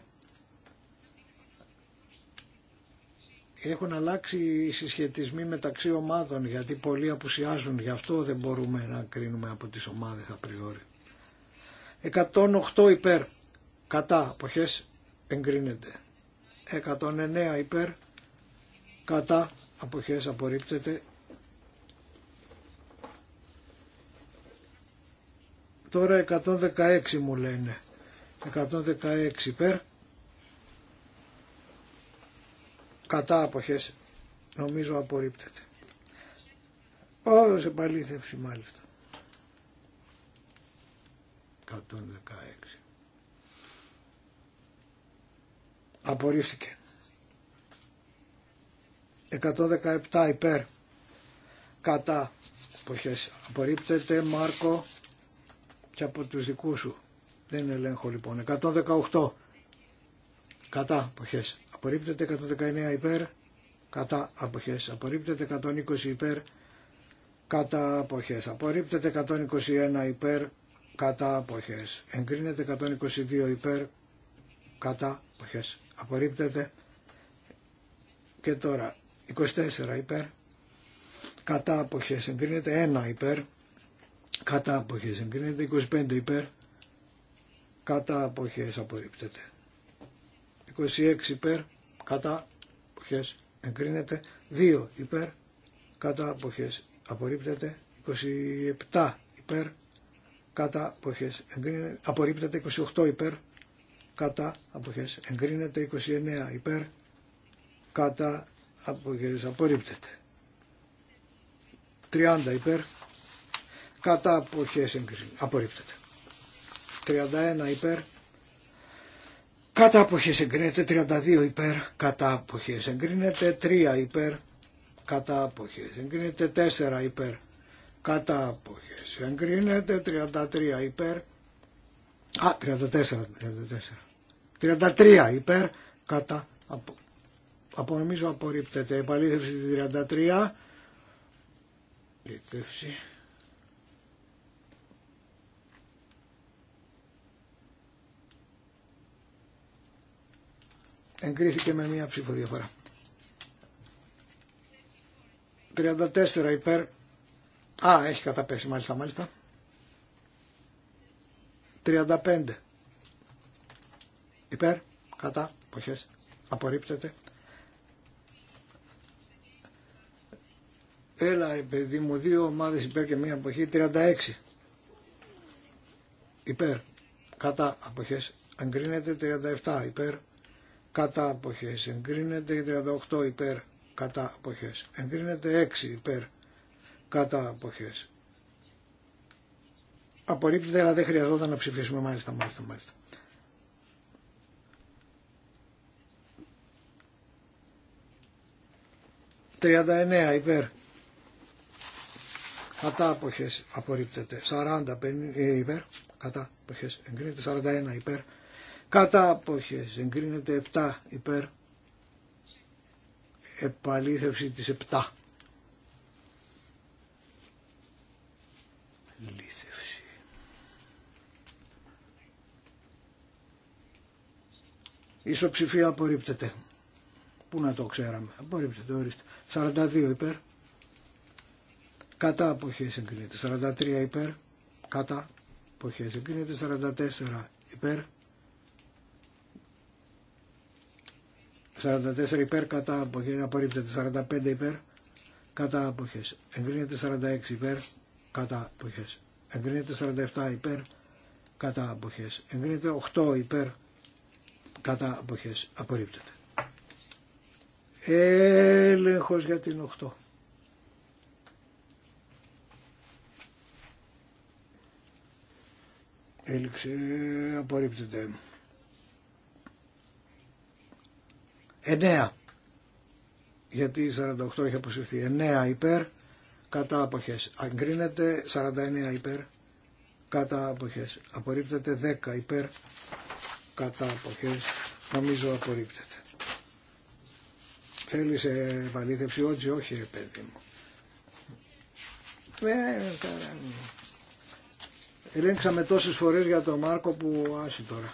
Έχουν αλλάξει οι συσχετισμοί μεταξύ ομάδων γιατί πολλοί απουσιάζουν. Γι' αυτό δεν μπορούμε να κρίνουμε από τις ομάδες απριόρι. 108 υπέρ. Κατά αποχές εγκρίνεται. 109 υπέρ. Κατά αποχές απορρίπτεται. τώρα 116 μου λένε. 116 υπέρ. Κατά αποχές. Νομίζω απορρίπτεται. σε επαλήθευση μάλιστα. 116. Απορρίφθηκε. 117 υπέρ. Κατά αποχές. Απορρίπτεται Μάρκο και από τους δικούς σου. Δεν ελέγχω λοιπόν. 118 κατά αποχές. Απορρίπτεται 119 υπέρ κατά αποχές. Απορρίπτεται 120 υπέρ κατά αποχές. Απορρίπτεται 121 υπέρ κατά αποχές. Εγκρίνεται 122 υπέρ κατά αποχές. Απορρίπτεται και τώρα 24 υπέρ κατά αποχές. Εγκρίνεται 1 υπέρ κατά αποχές εγκρίνεται 25 υπέρ κατά αποχές απορρίπτεται 26 υπέρ κατά αποχές εγκρίνεται 2 υπέρ κατά αποχές απορρίπτεται 27 υπέρ κατά αποχές εγκρίνεται απορρίπτεται 28 υπέρ κατά αποχές εγκρίνεται 29 υπέρ κατά αποχές απορρίπτεται 30 υπέρ κατά αποχές απορρίπτεται. 31 υπέρ κατά αποχές εγκρίνεται, 32 υπέρ κατά αποχές εγκρίνεται, 3 υπέρ κατά αποχές εγκρίνεται, 4 υπέρ κατά αποχές εγκρίνεται, 33 υπέρ α, 34, 34 33 υπέρ κατά απο, απο, νομίζω απορρίπτεται επαλήθευση 33 επαλήθευση Εγκρίθηκε με μία ψήφο διαφορά. 34 υπέρ. Α, έχει καταπέσει μάλιστα, μάλιστα. 35 υπέρ, κατά, ποχές, απορρίπτεται. Έλα παιδί μου, δύο ομάδες υπέρ και μία αποχή, 36 υπέρ, κατά, αποχές, αγκρίνεται, 37 υπέρ, κατά αποχές εγκρίνεται 38 υπέρ κατά αποχές εγκρίνεται 6 υπέρ κατά αποχές απορρίπτεται αλλά δεν χρειαζόταν να ψηφίσουμε μάλιστα μάλιστα μάλιστα 39 υπέρ κατά αποχές απορρίπτεται 40 ε, υπέρ κατά αποχές εγκρίνεται 41 υπέρ Κατά αποχές εγκρίνεται 7 υπέρ επαλήθευση της 7. Ισοψηφία απορρίπτεται. Πού να το ξέραμε. Απορρίπτεται ορίστε. 42 υπέρ. Κατά αποχές εγκρίνεται. 43 υπέρ. Κατά αποχές εγκρίνεται. 44 υπέρ 44 υπέρ κατά αποχές απορρίπτεται 45 υπέρ κατά αποχές εγκρίνεται 46 υπέρ κατά αποχές εγκρίνεται 47 υπέρ κατά αποχές εγκρίνεται 8 υπέρ κατά αποχές απορρίπτεται έλεγχος για την 8 έληξε απορρίπτεται 9 γιατί 48 έχει αποσυρθεί 9 υπέρ κατά αποχές αγκρίνεται 49 υπέρ κατά αποχές απορρίπτεται 10 υπέρ κατά αποχές νομίζω απορρίπτεται θέλεις επαλήθευση όχι όχι ρε παιδί μου ε, Ελέγξαμε τόσες φορές για τον Μάρκο που άση τώρα.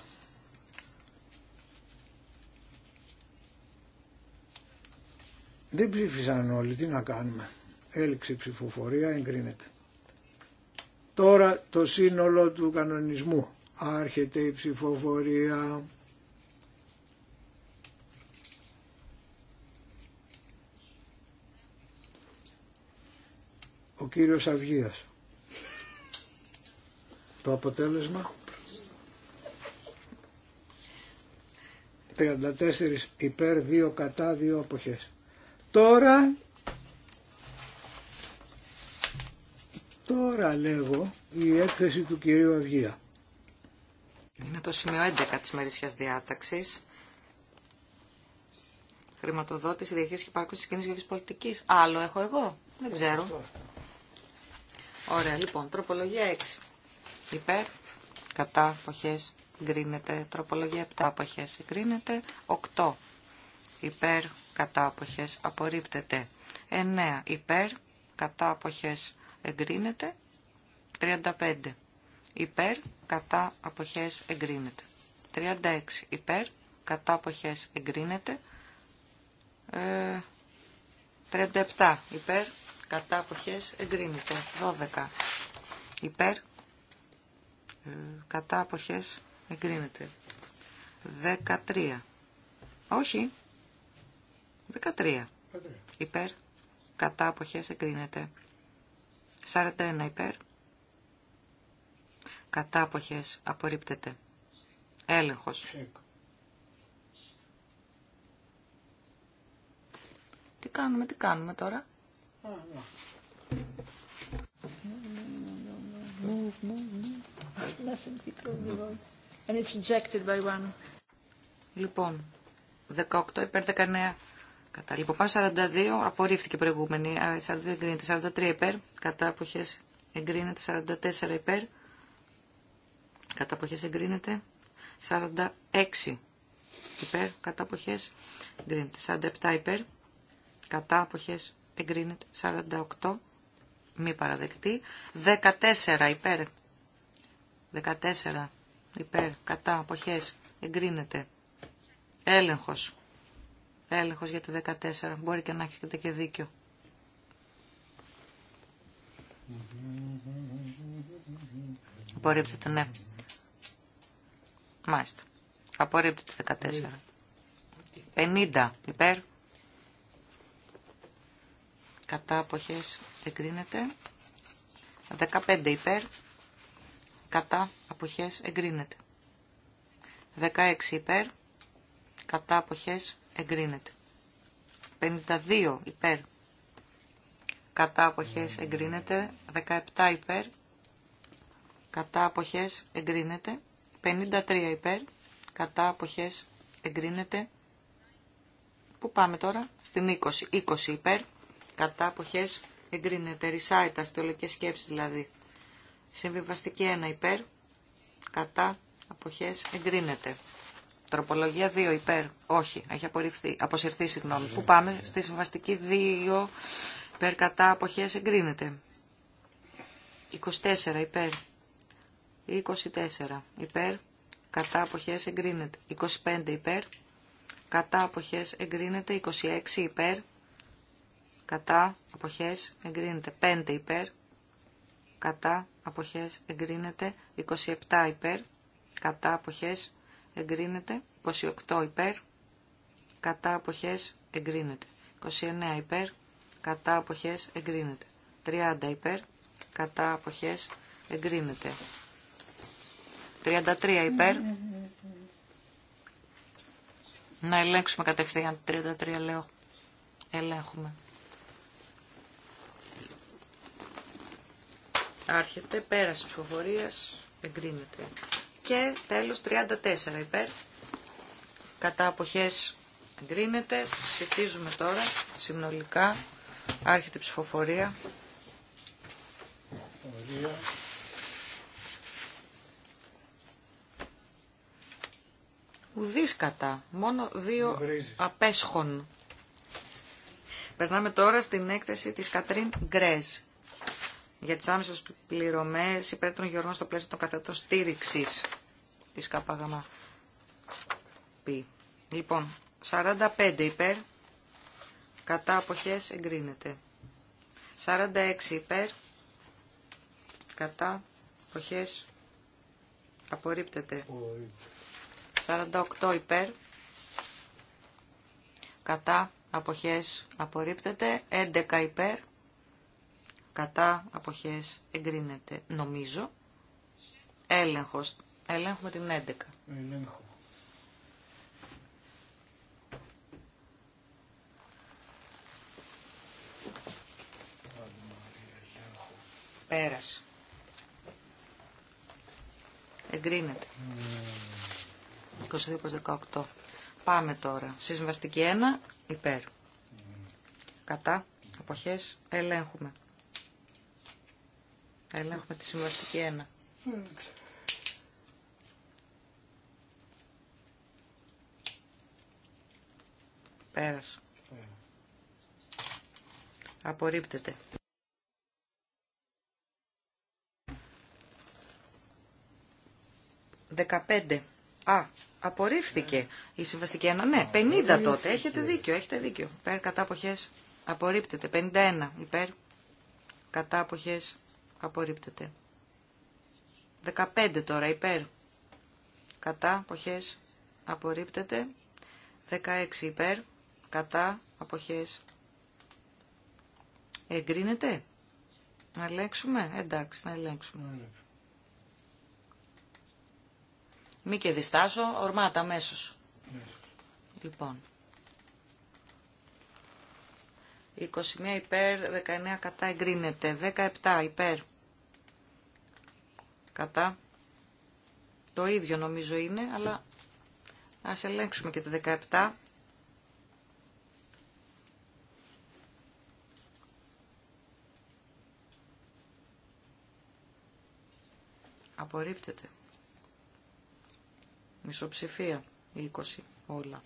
Δεν ψήφισαν όλοι, τι να κάνουμε. Έληξε ψηφοφορία, εγκρίνεται. Τώρα το σύνολο του κανονισμού. Άρχεται η ψηφοφορία. Ο κύριος Αυγίας. Το αποτέλεσμα. 34 υπέρ, 2 κατά, 2 αποχές. Τώρα, τώρα λέγω η έκθεση του κυρίου Αυγία. Είναι το σημείο 11 της μερίσιας διάταξης. Χρηματοδότηση, διαχείριση και υπάρκωση της κοινής πολιτικής. Άλλο έχω εγώ. Δεν ξέρω. Ωραία, λοιπόν, τροπολογία 6. Υπέρ, κατά, αποχές, γκρίνεται. Τροπολογία 7, αποχές, εγκρίνεται. 8. Υπέρ, κατά αποχές απορρίπτεται. 9 υπέρ, κατά αποχές εγκρίνεται. 35 υπέρ, κατά αποχές εγκρίνεται. 36 υπέρ, κατά αποχές εγκρίνεται. 37 ε, υπέρ, κατά αποχές εγκρίνεται. 12 υπέρ, ε, κατά αποχές εγκρίνεται. 13. Όχι, 13. Υπέρ. Κατά αποχές εγκρίνεται. 41 υπέρ. Κατά αποχές απορρίπτεται. Έλεγχος. Τι κάνουμε, τι κάνουμε τώρα. Ναι. Λοιπόν, 18 υπέρ 19 Κατά λοιπόν, πάμε 42, απορρίφθηκε η προηγούμενη. 42 εγκρίνεται, 43 υπέρ. Κατά αποχές εγκρίνεται, 44 υπέρ. Κατά αποχές εγκρίνεται, 46 υπέρ. Κατά αποχές εγκρίνεται, 47 υπέρ. Κατά αποχές εγκρίνεται, 48 μη παραδεκτή. 14 υπέρ. 14 υπέρ. Κατά αποχές εγκρίνεται. Έλεγχος έλεγχος για το 14. Μπορεί και να έχετε και δίκιο. Απορρίπτεται, ναι. Μάλιστα. Απορρίπτεται το 14. 50 υπέρ. Κατά αποχές εγκρίνεται. 15 υπέρ. Κατά αποχές εγκρίνεται. 16 υπέρ. Κατά αποχές εγκρίνεται. 52 υπέρ κατά αποχές εγκρίνεται. 17 υπέρ κατά αποχές εγκρίνεται. 53 υπέρ κατά αποχές εγκρίνεται. Πού πάμε τώρα, στην 20. 20 υπέρ, κατά αποχές εγκρίνεται, ρισάει τα αστεολογικές σκέψεις δηλαδή. Συμβιβαστική 1 υπέρ, κατά αποχές εγκρίνεται. Τροπολογία 2 υπέρ. Όχι, έχει απορριφθεί, αποσυρθεί, συγγνώμη. Πού πάμε, στη συμβαστική 2 υπέρ κατά αποχές εγκρίνεται. 24 υπέρ. 24 υπέρ. Κατά αποχές εγκρίνεται. 25 υπέρ. Κατά αποχές εγκρίνεται. 26 υπέρ. Κατά απόχέ, εγκρίνεται. 5 υπέρ. Κατά απόχέ, εγκρίνεται. 27 υπέρ. Κατά αποχές εγκρίνεται. 28 υπέρ, κατά αποχές εγκρίνεται. 29 υπέρ, κατά αποχές εγκρίνεται. 30 υπέρ, κατά αποχές εγκρίνεται. 33 υπέρ. Να ελέγξουμε κατευθείαν 33 λέω. Ελέγχουμε. Άρχεται, πέραση ψηφοφορίας, εγκρίνεται και τέλος 34 υπέρ. Κατά αποχές εγκρίνεται. Ψηφίζουμε τώρα συνολικά. Άρχεται η ψηφοφορία. Ωραία. Μόνο δύο απέσχων. Περνάμε τώρα στην έκθεση της Κατρίν Γκρες. για τις άμεσες πληρωμές υπέρ των γεωργών στο πλαίσιο των καθετών στήριξης της ΚΓΜ. Λοιπόν, 45 υπέρ, κατά αποχές εγκρίνεται. 46 υπέρ, κατά αποχές απορρίπτεται. 48 υπέρ, κατά αποχές απορρίπτεται. 11 υπέρ, κατά αποχές εγκρίνεται. Νομίζω, έλεγχος Ελέγχουμε την 11. Ελέγχω. Πέρασε. Εγκρίνεται. 22 προς 18. Πάμε τώρα. Συμβαστική 1, υπέρ. Κατά, αποχές, ελέγχουμε. Ελέγχουμε τη συμβαστική 1. Mm. Πέρας. Απορρίπτεται. Δεκαπέντε. Α, απορρίφθηκε η συμβαστική ένα. Ναι, 50 τότε. Έχετε δίκιο, έχετε δίκιο. Υπέρ κατά αποχές απορρίπτεται. 51 υπέρ κατά απορρίπτεται. 15 τώρα υπέρ κατά απορρίπτεται. 16 υπέρ κατά αποχές εγκρίνεται. Να ελέγξουμε. Εντάξει, να ελέγξουμε. Μη και διστάσω, ορμάτα αμέσω. Ναι. Λοιπόν. 21 υπέρ, 19 κατά εγκρίνεται. 17 υπέρ. Κατά. Το ίδιο νομίζω είναι, αλλά ας ελέγξουμε και τα 17. Απορρίπτεται. Μισοψηφία. 20 όλα.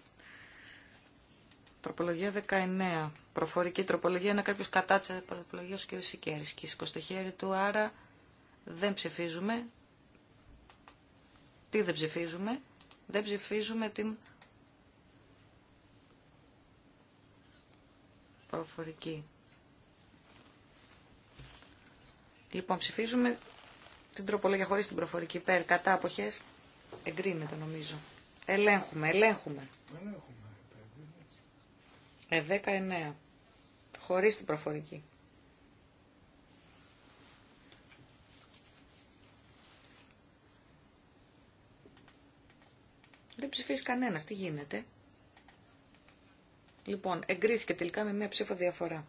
Τροπολογία 19. Προφορική τροπολογία είναι κάποιο κατά τη τροπολογία του κ. Σικέρη. Και στο χέρι του, άρα δεν ψηφίζουμε. Τι δεν ψηφίζουμε. Δεν ψηφίζουμε την προφορική. Λοιπόν, ψηφίζουμε την τροπολογία χωρίς την προφορική υπέρ κατά αποχές εγκρίνεται νομίζω. Ελέγχουμε, ελέγχουμε. Ελέγχουμε. Ε, 19. Χωρίς την προφορική. Δεν ψηφίζει κανένα. Τι γίνεται. Λοιπόν, εγκρίθηκε τελικά με μία ψήφο διαφορά.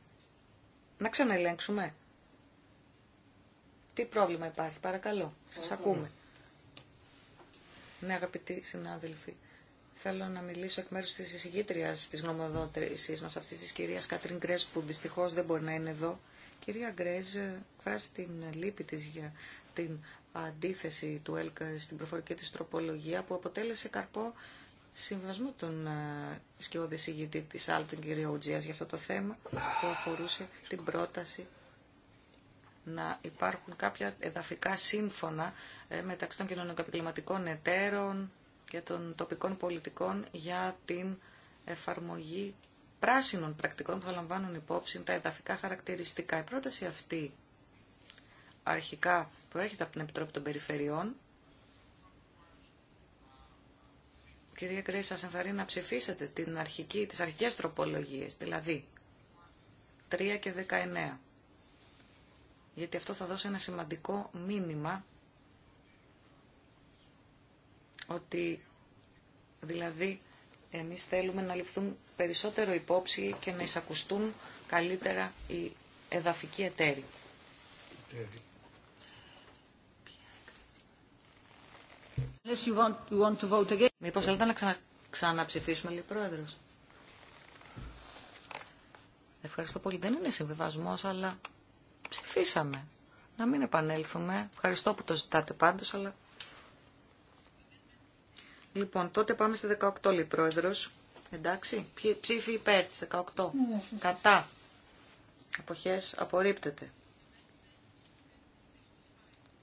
Να ξαναελέγξουμε. Τι πρόβλημα υπάρχει, παρακαλώ, σας ακούμε. Ναι, αγαπητοί συνάδελφοι, θέλω να μιλήσω εκ μέρους της εισηγήτριας της γνωμοδότησης μας, αυτής της κυρίας Κατρίν Γκρέζ, που δυστυχώς δεν μπορεί να είναι εδώ. Κυρία Γκρέζ, εκφράζει την λύπη της για την αντίθεση του ΕΛΚΑ στην προφορική της τροπολογία, που αποτέλεσε καρπό συμβασμό των ε, σκιώδη εισηγητή της Άλτων, κυρία κύριο για αυτό το θέμα που αφορούσε την πρόταση να υπάρχουν κάποια εδαφικά σύμφωνα ε, μεταξύ των κοινωνικοπικληματικών εταίρων και των τοπικών πολιτικών για την εφαρμογή πράσινων πρακτικών που θα λαμβάνουν υπόψη τα εδαφικά χαρακτηριστικά. Η πρόταση αυτή αρχικά προέρχεται από την Επιτροπή των Περιφερειών. Κυρία Κρέη, σας ενθαρρύνω να ψηφίσετε την αρχική, τις αρχικές τροπολογίες, δηλαδή 3 και 19 γιατί αυτό θα δώσει ένα σημαντικό μήνυμα ότι δηλαδή εμείς θέλουμε να ληφθούν περισσότερο υπόψη και να εισακουστούν καλύτερα οι εδαφικοί εταίροι. You Μήπως θέλετε να ξανα, ξαναψηφίσουμε, λέει Πρόεδρος. Ευχαριστώ πολύ. Δεν είναι συμβιβασμός, αλλά ψηφίσαμε. Να μην επανέλθουμε. Ευχαριστώ που το ζητάτε πάντως, αλλά... Λοιπόν, τότε πάμε στη 18, λέει πρόεδρος. Εντάξει, ψήφι υπέρ της 18. Ναι. Κατά. Αποχές απορρίπτεται.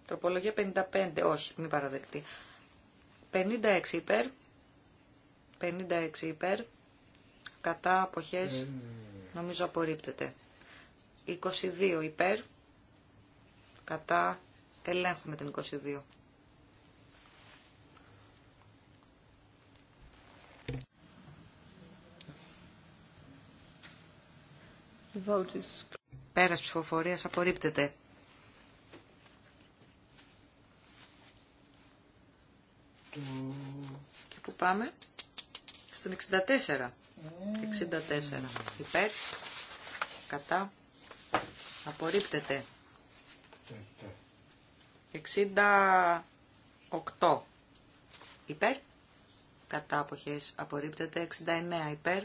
Τροπολογία 55, όχι, μην παραδεκτεί. 56 υπέρ. 56 υπέρ. Κατά αποχές, ναι, ναι, νομίζω απορρίπτεται. 22 υπέρ. Κατά. Ελέγχουμε την 22. Is... Πέρας ψηφοφορίας απορρίπτεται. Και πού πάμε. Στην 64. 64. Ε. Υπέρ. Κατά. Απορρίπτεται. 68 ναι, ναι. υπέρ. Κατά αποχές απορρίπτεται. 69 υπέρ.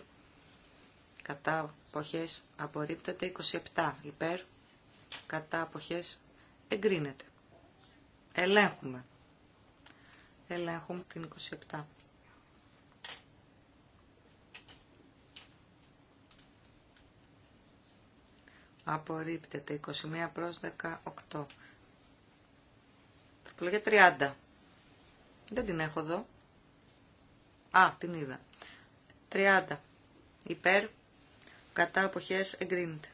Κατά αποχές απορρίπτεται. 27 υπέρ. Κατά αποχές εγκρίνεται. Ελέγχουμε. Ελέγχουμε την 27. απορρίπτεται 21 προς 18. Τροπολογία 30. Δεν την έχω εδώ. Α, την είδα. 30. Υπέρ, κατά αποχές εγκρίνεται.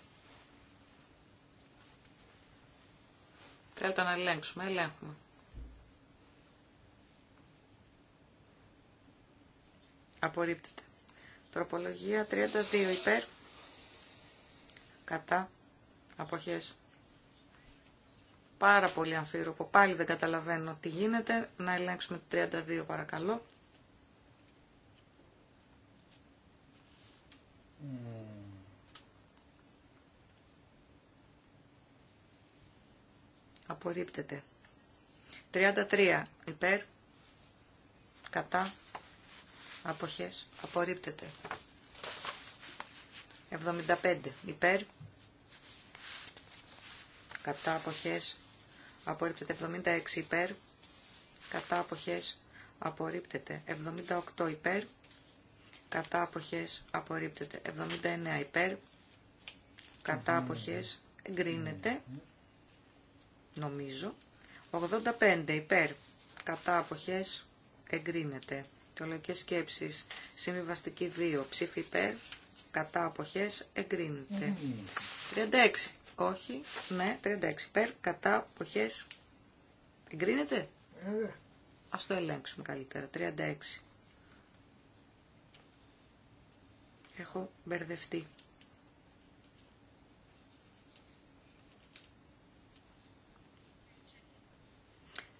Θέλω να ελέγξουμε, ελέγχουμε. Απορρίπτεται. Τροπολογία 32 υπέρ, κατά αποχές. Πάρα πολύ αμφίροπο. Πάλι δεν καταλαβαίνω τι γίνεται. Να ελέγξουμε το 32 παρακαλώ. Mm. Απορρίπτεται. 33 υπέρ, κατά, αποχές, απορρίπτεται. 75 υπέρ, κατά αποχές απορρίπτεται 76 υπέρ, κατά αποχές απορρίπτεται 78 υπέρ, κατά αποχές απορρίπτεται 79 υπέρ, κατά αποχές εγκρίνεται, νομίζω, 85 υπέρ, κατά αποχές εγκρίνεται. Τεολογικές σκέψεις, συμβιβαστική 2, ψήφι υπέρ, κατά αποχές εγκρίνεται. 36 όχι, ναι, 36 υπέρ, κατά, ποχέ. εγκρίνεται. Ναι. Ας το ελέγξουμε καλύτερα, 36. Έχω μπερδευτεί.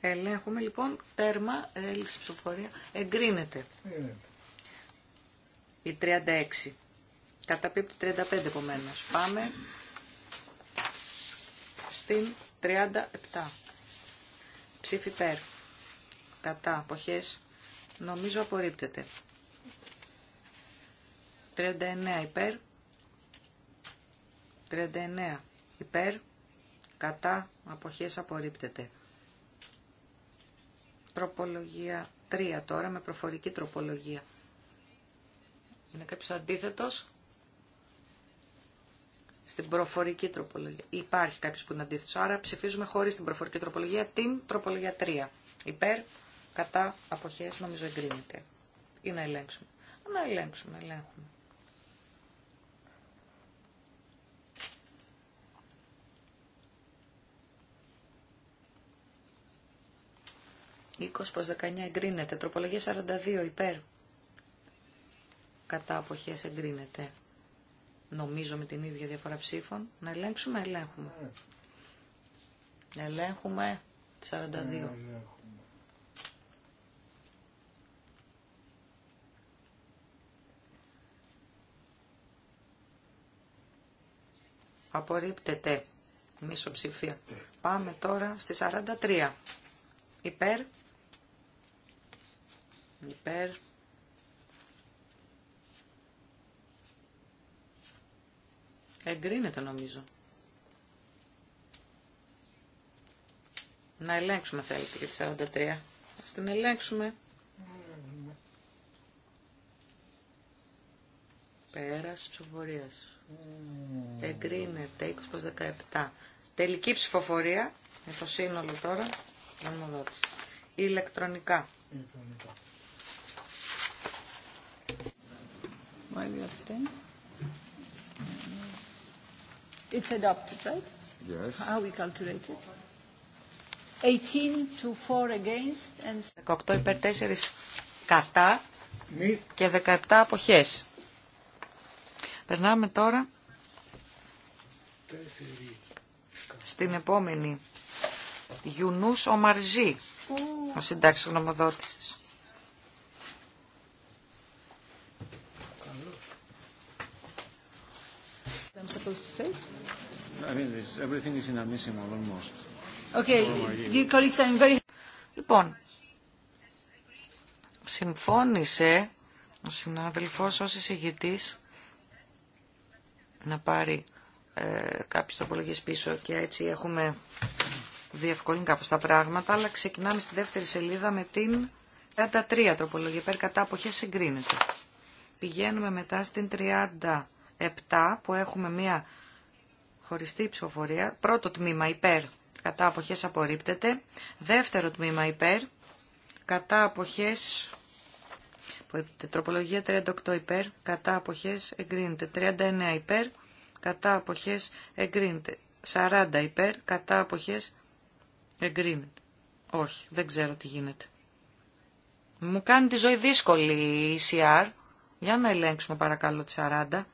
Ελέγχουμε λοιπόν τέρμα, έλλειψη ψηφοφορία, εγκρίνεται. Ναι. Η 36. Καταπίπτει 35 επομένω. Πάμε στην 37. Ψήφι περ. Κατά αποχές νομίζω απορρίπτεται. 39 υπέρ. 39 υπέρ. Κατά αποχές απορρίπτεται. Τροπολογία 3 τώρα με προφορική τροπολογία. Είναι κάποιος αντίθετος στην προφορική τροπολογία. Υπάρχει κάποιο που είναι αντίθετο. Άρα ψηφίζουμε χωρί την προφορική τροπολογία την τροπολογία 3. Υπέρ, κατά, αποχέ, νομίζω εγκρίνεται. Ή να ελέγξουμε. Να ελέγξουμε, ελέγχουμε. προς 19 εγκρίνεται. Τροπολογία 42 υπέρ. Κατά αποχές εγκρίνεται νομίζω με την ίδια διαφορά ψήφων. Να ελέγξουμε, ελέγχουμε. Ναι. Ελέγχουμε 42. Ναι, ελέγχουμε. Ναι, Απορρίπτεται μισοψηφία. Πάμε τώρα στη 43. Υπέρ. Υπέρ. Εγκρίνεται νομίζω. Να ελέγξουμε θέλετε και τη 43. Ας την ελέγξουμε. Πέραση ψηφοφορίας. Εγκρίνεται 20 προς 17. Τελική ψηφοφορία, με το σύνολο τώρα, νομοδότηση. Ηλεκτρονικά. Why we It's adopted, right? Yes. How we calculate it? 18 to 4 against and... 18 υπέρ 4 κατά και 17 αποχές. Περνάμε τώρα στην επόμενη Γιουνούς Ομαρζή, ο συντάξης γνωμοδότησης. I'm supposed to say. Λοιπόν, συμφώνησε ο συνάδελφος ως εισηγητής να πάρει ε, κάποιες τροπολογίες πίσω και έτσι έχουμε διευκολύνει κάπως τα πράγματα, αλλά ξεκινάμε στη δεύτερη σελίδα με την 33 τροπολογία, πέρα κατά αποχές συγκρίνεται. Πηγαίνουμε μετά στην 37 που έχουμε μία Χωριστή ψηφοφορία. Πρώτο τμήμα υπέρ. Κατά αποχές απορρίπτεται. Δεύτερο τμήμα υπέρ. Κατά αποχές Τροπολογία 38 υπέρ, κατά αποχές εγκρίνεται. 39 υπέρ, κατά αποχές εγκρίνεται. 40 υπέρ, κατά αποχές εγκρίνεται. Όχι, δεν ξέρω τι γίνεται. Μου κάνει τη ζωή δύσκολη η ECR. Για να ελέγξουμε παρακαλώ τη 40.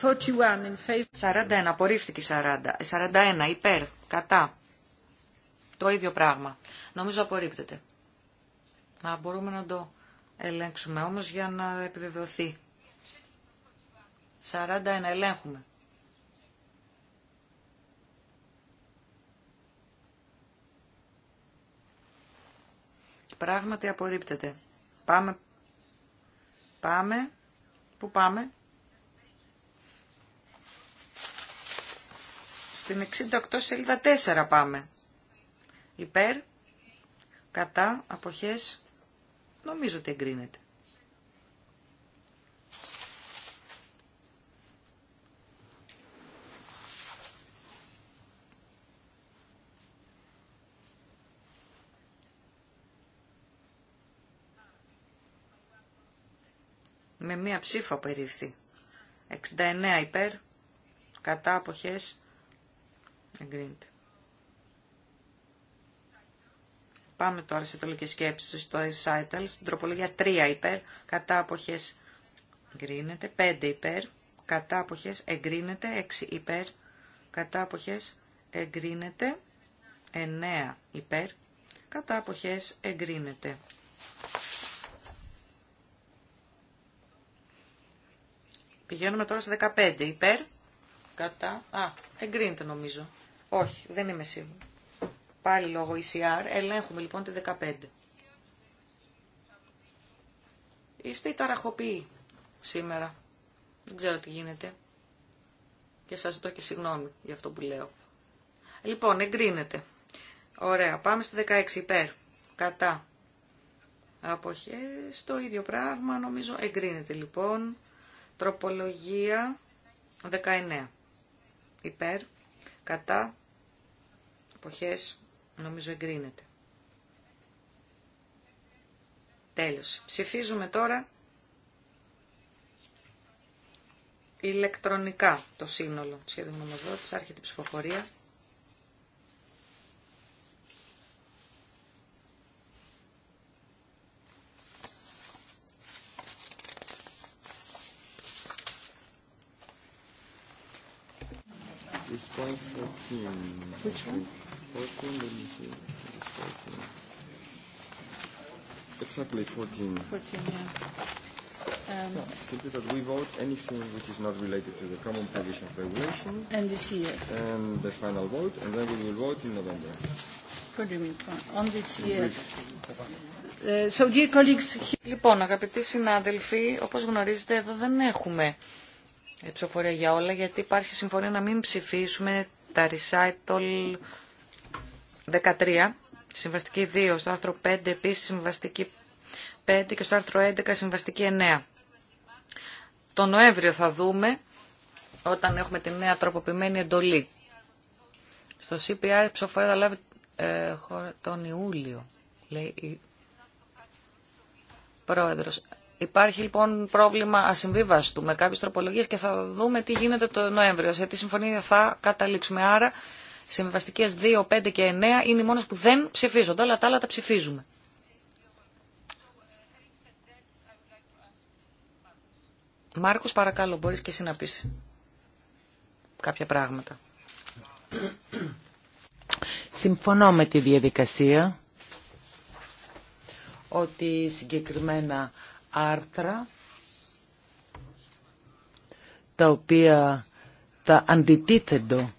41, απορρίφθηκε 40. 41, ε, υπέρ, κατά. Το ίδιο πράγμα. Νομίζω απορρίπτεται. Να μπορούμε να το ελέγξουμε όμως για να επιβεβαιωθεί. 41, ελέγχουμε. Πράγματι απορρίπτεται. Πάμε. Πάμε. Πού πάμε. Στην 68 σελίδα 4 πάμε. Υπέρ, κατά, αποχές, νομίζω ότι εγκρίνεται. με μία ψήφο περίφθη. 69 υπέρ, κατά αποχές, Πάμε τώρα σε τολικέ σκέψει του στο recital. Στην τροπολογία 3 υπέρ, κατά αποχέ εγκρίνεται. 5 υπέρ, κατά αποχέ εγκρίνεται. 6 υπέρ, κατά αποχέ εγκρίνεται. 9 υπέρ, κατά αποχέ εγκρίνεται. Πηγαίνουμε τώρα σε 15 υπέρ, κατά. Α, εγκρίνεται νομίζω. Όχι, δεν είμαι σίγουρη. Πάλι λόγω ECR. Ελέγχουμε λοιπόν τη 15. Είστε οι ταραχοποιοί σήμερα. Δεν ξέρω τι γίνεται. Και σας ζητώ και συγγνώμη για αυτό που λέω. Λοιπόν, εγκρίνεται. Ωραία, πάμε στη 16 υπέρ. Κατά. Αποχές, το ίδιο πράγμα νομίζω εγκρίνεται λοιπόν. Τροπολογία 19. Υπέρ, κατά, Αποχές νομίζω εγκρίνεται. Τέλος. Ψηφίζουμε τώρα ηλεκτρονικά το σύνολο του σχέδιου νομοδότης. Άρχεται η ψηφοφορία. 14, let Exactly 14. 14, yeah. Um, simply that we vote anything which is not related to the common provision of regulation. And this year. And the final vote, and then we will vote in November. What do you mean? On this year. So, dear colleagues... Λοιπόν, αγαπητοί συνάδελφοι, όπως γνωρίζετε εδώ δεν έχουμε ψηφοφορία για όλα, γιατί υπάρχει συμφωνία να μην ψηφίσουμε τα recital 13, συμβαστική 2, στο άρθρο 5 επίσης συμβαστική 5 και στο άρθρο 11 συμβαστική 9. Το Νοέμβριο θα δούμε όταν έχουμε τη νέα τροποποιημένη εντολή. Στο CPR η λάβει ε, τον Ιούλιο, λέει η Πρόεδρος. Υπάρχει λοιπόν πρόβλημα ασυμβίβαστου με κάποιες τροπολογίες και θα δούμε τι γίνεται το Νοέμβριο, σε τι συμφωνία θα καταλήξουμε. Άρα Συμβαστικέ 2, 5 και 9 είναι οι μόνε που δεν ψηφίζονται. Όλα τα άλλα τα ψηφίζουμε. Μάρκο, παρακαλώ, μπορεί και εσύ να πει κάποια πράγματα. Συμφωνώ με τη διαδικασία ότι συγκεκριμένα άρθρα τα οποία τα αντιτίθεται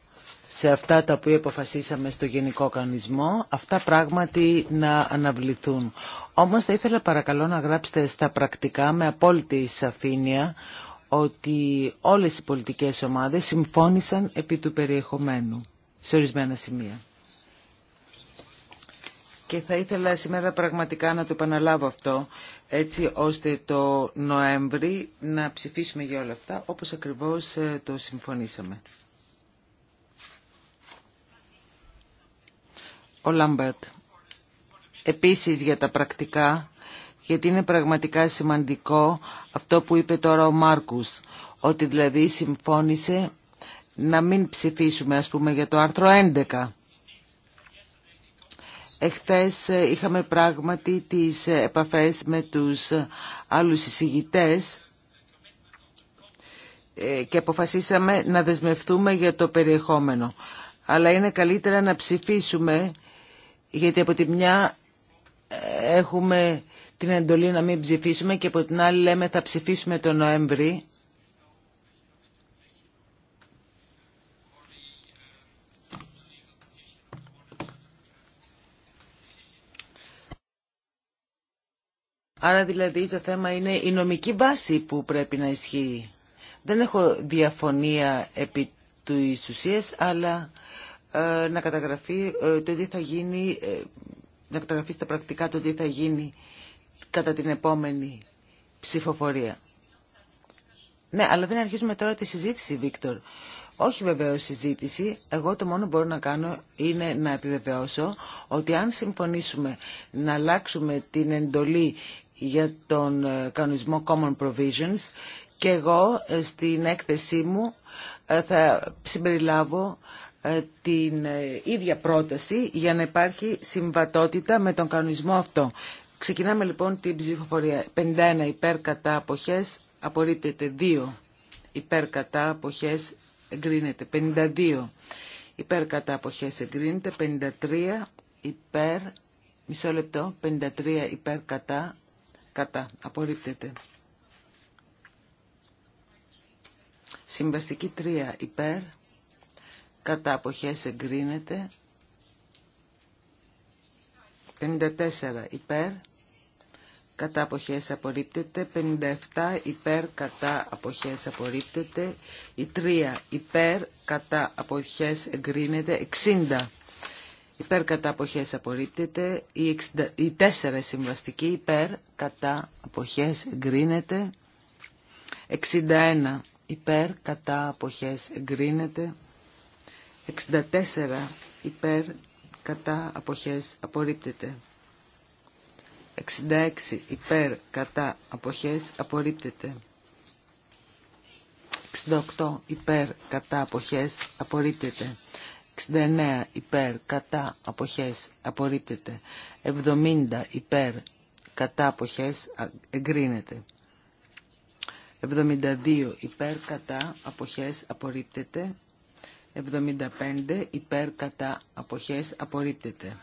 σε αυτά τα που αποφασίσαμε στο Γενικό Κανονισμό, αυτά πράγματι να αναβληθούν. Όμως θα ήθελα παρακαλώ να γράψετε στα πρακτικά με απόλυτη σαφήνεια ότι όλες οι πολιτικές ομάδες συμφώνησαν επί του περιεχομένου σε ορισμένα σημεία. Και θα ήθελα σήμερα πραγματικά να το επαναλάβω αυτό, έτσι ώστε το Νοέμβρη να ψηφίσουμε για όλα αυτά, όπως ακριβώς ε, το συμφωνήσαμε. ο Λάμπερτ. Επίσης για τα πρακτικά, γιατί είναι πραγματικά σημαντικό αυτό που είπε τώρα ο Μάρκους, ότι δηλαδή συμφώνησε να μην ψηφίσουμε ας πούμε για το άρθρο 11. Εχθές ε, είχαμε πράγματι τις ε, επαφές με τους ε, άλλους εισηγητές και αποφασίσαμε να δεσμευτούμε για το περιεχόμενο. Αλλά είναι καλύτερα να ψηφίσουμε γιατί από τη μια ε, έχουμε την εντολή να μην ψηφίσουμε και από την άλλη λέμε θα ψηφίσουμε το Νοέμβρη. Άρα δηλαδή το θέμα είναι η νομική βάση που πρέπει να ισχύει. Δεν έχω διαφωνία επί του ουσίας, αλλά ε, να καταγραφεί ε, το τι θα γίνει, ε, να καταγραφεί στα πρακτικά το τι θα γίνει κατά την επόμενη ψηφοφορία. Ναι, αλλά δεν αρχίζουμε τώρα τη συζήτηση, Βίκτορ. Όχι βεβαίω συζήτηση. Εγώ το μόνο που μπορώ να κάνω είναι να επιβεβαιώσω ότι αν συμφωνήσουμε να αλλάξουμε την εντολή για τον κανονισμό Common Provisions και εγώ στην έκθεσή μου θα συμπεριλάβω ε, την ε, ίδια πρόταση για να υπάρχει συμβατότητα με τον κανονισμό αυτό. Ξεκινάμε λοιπόν την ψηφοφορία. 51 υπέρ κατά αποχές, απορρίπτεται 2 υπέρ κατά αποχές, εγκρίνεται 52 υπέρ κατά αποχές, εγκρίνεται 53 υπέρ, μισό λεπτό, 53 υπέρ κατά, κατά, απορρίπτεται. Συμβαστική 3 υπέρ, κατά αποχές εγκρίνεται 54 υπέρ κατά αποχές απορρίπτεται 57 υπέρ κατά αποχές απορρίπτεται η 3 υπέρ κατά αποχές εγκρίνεται 60 Υπέρ κατά αποχές απορρίπτεται, η, 4 συμβαστική υπέρ κατά αποχές εγκρίνεται, 61 υπέρ κατά αποχές εγκρίνεται, 64 υπέρ κατά αποχές απορρίπτεται. 66 υπέρ κατά αποχές απορρίπτεται. 68 υπέρ κατά αποχές απορρίπτεται. 69 υπέρ κατά αποχές απορρίπτεται. 70 υπέρ κατά αποχές εγκρίνεται. 72 υπέρ κατά αποχές απορρίπτεται. 75 υπέρ κατά αποχές απορρίπτεται.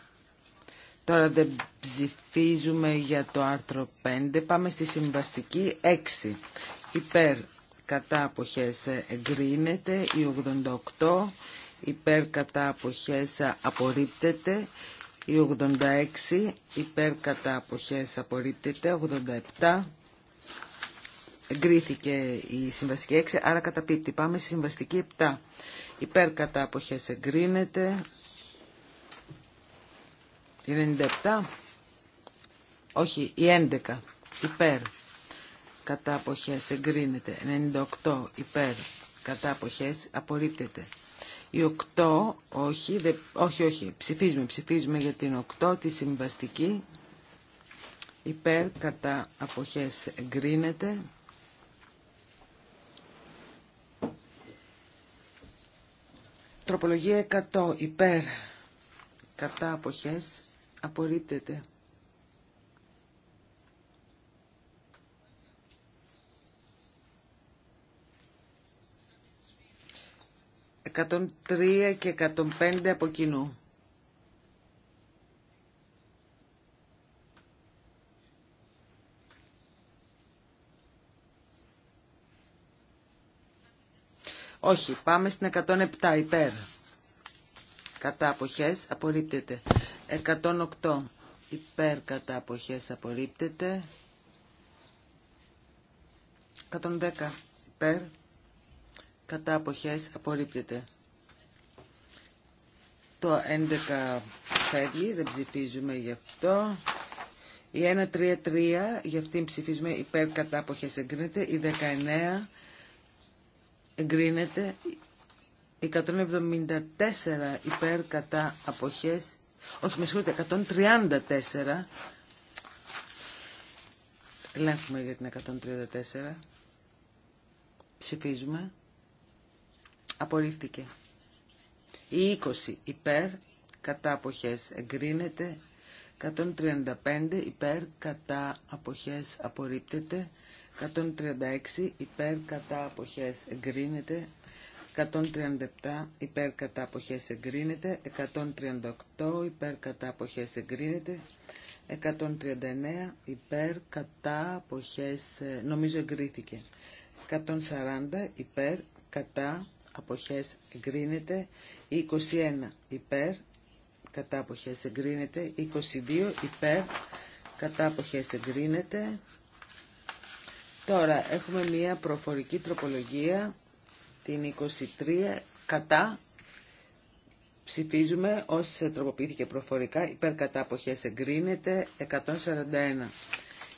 Τώρα δεν ψηφίζουμε για το άρθρο 5. Πάμε στη συμβαστική 6. Υπέρ κατά αποχές εγκρίνεται. Η 88 υπέρ κατά αποχές απορρίπτεται. Η 86 υπέρ κατά αποχές απορρίπτεται. 87 Εγκρίθηκε η συμβαστική 6, άρα καταπίπτει. Πάμε στη συμβαστική 7 υπέρ κατά αποχές εγκρίνεται 97 όχι η 11 υπέρ κατά αποχές εγκρίνεται 98 υπέρ κατά αποχές απορρίπτεται η 8 όχι, όχι όχι ψηφίζουμε ψηφίζουμε για την 8 τη συμβαστική υπέρ κατά αποχές εγκρίνεται Τροπολογία 100 υπέρ κατά αποχές απορρίπτεται. 103 και 105 από κοινού. Όχι, πάμε στην 107 υπέρ. Κατά αποχές απορρίπτεται. 108 υπέρ κατά αποχές απορρίπτεται. 110 υπέρ κατά αποχές απορρίπτεται. Το 11 φεύγει, δεν ψηφίζουμε γι' αυτό. Η 133, γι' 3 αυτήν ψηφίζουμε υπέρ κατά αποχές εγκρίνεται. Η 19 εγκρίνεται 174 υπέρ κατά αποχές, όχι με συγχωρείτε, 134, ελέγχουμε για την 134, ψηφίζουμε, απορρίφθηκε. Η 20 υπέρ κατά αποχές εγκρίνεται, 135 υπέρ κατά αποχές απορρίπτεται, 136 υπέρ κατά αποχές εγκρίνεται. 137 υπέρ κατά αποχές εγκρίνεται. 138 υπέρ κατά αποχές εγκρίνεται. 139 υπέρ κατά αποχές ε, νομίζω εγκρίθηκε. 140 υπέρ κατά αποχές εγκρίνεται. 21 υπέρ κατά αποχές εγκρίνεται. 22 υπέρ κατά αποχές εγκρίνεται. Τώρα έχουμε μία προφορική τροπολογία, την 23, κατά. Ψηφίζουμε όσοι τροποποιήθηκε προφορικά, υπέρ κατά αποχές εγκρίνεται, 141.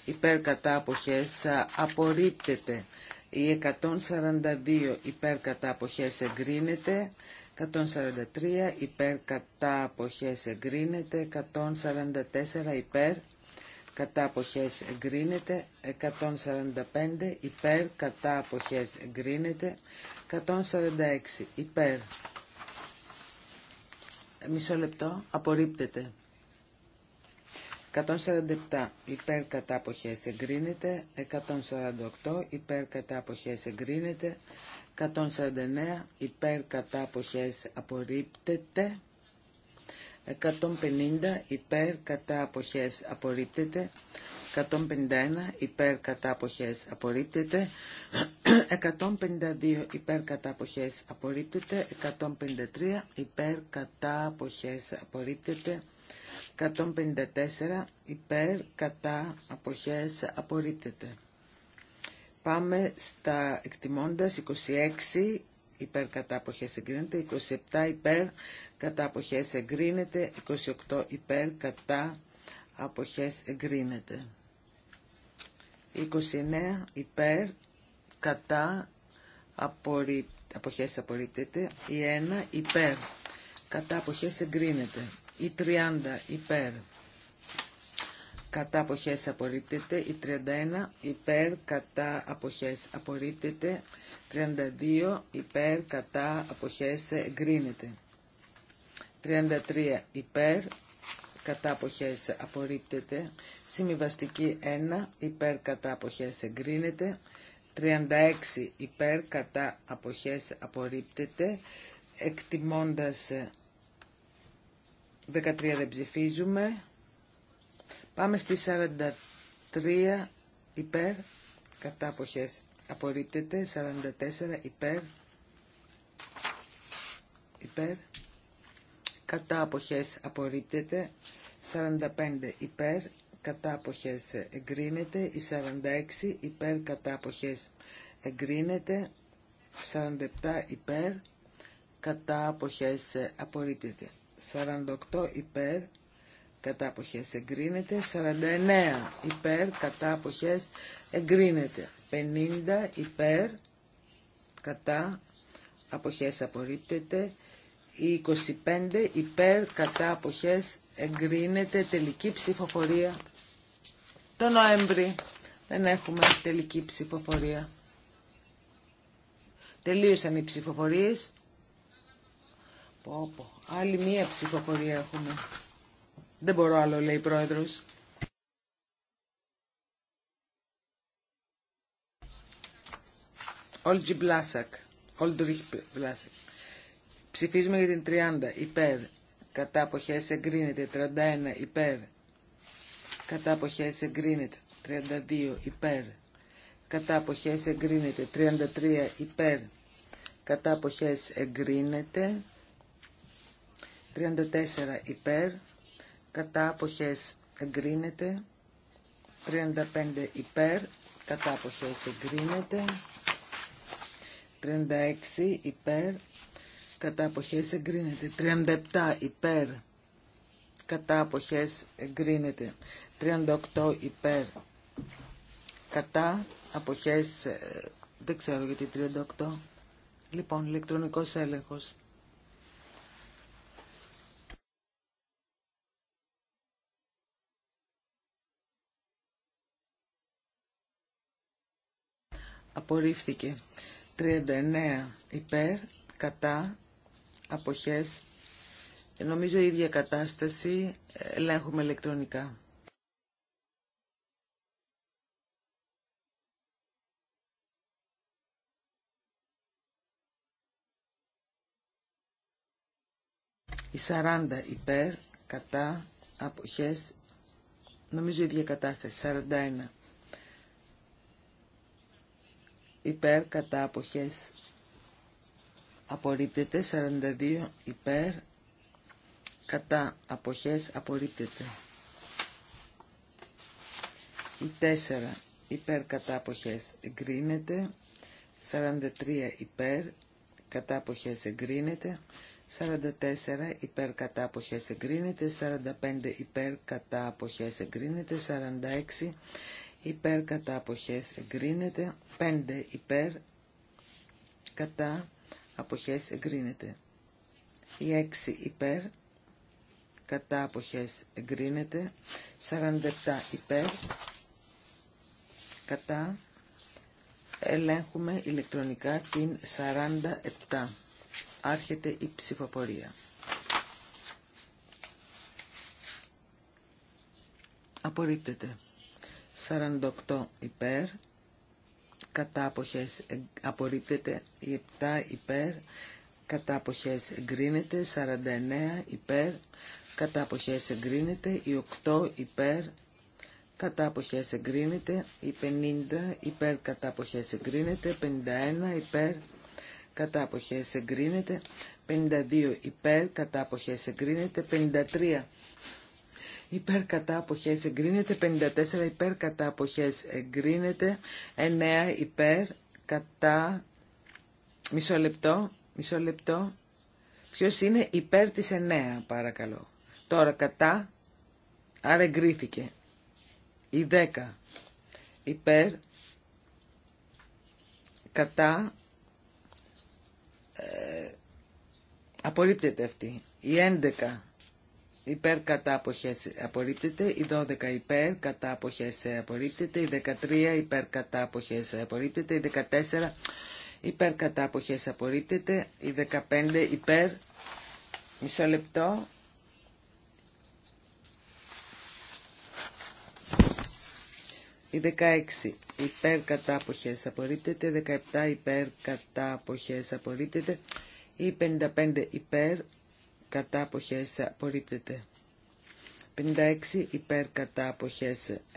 Υπέρ κατά αποχές απορρίπτεται, η 142 υπέρ κατά αποχές εγκρίνεται, 143 υπέρ κατά αποχές εγκρίνεται, 144 υπέρ κατά αποχές εγκρίνεται 145 υπέρ κατά αποχές εγκρίνεται 146 υπέρ μισό λεπτό απορρίπτεται 147 υπέρ κατά αποχές εγκρίνεται 148 υπέρ κατά αποχές εγκρίνεται 149 υπέρ κατά αποχές απορρίπτεται 150 υπέρ κατά αποχές απορρίπτεται. 151 υπέρ κατά αποχές απορρίπτεται, 152 υπέρ κατά αποχές απορρίπτεται, 153 υπέρ κατά αποχές απορρίπτεται, 154 υπέρ κατά αποχές απορρίπτεται. Πάμε στα εκτιμώντας 26 υπέρ κατά αποχές εγκρίνεται, 27 υπέρ κατά αποχές εγκρίνεται, 28 υπέρ κατά αποχές εγκρίνεται. 29 υπέρ κατά απορρι... αποχές απορρίπτεται, η 1 υπέρ κατά αποχές εγκρίνεται, η 30 υπέρ κατά αποχές απορρίπτεται, η 31 υπέρ κατά αποχές απορρίπτεται, 32 υπέρ κατά αποχές εγκρίνεται. 33 υπέρ, κατά αποχές απορρίπτεται. Συμβιβαστική 1 υπέρ, κατά αποχές εγκρίνεται. 36 υπέρ, κατά αποχές απορρίπτεται. Εκτιμώντας 13 ε, δεν ψηφίζουμε. Πάμε στη 43 υπέρ, κατά αποχές απορρίπτεται. 44 υπέρ, υπέρ κατά αποχές απορρίπτεται, 45 υπέρ, κατά αποχές εγκρίνεται, η 46 υπέρ κατά αποχές εγκρίνεται, 47 υπέρ κατά αποχές απορρίπτεται, 48 υπέρ κατά αποχές εγκρίνεται, 49 υπέρ κατά αποχές εγκρίνεται, 50 υπέρ κατά αποχές απορρίπτεται, η 25 υπέρ κατά αποχές εγκρίνεται τελική ψηφοφορία. Το Νοέμβρη δεν έχουμε τελική ψηφοφορία. Τελείωσαν οι ψηφοφορίες. Πω, πω. Άλλη μία ψηφοφορία έχουμε. Δεν μπορώ άλλο, λέει η πρόεδρος. Όλτζι Μπλάσακ. Όλτζι Μπλάσακ. Ψηφίζουμε για την 30 υπέρ κατά αποχές εγκρίνεται. 31 υπέρ κατά αποχές εγκρίνεται. 32 υπέρ κατά αποχές εγκρίνεται. 33 υπέρ κατά αποχές εγκρίνεται. 34 υπέρ κατά αποχές εγκρίνεται. 35 υπέρ κατά αποχές εγκρίνεται. 36 υπέρ κατά αποχές εγκρίνεται. 37 υπέρ κατά αποχές εγκρίνεται. 38 υπέρ κατά αποχές ε, δεν ξέρω γιατί 38. Λοιπόν, ηλεκτρονικός έλεγχος. Απορρίφθηκε. 39 υπέρ, κατά, αποχές. Νομίζω η ίδια κατάσταση ελέγχουμε ηλεκτρονικά. Η 40 υπέρ, κατά, αποχές, νομίζω η ίδια κατάσταση, 41. Υπέρ, κατά, αποχές, απορρίπτεται 42 υπέρ κατά αποχές απορρίπτεται η 4 υπέρ κατά αποχές εγκρίνεται 43 υπέρ κατά αποχές εγκρίνεται 44 υπέρ κατά αποχές εγκρίνεται 45 υπέρ κατά αποχές εγκρίνεται 46 υπέρ κατά αποχές εγκρίνεται 5 υπέρ κατά αποχές εγκρίνεται. Η 6 υπέρ, κατά αποχές εγκρίνεται. 47 υπέρ, κατά ελέγχουμε ηλεκτρονικά την 47. Άρχεται η ψηφοφορία. Απορρίπτεται. 48 υπέρ, κατάποχες απορρίπτεται, η 7 υπέρ, κατάποχες εγκρίνεται, 49 υπέρ, κατάποχες εγκρίνεται, η 8 υπέρ, κατάποχες εγκρίνεται, η 50 υπέρ κατάποχες εγκρίνεται, 51 υπέρ κατάποχες εγκρίνεται, 52 υπέρ κατάποχες εγκρίνεται, 53 υπέρ κατά αποχές εγκρίνεται, 54 υπέρ κατά αποχές εγκρίνεται, 9 υπέρ κατά μισό λεπτό, μισό Ποιος είναι υπέρ της 9 παρακαλώ. Τώρα κατά, άρα εγκρίθηκε. Η 10 υπέρ κατά ε, απορρίπτεται αυτή. Η 11 υπέρ κατά αποχές απορρίπτεται, η 12 υπέρ κατά αποχές απορρίπτεται, η 13 υπέρ κατά αποχές απορρίπτεται, η 14 υπέρ κατά αποχές απορρίπτεται, η 15 υπέρ, μισό λεπτό, η 16 υπέρ κατά αποχές απορρίπτεται, 17 υπέρ κατά αποχές απορρίπτεται, η 55 υπέρ κατάποχες απορρίπτεται. 56 υπέρ κατά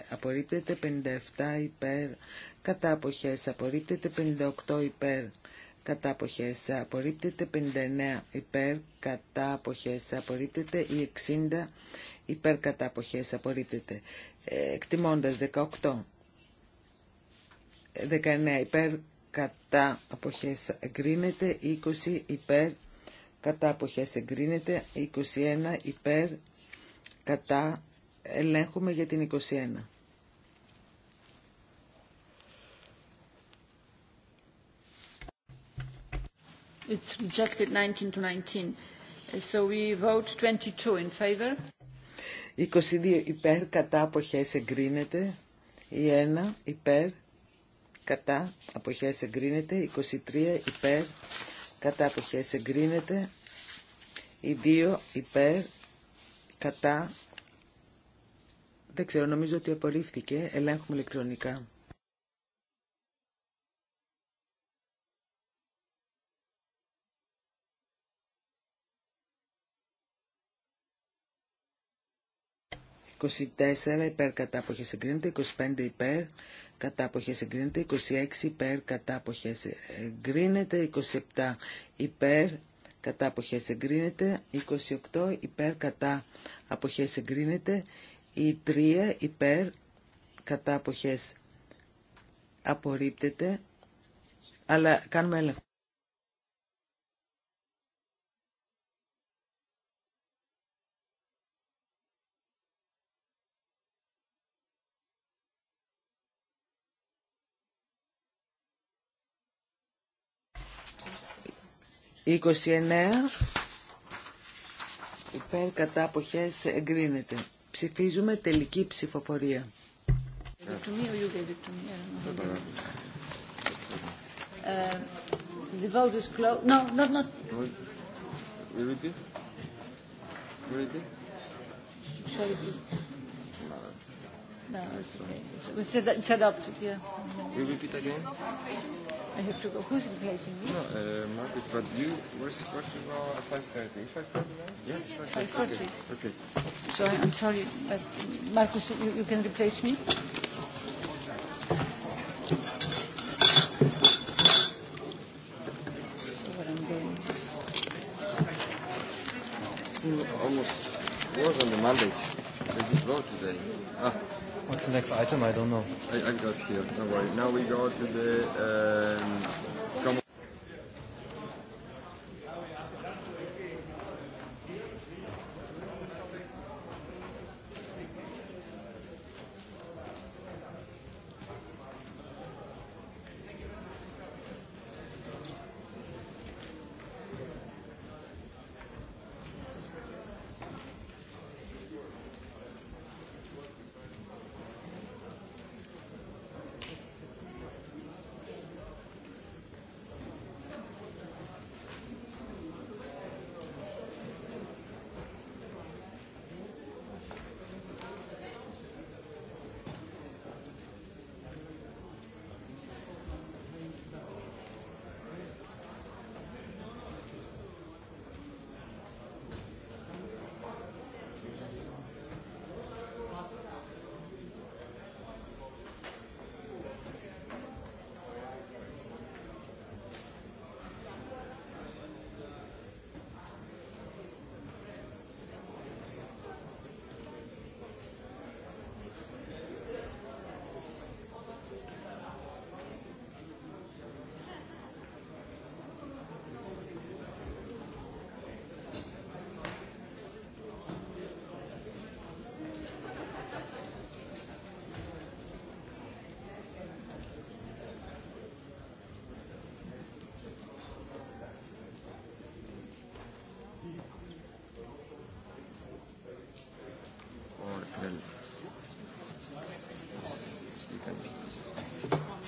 απορρίπτεται, 57 υπέρ κατά απορρίπτεται, 58 υπέρ κατά απορρίπτεται, 59 υπέρ κατά απορρίπτεται, 60 υπέρ κατά αποχές απορρίπτεται. Εκτιμώντας 18, 19 υπέρ κατά αποχές εγκρίνεται, 20 υπέρ κατά αποχές εγκρίνεται, 21 υπέρ κατά ελέγχουμε για την 21. It's rejected 19 to 19. So we vote 22 in favor. 22 υπέρ κατά αποχές εγκρίνεται, η 1 υπέρ κατά αποχές εγκρίνεται, 23 υπέρ κατά αποχές εγκρίνεται, οι δύο υπέρ, κατά, δεν ξέρω, νομίζω ότι απορρίφθηκε, ελέγχουμε ηλεκτρονικά. «24 υπέρ κατά αποχές εγκρίνεται, 25 υπέρ κατάποχες εγκρίνεται, 26 υπέρ κατά εγκρίνεται, 27 υπέρ κατά εγκρίνεται, 28 υπέρ κατά αποχές εγκρίνεται, η 3 υπέρ κατά απορρίπτεται, αλλά κάνουμε έλεγχο. 29 υπέρ κατά αποχές εγκρίνεται. Ψηφίζουμε τελική ψηφοφορία. The vote is closed. No, not not. You repeat. You repeat. Sorry. No, it's okay. It's adopted. Yeah. You repeat again. I have to go. Who's replacing me? No, uh, Margaret, but you, where's the question now at 5.30? 5.30 Yes, yes 5.30. Okay. okay. So I'm sorry, but Marcus, you, you can replace me? So I'm Almost was on the mandate. This is vote today. Ah. What's the next item? I don't know. I, I got here. No worry. Now we go to the. Um,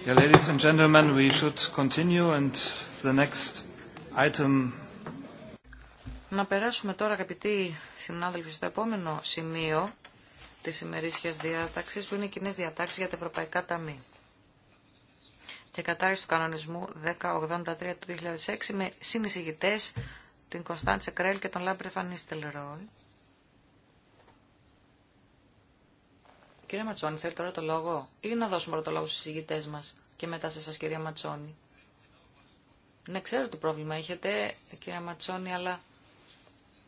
Ladies and gentlemen, we should continue and the next item... Να περάσουμε τώρα, αγαπητοί συνάδελφοι, στο επόμενο σημείο της ημερήσιας διάταξης, που είναι οι κοινέ διατάξεις για τα Ευρωπαϊκά Ταμεία και κατάρριση του κανονισμού 1083 του 2006 με συνεισηγητές την Κωνσταντσε Κρέλ και τον Λάμπρε Φανίστελ Ρόι. Κύριε Ματσόνη, θέλει τώρα το λόγο ή να δώσουμε πρώτο λόγο στους συζητητές μας και μετά σε σας κυρία Ματσόνη. Ναι, ξέρω τι πρόβλημα έχετε, κυρία Ματσόνη, αλλά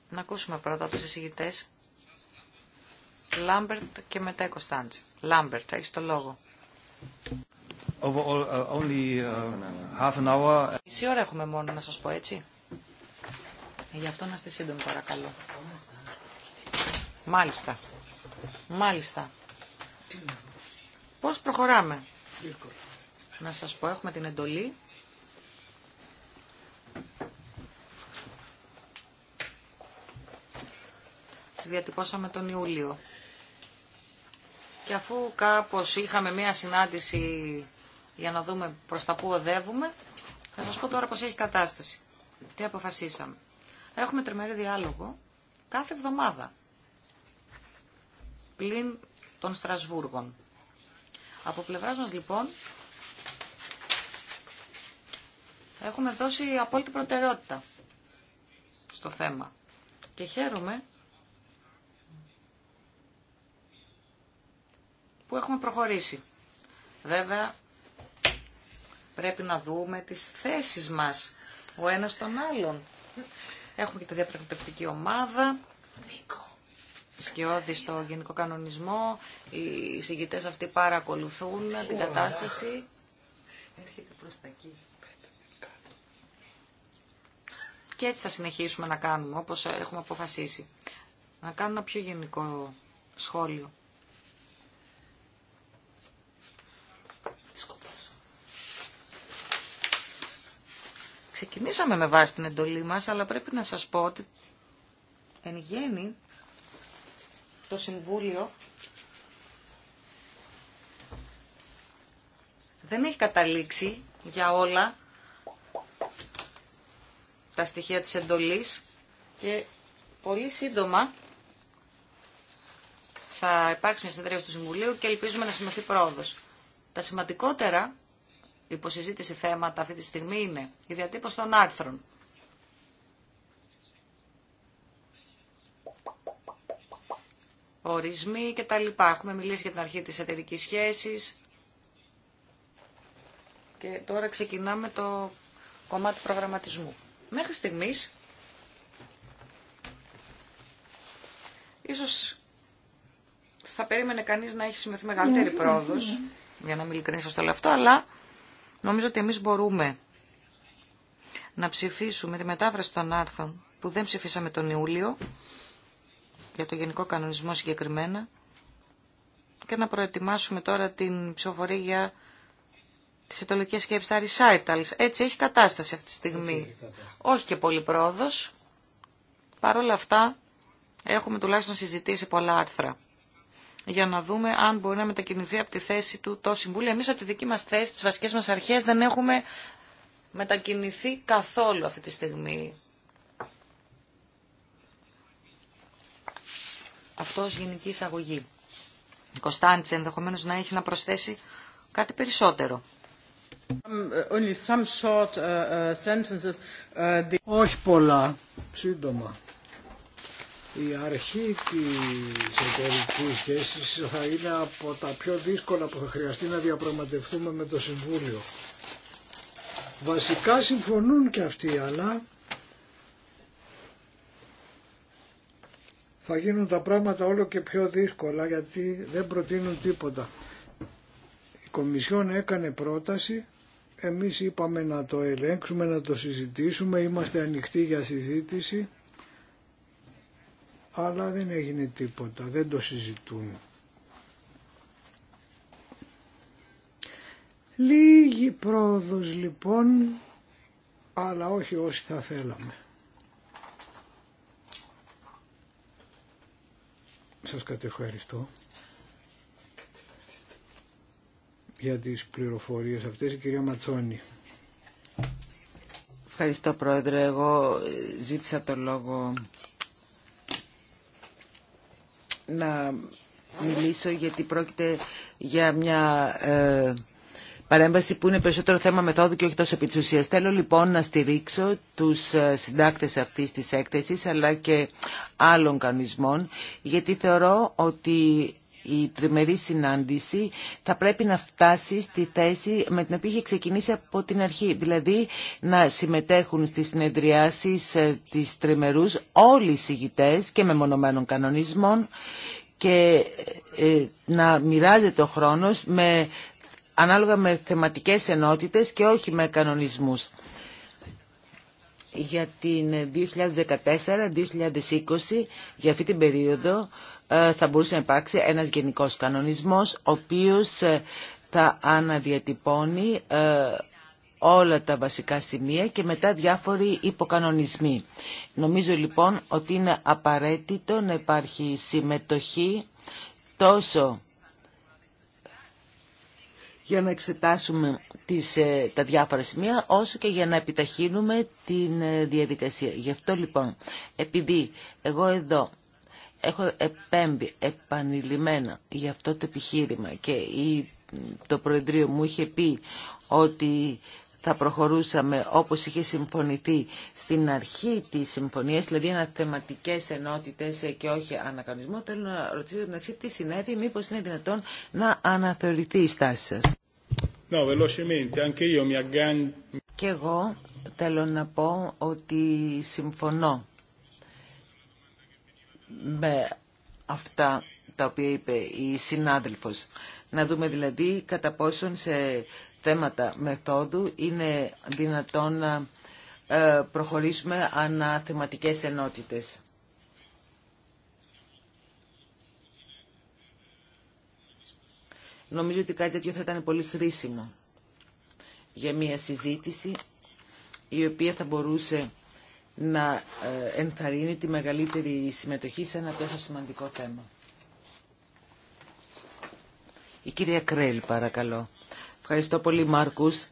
να ακούσουμε πρώτα τους συζητητές. Λάμπερτ και μετά η Κωνσταντζ. Λάμπερτ, έχει το λόγο. Overall, uh, uh, Μισή ώρα έχουμε μόνο, να σας πω έτσι. Ε, γι' αυτό να είστε σύντομοι, παρακαλώ. Μάλιστα. Μάλιστα. Πώς προχωράμε. Να σας πω, έχουμε την εντολή. Τη διατυπώσαμε τον Ιούλιο. Και αφού κάπως είχαμε μία συνάντηση για να δούμε προς τα που οδεύουμε, θα σας πω τώρα πώς έχει κατάσταση. Τι αποφασίσαμε. Έχουμε τριμερή διάλογο κάθε εβδομάδα. Πλην των Στρασβούργων. Από πλευράς μας λοιπόν έχουμε δώσει απόλυτη προτεραιότητα στο θέμα και χαίρομαι που έχουμε προχωρήσει. Βέβαια πρέπει να δούμε τις θέσεις μας ο ένας τον άλλον. Έχουμε και τη διαπραγματευτική ομάδα. Νίκο σκιώδη στο γενικό κανονισμό. Οι συγκητές αυτοί παρακολουθούν την κατάσταση. Έρχεται τα Και έτσι θα συνεχίσουμε να κάνουμε, όπως έχουμε αποφασίσει. Να κάνω ένα πιο γενικό σχόλιο. Ξεκινήσαμε με βάση την εντολή μας, αλλά πρέπει να σας πω ότι εν γέννη το Συμβούλιο δεν έχει καταλήξει για όλα τα στοιχεία της εντολής και πολύ σύντομα θα υπάρξει μια συνεδρίαση του Συμβουλίου και ελπίζουμε να σημειωθεί πρόοδος. Τα σημαντικότερα υποσυζήτηση θέματα αυτή τη στιγμή είναι η διατύπωση των άρθρων ορισμοί κτλ. Έχουμε μιλήσει για την αρχή της εταιρικής σχέσης και τώρα ξεκινάμε το κομμάτι προγραμματισμού. Μέχρι στιγμής, ίσως θα περίμενε κανείς να έχει συμμεθεί μεγαλύτερη ναι. πρόοδος, για να μην στο λεφτό, αλλά νομίζω ότι εμείς μπορούμε να ψηφίσουμε τη μετάφραση των άρθρων που δεν ψηφίσαμε τον Ιούλιο, για το Γενικό Κανονισμό συγκεκριμένα και να προετοιμάσουμε τώρα την ψηφοφορία για τις ετολογικές σκέψεις, τα recitals. Έτσι έχει κατάσταση αυτή τη στιγμή. Όχι και πολύ πρόοδος. Παρ' όλα αυτά έχουμε τουλάχιστον συζητήσει πολλά άρθρα για να δούμε αν μπορεί να μετακινηθεί από τη θέση του το Συμβούλιο. Εμείς από τη δική μας θέση, τις βασικές μας αρχές δεν έχουμε μετακινηθεί καθόλου αυτή τη στιγμή. αυτό ω γενική εισαγωγή. Η Κωνσταντζε ενδεχομένως να έχει να προσθέσει κάτι περισσότερο. Όχι πολλά, σύντομα. Η αρχή της εταιρικής σχέση θα είναι από τα πιο δύσκολα που θα χρειαστεί να διαπραγματευτούμε με το Συμβούλιο. Βασικά συμφωνούν και αυτοί, αλλά θα γίνουν τα πράγματα όλο και πιο δύσκολα γιατί δεν προτείνουν τίποτα. Η Κομισιόν έκανε πρόταση, εμείς είπαμε να το ελέγξουμε, να το συζητήσουμε, είμαστε ανοιχτοί για συζήτηση, αλλά δεν έγινε τίποτα, δεν το συζητούν. Λίγη πρόοδος λοιπόν, αλλά όχι όσοι θα θέλαμε. Σας κατευχαριστώ για τις πληροφορίες αυτές. Η κυρία Ματσόνη. Ευχαριστώ Πρόεδρε. Εγώ ζήτησα το λόγο να μιλήσω γιατί πρόκειται για μια... Ε, παρέμβαση που είναι περισσότερο θέμα μεθόδου και όχι τόσο επί της Θέλω λοιπόν να στηρίξω τους ε, συντάκτες αυτής της έκθεσης αλλά και άλλων κανονισμών γιατί θεωρώ ότι η τριμερή συνάντηση θα πρέπει να φτάσει στη θέση με την οποία είχε ξεκινήσει από την αρχή. Δηλαδή να συμμετέχουν στις συνεδριάσεις ε, της τριμερούς όλοι οι συγητές και με κανονισμών και ε, να μοιράζεται ο χρόνος με ανάλογα με θεματικές ενότητες και όχι με κανονισμούς. Για την 2014-2020, ε, για αυτή την περίοδο, ε, θα μπορούσε να υπάρξει ένας γενικός κανονισμός, ο οποίος ε, θα αναδιατυπώνει όλα τα βασικά σημεία και μετά διάφοροι υποκανονισμοί. Νομίζω λοιπόν ότι είναι απαραίτητο να υπάρχει συμμετοχή τόσο για να εξετάσουμε τις, ε, τα διάφορα σημεία όσο και για να επιταχύνουμε την ε, διαδικασία. Γι' αυτό λοιπόν, επειδή εγώ εδώ έχω επέμβει επανειλημμένα για αυτό το επιχείρημα και η, το Προεδρείο μου είχε πει ότι θα προχωρούσαμε όπως είχε συμφωνηθεί στην αρχή της συμφωνίας, δηλαδή ένα θεματικές ενότητες και όχι ανακανονισμό, θέλω να ρωτήσω την αρχή τι συνέβη, μήπως είναι δυνατόν να αναθεωρηθεί η στάση σας. Και εγώ θέλω να πω ότι συμφωνώ με αυτά τα οποία είπε η συνάδελφος. Να δούμε δηλαδή κατά πόσον σε θέματα μεθόδου είναι δυνατόν να ε, προχωρήσουμε ανά θεματικές ενότητες. Νομίζω ότι κάτι τέτοιο θα ήταν πολύ χρήσιμο για μια συζήτηση η οποία θα μπορούσε να ε, ενθαρρύνει τη μεγαλύτερη συμμετοχή σε ένα τόσο σημαντικό θέμα. Η κυρία Κρέλ, παρακαλώ. Ευχαριστώ πολύ Μάρκους.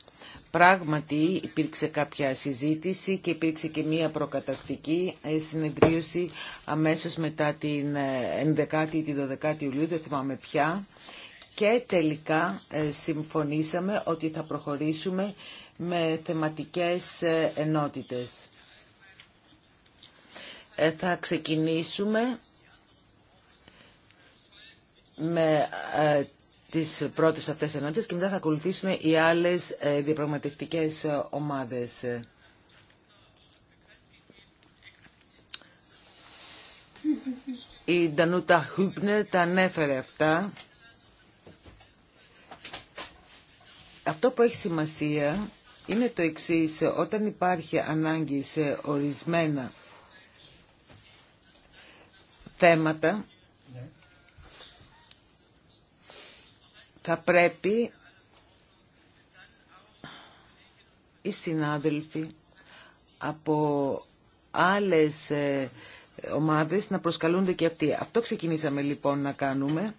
Πράγματι υπήρξε κάποια συζήτηση και υπήρξε και μία προκαταστική ε, συνεδρίωση αμέσως μετά την 11η ε, ή την 12η Ιουλίου, δεν θυμάμαι πια. Και τελικά ε, συμφωνήσαμε ότι θα προχωρήσουμε με θεματικές ενότητες. Θα ξεκινήσουμε με τις πρώτες αυτές ενότητες και μετά θα ακολουθήσουν οι άλλες ε, διαπραγματευτικές ομάδες. Η Ντανούτα Χούπνερ τα ανέφερε αυτά. Αυτό που έχει σημασία είναι το εξής. Όταν υπάρχει ανάγκη σε ορισμένα θέματα, θα πρέπει οι συνάδελφοι από άλλες ε, ομάδες να προσκαλούνται και αυτοί. Αυτό ξεκινήσαμε λοιπόν να κάνουμε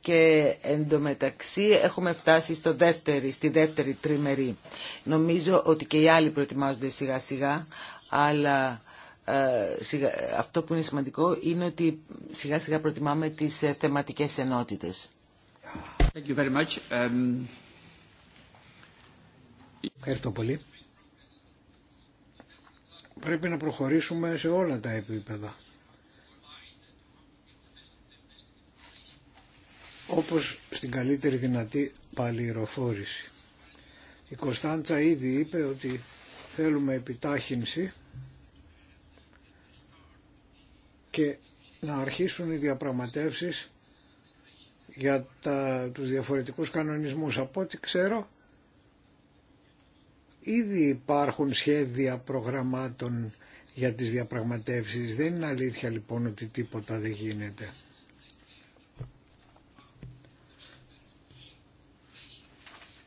και εντωμεταξύ έχουμε φτάσει στο δεύτερη, στη δεύτερη τριμερή. Νομίζω ότι και οι άλλοι προετοιμάζονται ε, σιγά σιγά, αλλά αυτό που είναι σημαντικό είναι ότι σιγά σιγά προτιμάμε τις ε, θεματικές ενότητες. Um, Ευχαριστώ πολύ. Πρέπει να προχωρήσουμε σε όλα τα επίπεδα. Όπως στην καλύτερη δυνατή παλιροφόρηση. Η Κωνσταντσα ήδη είπε ότι θέλουμε επιτάχυνση και να αρχίσουν οι διαπραγματεύσεις για τα, τους διαφορετικούς κανονισμούς. Από ό,τι ξέρω, ήδη υπάρχουν σχέδια προγραμμάτων για τις διαπραγματεύσεις. Δεν είναι αλήθεια λοιπόν ότι τίποτα δεν γίνεται.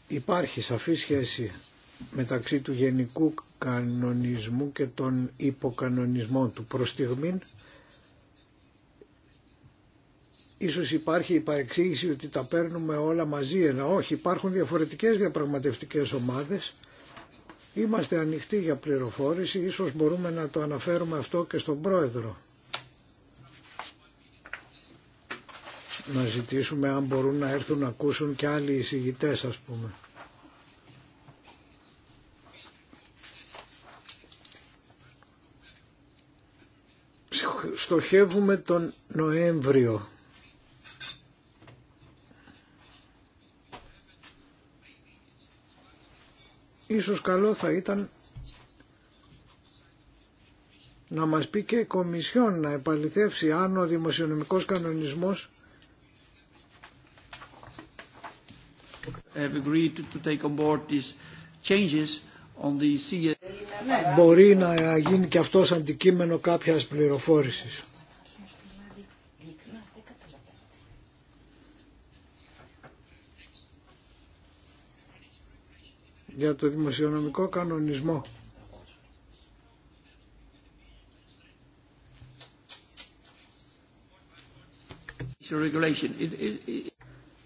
Υπάρχει σαφή σχέση μεταξύ του γενικού κανονισμού και των υποκανονισμών του. Προς Ίσως υπάρχει η παρεξήγηση ότι τα παίρνουμε όλα μαζί, ενώ όχι, υπάρχουν διαφορετικές διαπραγματευτικές ομάδες. Είμαστε ανοιχτοί για πληροφόρηση, ίσως μπορούμε να το αναφέρουμε αυτό και στον πρόεδρο. Να ζητήσουμε αν μπορούν να έρθουν να ακούσουν και άλλοι εισηγητές ας πούμε. στοχεύουμε τον Νοέμβριο Ίσως καλό θα ήταν να μας πει και η Κομισιόν να επαληθεύσει αν ο δημοσιονομικός κανονισμός μπορεί να γίνει και αυτός αντικείμενο κάποιας πληροφόρησης. για το δημοσιονομικό κανονισμό.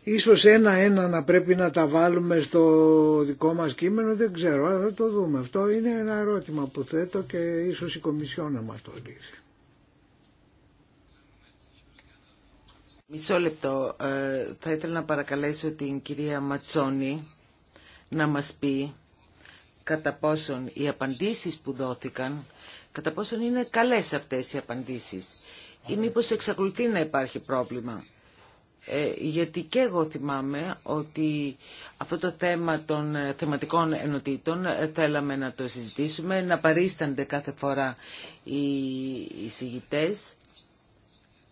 Ίσως ένα-ένα να πρέπει να τα βάλουμε στο δικό μας κείμενο, δεν ξέρω, αλλά θα το δούμε. Αυτό είναι ένα ερώτημα που θέτω και ίσως η Κομισιόν να μας το λύσει. Μισό λεπτό. Ε, θα ήθελα να παρακαλέσω την κυρία Ματσόνη να μας πει κατά πόσον οι απαντήσεις που δόθηκαν, κατά πόσον είναι καλές αυτές οι απαντήσεις ή μήπως εξακολουθεί να υπάρχει πρόβλημα. Ε, γιατί και εγώ θυμάμαι ότι αυτό το θέμα των ε, θεματικών ενωτήτων ε, θέλαμε να το συζητήσουμε, να παρίστανται κάθε φορά οι συγητές.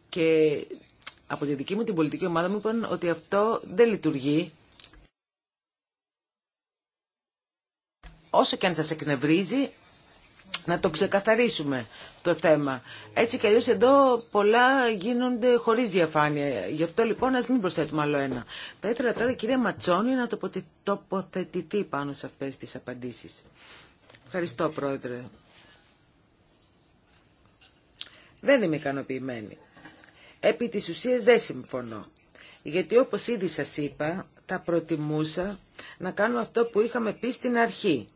και από τη δική μου την πολιτική ομάδα μου είπαν ότι αυτό δεν λειτουργεί όσο και αν σας εκνευρίζει, να το ξεκαθαρίσουμε το θέμα. Έτσι κι αλλιώς εδώ πολλά γίνονται χωρίς διαφάνεια. Γι' αυτό λοιπόν ας μην προσθέτουμε άλλο ένα. Θα ήθελα τώρα η κυρία Ματσόνη να τοποθετηθεί πάνω σε αυτές τις απαντήσεις. Ευχαριστώ πρόεδρε. Δεν είμαι ικανοποιημένη. Επί της ουσίας δεν συμφωνώ. Γιατί όπως ήδη σας είπα, θα προτιμούσα να κάνω αυτό που είχαμε πει στην αρχή.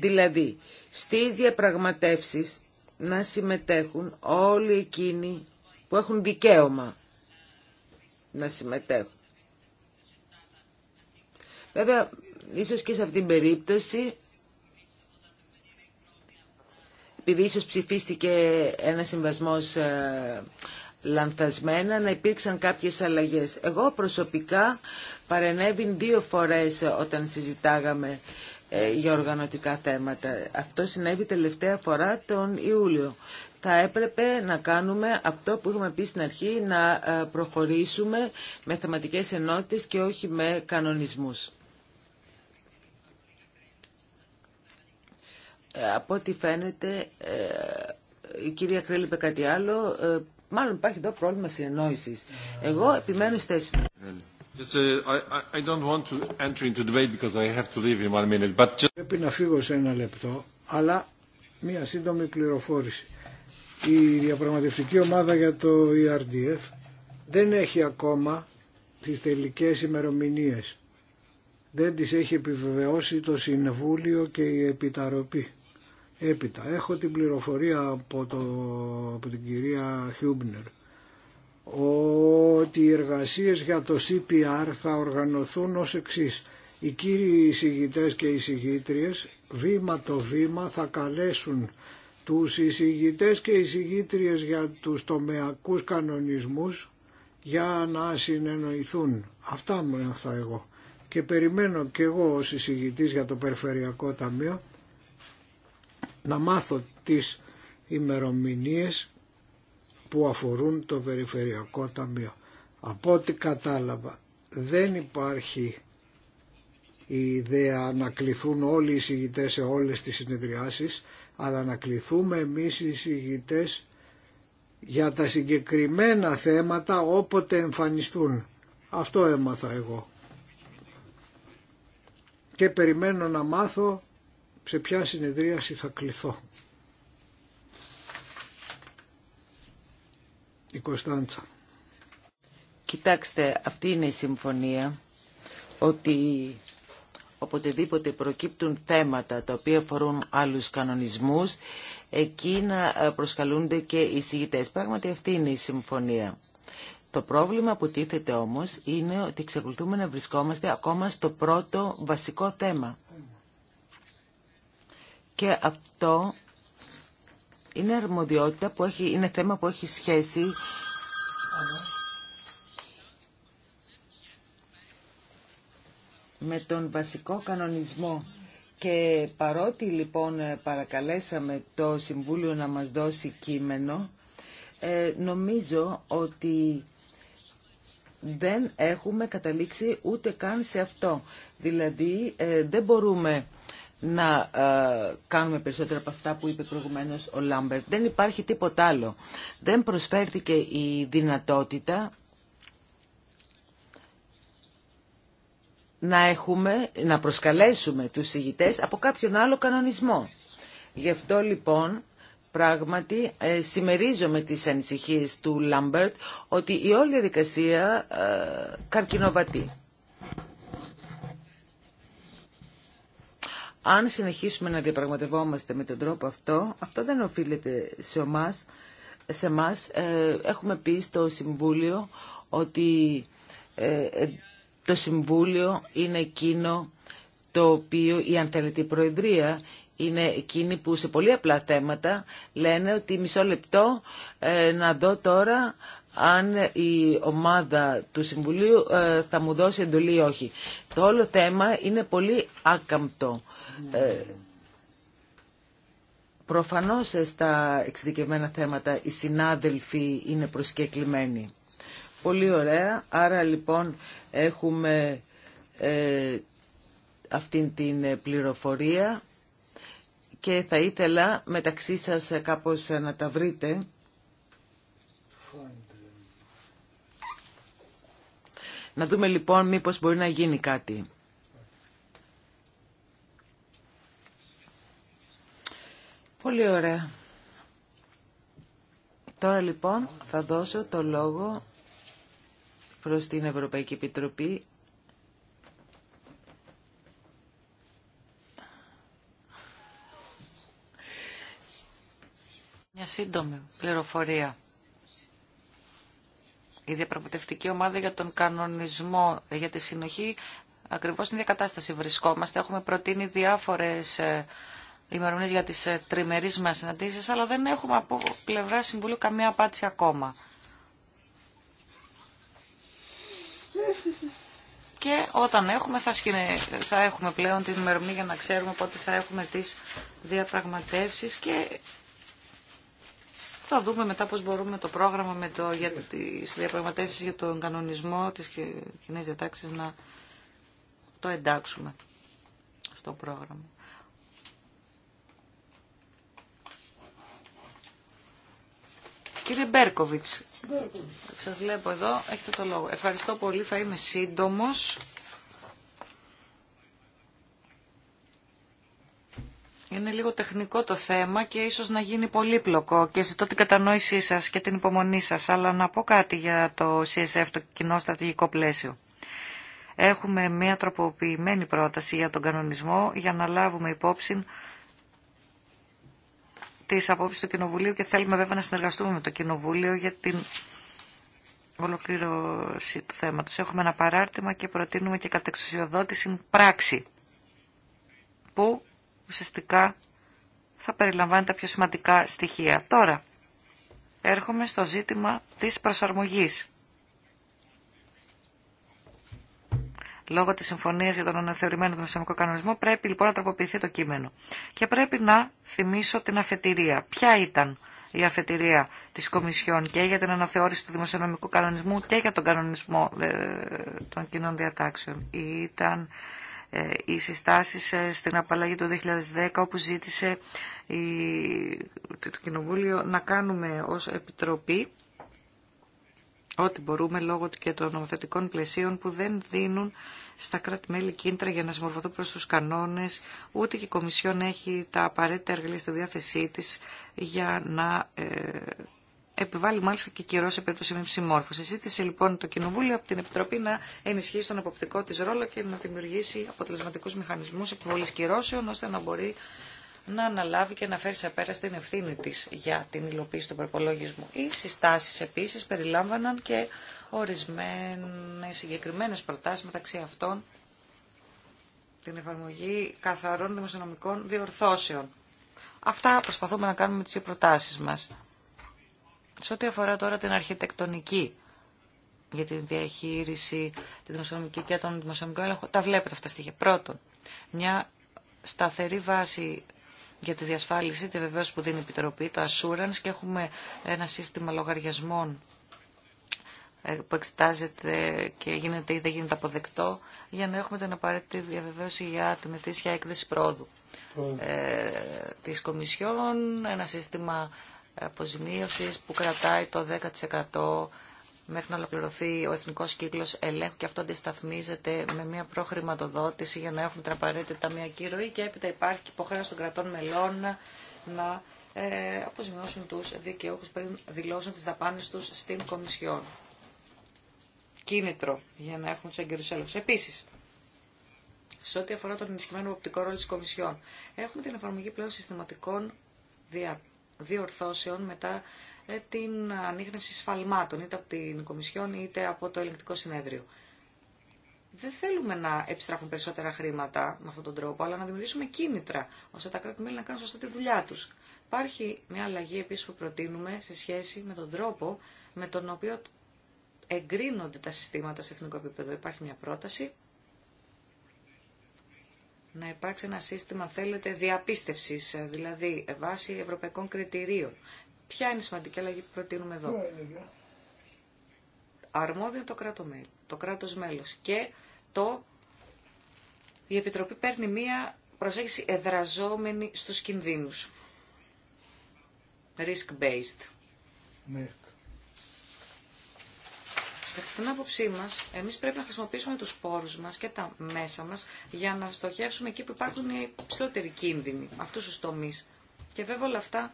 Δηλαδή, στις διαπραγματεύσεις να συμμετέχουν όλοι εκείνοι που έχουν δικαίωμα να συμμετέχουν. Βέβαια, ίσως και σε αυτήν την περίπτωση, επειδή ίσως ψηφίστηκε ένα συμβασμός ε, λανθασμένα, να υπήρξαν κάποιες αλλαγές. Εγώ προσωπικά παρενέβην δύο φορές όταν συζητάγαμε ε, για οργανωτικά θέματα. Αυτό συνέβη τελευταία φορά τον Ιούλιο. Θα έπρεπε να κάνουμε αυτό που είχαμε πει στην αρχή, να ε, προχωρήσουμε με θεματικές ενότητες και όχι με κανονισμούς. Ε, από ό,τι φαίνεται, η κυρία Κρέλη κάτι άλλο, μάλλον υπάρχει εδώ πρόβλημα συνεννόησης. Εγώ επιμένω στέση Πρέπει να φύγω σε ένα λεπτό, αλλά μία σύντομη πληροφόρηση. Η διαπραγματευτική ομάδα για το ERDF δεν έχει ακόμα τις τελικές ημερομηνίες. Δεν τις έχει επιβεβαιώσει το Συμβούλιο και η Επιταροπή. Έπειτα έχω την πληροφορία από, το, από την κυρία Χιούμπνερ ότι οι εργασίες για το CPR θα οργανωθούν ως εξής. Οι κύριοι εισηγητές και εισηγήτριες βήμα το βήμα θα καλέσουν τους εισηγητές και εισηγήτριες για τους τομεακούς κανονισμούς για να συνεννοηθούν. Αυτά μου έφτα εγώ. Και περιμένω και εγώ ως εισηγητής για το Περιφερειακό Ταμείο να μάθω τις ημερομηνίες που αφορούν το Περιφερειακό Ταμείο. Από ό,τι κατάλαβα δεν υπάρχει η ιδέα να κληθούν όλοι οι συγητές σε όλες τις συνεδριάσεις, αλλά να κληθούμε εμείς οι συγητές για τα συγκεκριμένα θέματα όποτε εμφανιστούν. Αυτό έμαθα εγώ. Και περιμένω να μάθω σε ποια συνεδρίαση θα κληθώ. η Κοιτάξτε, αυτή είναι η συμφωνία ότι οποτεδήποτε προκύπτουν θέματα τα οποία αφορούν άλλους κανονισμούς, εκεί να ε, προσκαλούνται και οι συγητές. Πράγματι αυτή είναι η συμφωνία. Το πρόβλημα που τίθεται όμως είναι ότι εξακολουθούμε να βρισκόμαστε ακόμα στο πρώτο βασικό θέμα. Και αυτό είναι αρμοδιότητα που έχει, είναι θέμα που έχει σχέση με τον βασικό κανονισμό. Και παρότι λοιπόν παρακαλέσαμε το Συμβούλιο να μας δώσει κείμενο, ε, νομίζω ότι δεν έχουμε καταλήξει ούτε καν σε αυτό. Δηλαδή ε, δεν μπορούμε να ε, κάνουμε περισσότερα από αυτά που είπε προηγουμένως ο Λάμπερτ. Δεν υπάρχει τίποτα άλλο. Δεν προσφέρθηκε η δυνατότητα να, έχουμε, να προσκαλέσουμε τους ηγητές από κάποιον άλλο κανονισμό. Γι' αυτό λοιπόν πράγματι ε, συμμερίζομαι τις ανησυχίες του Λάμπερτ ότι η όλη διαδικασία ε, καρκινοβατεί. Αν συνεχίσουμε να διαπραγματευόμαστε με τον τρόπο αυτό, αυτό δεν οφείλεται σε εμά. Σε μας ε, έχουμε πει στο Συμβούλιο ότι ε, ε, το Συμβούλιο είναι εκείνο το οποίο η αν θέλετε Προεδρία είναι εκείνη που σε πολύ απλά θέματα λένε ότι μισό λεπτό να δω τώρα αν η ομάδα του Συμβουλίου ε, θα μου δώσει εντολή ή όχι. Το όλο θέμα είναι πολύ άκαμπτο. Ε, προφανώς στα εξειδικευμένα θέματα οι συνάδελφοι είναι προσκεκλημένοι. Πολύ ωραία. Άρα λοιπόν έχουμε ε, αυτήν την πληροφορία και θα ήθελα μεταξύ σας ε, κάπως να τα βρείτε Να δούμε λοιπόν μήπως μπορεί να γίνει κάτι. Πολύ ωραία. Τώρα λοιπόν θα δώσω το λόγο προς την Ευρωπαϊκή Επιτροπή. Μια σύντομη πληροφορία η διαπραγματευτική ομάδα για τον κανονισμό για τη συνοχή ακριβώς στην διακατάσταση βρισκόμαστε. Έχουμε προτείνει διάφορες ε, ημερομηνίες για τις ε, τριμερείς μας συναντήσεις, αλλά δεν έχουμε από πλευρά Συμβουλίου καμία απάντηση ακόμα. Και όταν έχουμε θα, σκηνε, θα έχουμε πλέον την ημερομηνία για να ξέρουμε πότε θα έχουμε τις διαπραγματεύσεις και θα δούμε μετά πώς μπορούμε το πρόγραμμα με το, για τις διαπραγματεύσεις για τον κανονισμό της κοινή διατάξης να το εντάξουμε στο πρόγραμμα. Κύριε Μπέρκοβιτς, σας βλέπω εδώ, έχετε το λόγο. Ευχαριστώ πολύ, θα είμαι σύντομος. Είναι λίγο τεχνικό το θέμα και ίσως να γίνει πολύπλοκο και ζητώ την κατανόησή σας και την υπομονή σας, αλλά να πω κάτι για το CSF, το κοινό στρατηγικό πλαίσιο. Έχουμε μια τροποποιημένη πρόταση για τον κανονισμό για να λάβουμε υπόψη τη απόψεις του Κοινοβουλίου και θέλουμε βέβαια να συνεργαστούμε με το Κοινοβούλιο για την ολοκλήρωση του θέματος. Έχουμε ένα παράρτημα και προτείνουμε και κατεξουσιοδότηση πράξη που ουσιαστικά θα περιλαμβάνει τα πιο σημαντικά στοιχεία. Τώρα, έρχομαι στο ζήτημα της προσαρμογής. Λόγω της συμφωνίας για τον αναθεωρημένο δημοσιονομικό κανονισμό, πρέπει λοιπόν να τροποποιηθεί το κείμενο. Και πρέπει να θυμίσω την αφετηρία. Ποια ήταν η αφετηρία της Κομισιόν και για την αναθεώρηση του δημοσιονομικού κανονισμού και για τον κανονισμό ε, των κοινών διατάξεων. Ήταν ε, οι συστάσεις ε, στην απαλλαγή του 2010 όπου ζήτησε το Κοινοβούλιο να κάνουμε ως Επιτροπή ό,τι μπορούμε λόγω και των νομοθετικών πλαισίων που δεν δίνουν στα κράτη-μέλη κίνητρα για να συμμορφωθούν προς τους κανόνες, ούτε και η Κομισιόν έχει τα απαραίτητα εργαλεία στη διάθεσή της για να ε, επιβάλλει μάλιστα και καιρό σε περίπτωση με συμμόρφωση. Ζήτησε λοιπόν το Κοινοβούλιο από την Επιτροπή να ενισχύσει τον αποπτικό τη ρόλο και να δημιουργήσει αποτελεσματικού μηχανισμού επιβολή κυρώσεων ώστε να μπορεί να αναλάβει και να φέρει σε πέρα στην ευθύνη τη για την υλοποίηση του προπολογισμού. Οι συστάσει επίση περιλάμβαναν και ορισμένε συγκεκριμένε προτάσει μεταξύ αυτών την εφαρμογή καθαρών δημοσιονομικών διορθώσεων. Αυτά προσπαθούμε να κάνουμε με τις προτάσεις μας. Σε ό,τι αφορά τώρα την αρχιτεκτονική για τη διαχείριση τη δημοσιονομική και τον δημοσιονομικό έλεγχο, τα βλέπετε αυτά τα στοιχεία. Πρώτον, μια σταθερή βάση για τη διασφάλιση, τη βεβαίωση που δίνει η Επιτροπή, το assurance και έχουμε ένα σύστημα λογαριασμών ε, που εξετάζεται και γίνεται ή δεν γίνεται αποδεκτό για να έχουμε την απαραίτητη διαβεβαίωση για τη μετήσια έκθεση πρόοδου ε, της Κομισιόν, ένα σύστημα αποζημίωσης που κρατάει το 10% μέχρι να ολοκληρωθεί ο εθνικός κύκλος ελέγχου και αυτό αντισταθμίζεται με μια προχρηματοδότηση για να έχουν την απαραίτητη ταμιακή ροή και έπειτα υπάρχει υποχρέωση των κρατών μελών να ε, αποζημιώσουν τους δικαιούχους πριν δηλώσουν τις δαπάνες τους στην Κομισιόν. Κίνητρο για να έχουν τους έγκυρους έλεγχους. Επίσης, σε ό,τι αφορά τον ενισχυμένο οπτικό ρόλο της Κομισιόν, έχουμε την εφαρμογή πλέον συστηματικών διατάξεων διορθώσεων μετά ε, την ανείχνευση σφαλμάτων, είτε από την Κομισιόν είτε από το Ελεγκτικό Συνέδριο. Δεν θέλουμε να επιστρέφουν περισσότερα χρήματα με αυτόν τον τρόπο, αλλά να δημιουργήσουμε κίνητρα ώστε τα κράτη-μέλη να κάνουν σωστά τη δουλειά του. Υπάρχει μια αλλαγή επίση που προτείνουμε σε σχέση με τον τρόπο με τον οποίο εγκρίνονται τα συστήματα σε εθνικό επίπεδο. Υπάρχει μια πρόταση να υπάρξει ένα σύστημα, θέλετε, διαπίστευσης, δηλαδή βάσει ευρωπαϊκών κριτηρίων. Ποια είναι η σημαντική αλλαγή που προτείνουμε εδώ. Αρμόδιο το, κράτο, το κράτος μέλος και το η Επιτροπή παίρνει μία προσέγγιση εδραζόμενη στους κινδύνους. Risk-based. Ναι. Κατά την άποψή μα, εμεί πρέπει να χρησιμοποιήσουμε του πόρου μα και τα μέσα μα για να στοχεύσουμε εκεί που υπάρχουν οι υψηλότεροι κίνδυνοι, αυτού του τομεί. Και βέβαια όλα αυτά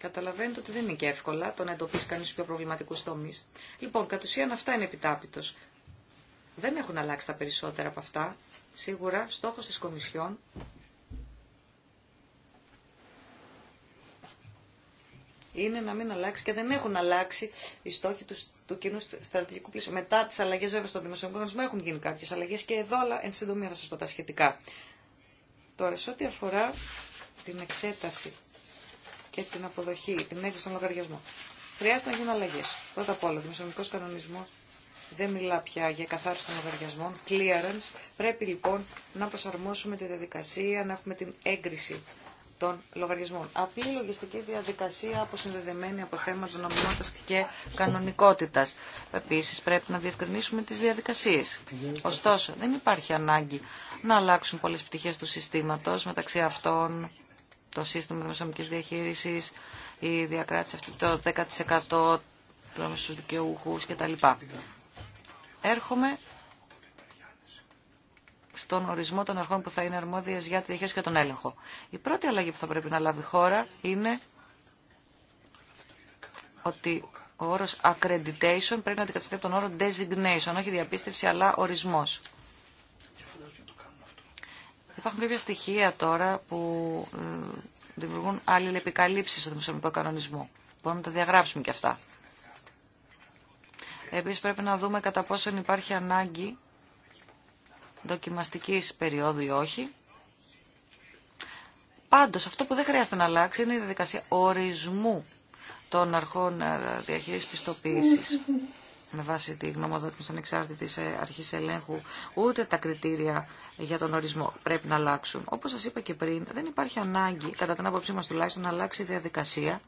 καταλαβαίνετε ότι δεν είναι και εύκολα το να εντοπίσει κανεί του πιο προβληματικού τομεί. Λοιπόν, κατ' ουσίαν αυτά είναι επιτάπητο. Δεν έχουν αλλάξει τα περισσότερα από αυτά. Σίγουρα στόχο τη Κομισιόν είναι να μην αλλάξει και δεν έχουν αλλάξει οι στόχοι του, του κοινού στρατηγικού πλαίσιου. Μετά τι αλλαγέ βέβαια στον δημοσιονομικό οργανισμό έχουν γίνει κάποιε αλλαγέ και εδώ, αλλά εν συντομία θα σα πω τα σχετικά. Τώρα, σε ό,τι αφορά την εξέταση και την αποδοχή, την έκδοση των λογαριασμών, χρειάζεται να γίνουν αλλαγέ. Πρώτα απ' όλα, ο δημοσιονομικό κανονισμό δεν μιλά πια για καθάριση των λογαριασμών, clearance. Πρέπει λοιπόν να προσαρμόσουμε τη διαδικασία, να έχουμε την έγκριση των λογαριασμών. Απλή λογιστική διαδικασία αποσυνδεδεμένη από θέματα νομιμότητα και κανονικότητα. Επίση, πρέπει να διευκρινίσουμε τι διαδικασίε. Ωστόσο, δεν υπάρχει ανάγκη να αλλάξουν πολλέ πτυχέ του συστήματο, μεταξύ αυτών το σύστημα δημοσιονομική διαχείριση, η διακράτηση αυτή το 10% του στου δικαιούχου κτλ. Έρχομαι στον ορισμό των αρχών που θα είναι αρμόδιες για τη διαχείριση και τον έλεγχο. Η πρώτη αλλαγή που θα πρέπει να λάβει η χώρα είναι ότι ο όρος accreditation πρέπει να αντικαταστεί από τον όρο designation, όχι διαπίστευση αλλά ορισμός. Υπάρχουν κάποια στοιχεία τώρα που ε, δημιουργούν άλλη επικαλύψεις στο δημοσιονομικό κανονισμό. Μπορούμε να τα διαγράψουμε και αυτά. Επίσης πρέπει να δούμε κατά πόσον υπάρχει ανάγκη δοκιμαστικής περίοδου ή όχι. Πάντως, αυτό που δεν χρειάζεται να αλλάξει είναι η διαδικασία ορισμού των αρχών ε, διαχείρισης πιστοποίησης με βάση τη γνωμοδότηση ανεξάρτητης ε, αρχής ελέγχου, ούτε τα κριτήρια για τον ορισμό πρέπει να αλλάξουν. Όπως σας είπα και πριν, δεν υπάρχει ανάγκη, κατά την άποψή μας τουλάχιστον, να αλλάξει η διαδικασία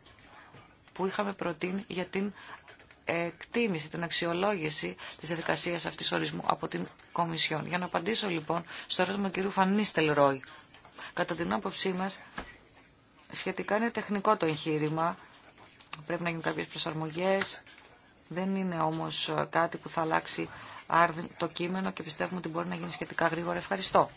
που είχαμε προτείνει για την εκτίμηση, την αξιολόγηση της διαδικασία αυτής ορισμού από την Κομισιόν. Για να απαντήσω λοιπόν στο ερώτημα του κ. Φανίστελ Ρόι. Κατά την άποψή μας, σχετικά είναι τεχνικό το εγχείρημα, πρέπει να γίνουν κάποιες προσαρμογές, δεν είναι όμως ε, κάτι που θα αλλάξει το κείμενο και πιστεύουμε ότι μπορεί να γίνει σχετικά γρήγορα. Ευχαριστώ.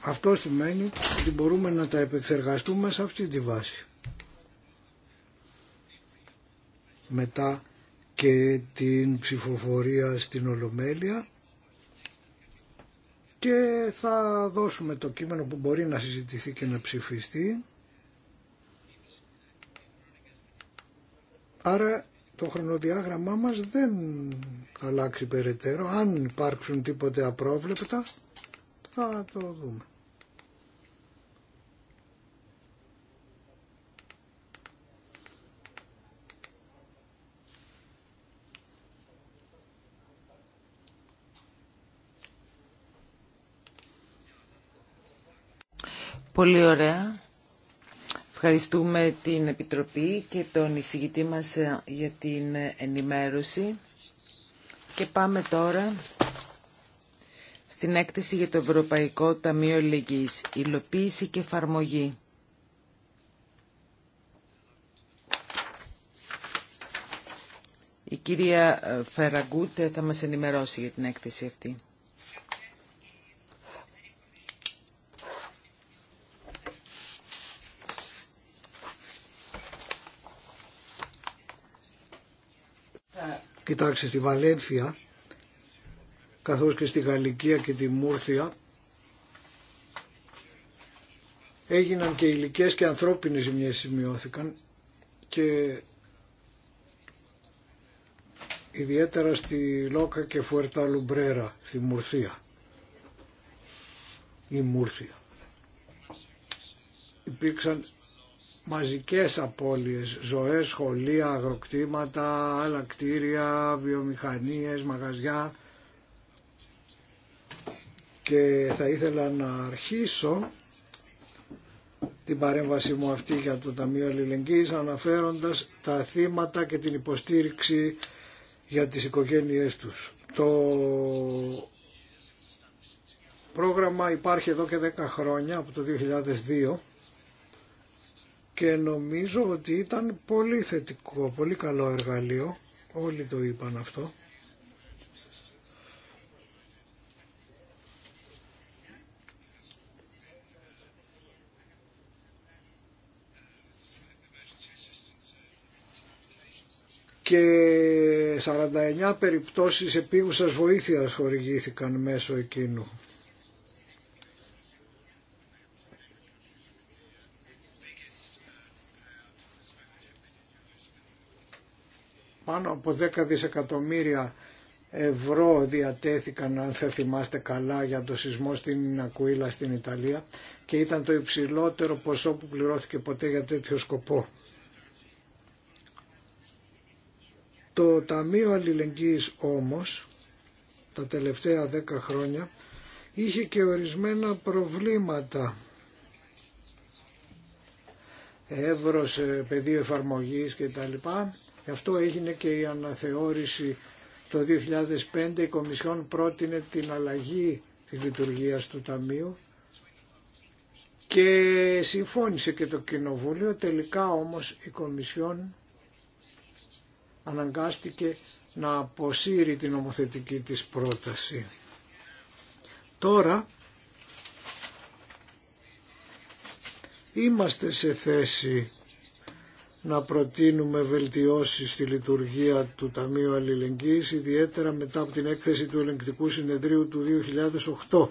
Αυτό σημαίνει ότι μπορούμε να τα επεξεργαστούμε σε αυτή τη βάση. Μετά και την ψηφοφορία στην Ολομέλεια και θα δώσουμε το κείμενο που μπορεί να συζητηθεί και να ψηφιστεί. Άρα το χρονοδιάγραμμά μας δεν αλλάξει περαιτέρω. Αν υπάρξουν τίποτε απρόβλεπτα θα το δούμε. Πολύ ωραία. Ευχαριστούμε την Επιτροπή και τον εισηγητή μας ε, για την ενημέρωση. Και πάμε τώρα στην έκθεση για το Ευρωπαϊκό Ταμείο Λίγης, υλοποίηση και εφαρμογή. Η κυρία ε, Φεραγκούτ ε, θα μας ενημερώσει για την έκθεση αυτή. Κοιτάξτε, στη Βαλένθια, καθώς και στη Γαλλικία και τη Μούρθια, έγιναν και ηλικές και ανθρώπινες ζημιές σημειώθηκαν και ιδιαίτερα στη Λόκα και Φουέρτα Λουμπρέρα, στη Μουρθία. Η Μούρθια. Υπήρξαν μαζικές απώλειες, ζωές, σχολεία, αγροκτήματα, άλλα κτίρια, βιομηχανίες, μαγαζιά και θα ήθελα να αρχίσω την παρέμβαση μου αυτή για το Ταμείο Αλληλεγγύης αναφέροντας τα θύματα και την υποστήριξη για τις οικογένειές τους. Το πρόγραμμα υπάρχει εδώ και 10 χρόνια από το 2002 και νομίζω ότι ήταν πολύ θετικό, πολύ καλό εργαλείο, όλοι το είπαν αυτό. και 49 περιπτώσεις επίγουσας βοήθειας χορηγήθηκαν μέσω εκείνου. Πάνω από 10 δισεκατομμύρια ευρώ διατέθηκαν, αν θα θυμάστε καλά, για το σεισμό στην Ακουήλα στην Ιταλία και ήταν το υψηλότερο ποσό που πληρώθηκε ποτέ για τέτοιο σκοπό. Το Ταμείο Αλληλεγγύης όμως, τα τελευταία 10 χρόνια, είχε και ορισμένα προβλήματα. Εύρος, πεδίο εφαρμογής κτλ. Γι' αυτό έγινε και η αναθεώρηση το 2005 η Κομισιόν πρότεινε την αλλαγή της λειτουργίας του Ταμείου και συμφώνησε και το Κοινοβούλιο. Τελικά όμως η Κομισιόν αναγκάστηκε να αποσύρει την ομοθετική της πρόταση. Τώρα είμαστε σε θέση να προτείνουμε βελτιώσεις στη λειτουργία του Ταμείου Αλληλεγγύης, ιδιαίτερα μετά από την έκθεση του Ελεγκτικού Συνεδρίου του 2008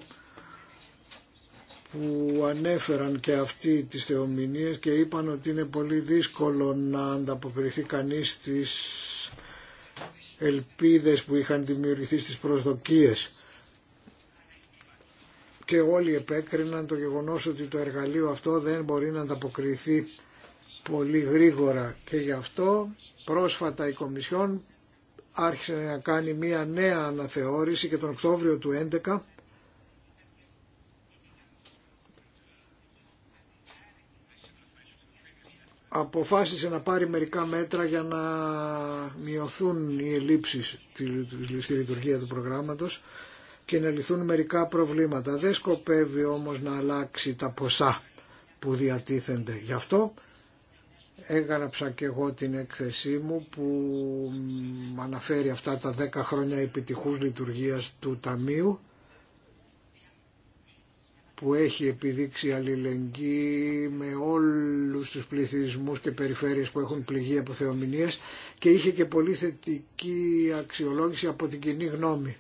που ανέφεραν και αυτοί τις θεομηνίες και είπαν ότι είναι πολύ δύσκολο να ανταποκριθεί κανείς στις ελπίδες που είχαν δημιουργηθεί στις προσδοκίες. Και όλοι επέκριναν το γεγονός ότι το εργαλείο αυτό δεν μπορεί να ανταποκριθεί πολύ γρήγορα και γι' αυτό πρόσφατα η Κομισιόν άρχισε να κάνει μία νέα αναθεώρηση και τον Οκτώβριο του 2011 αποφάσισε να πάρει μερικά μέτρα για να μειωθούν οι ελλείψεις στη λειτουργία του προγράμματος και να λυθούν μερικά προβλήματα. Δεν σκοπεύει όμως να αλλάξει τα ποσά που διατίθενται. Γι' αυτό έγραψα και εγώ την έκθεσή μου που αναφέρει αυτά τα 10 χρόνια επιτυχούς λειτουργίας του Ταμείου που έχει επιδείξει αλληλεγγύη με όλους τους πληθυσμούς και περιφέρειες που έχουν πληγεί από θεομηνίες και είχε και πολύ θετική αξιολόγηση από την κοινή γνώμη.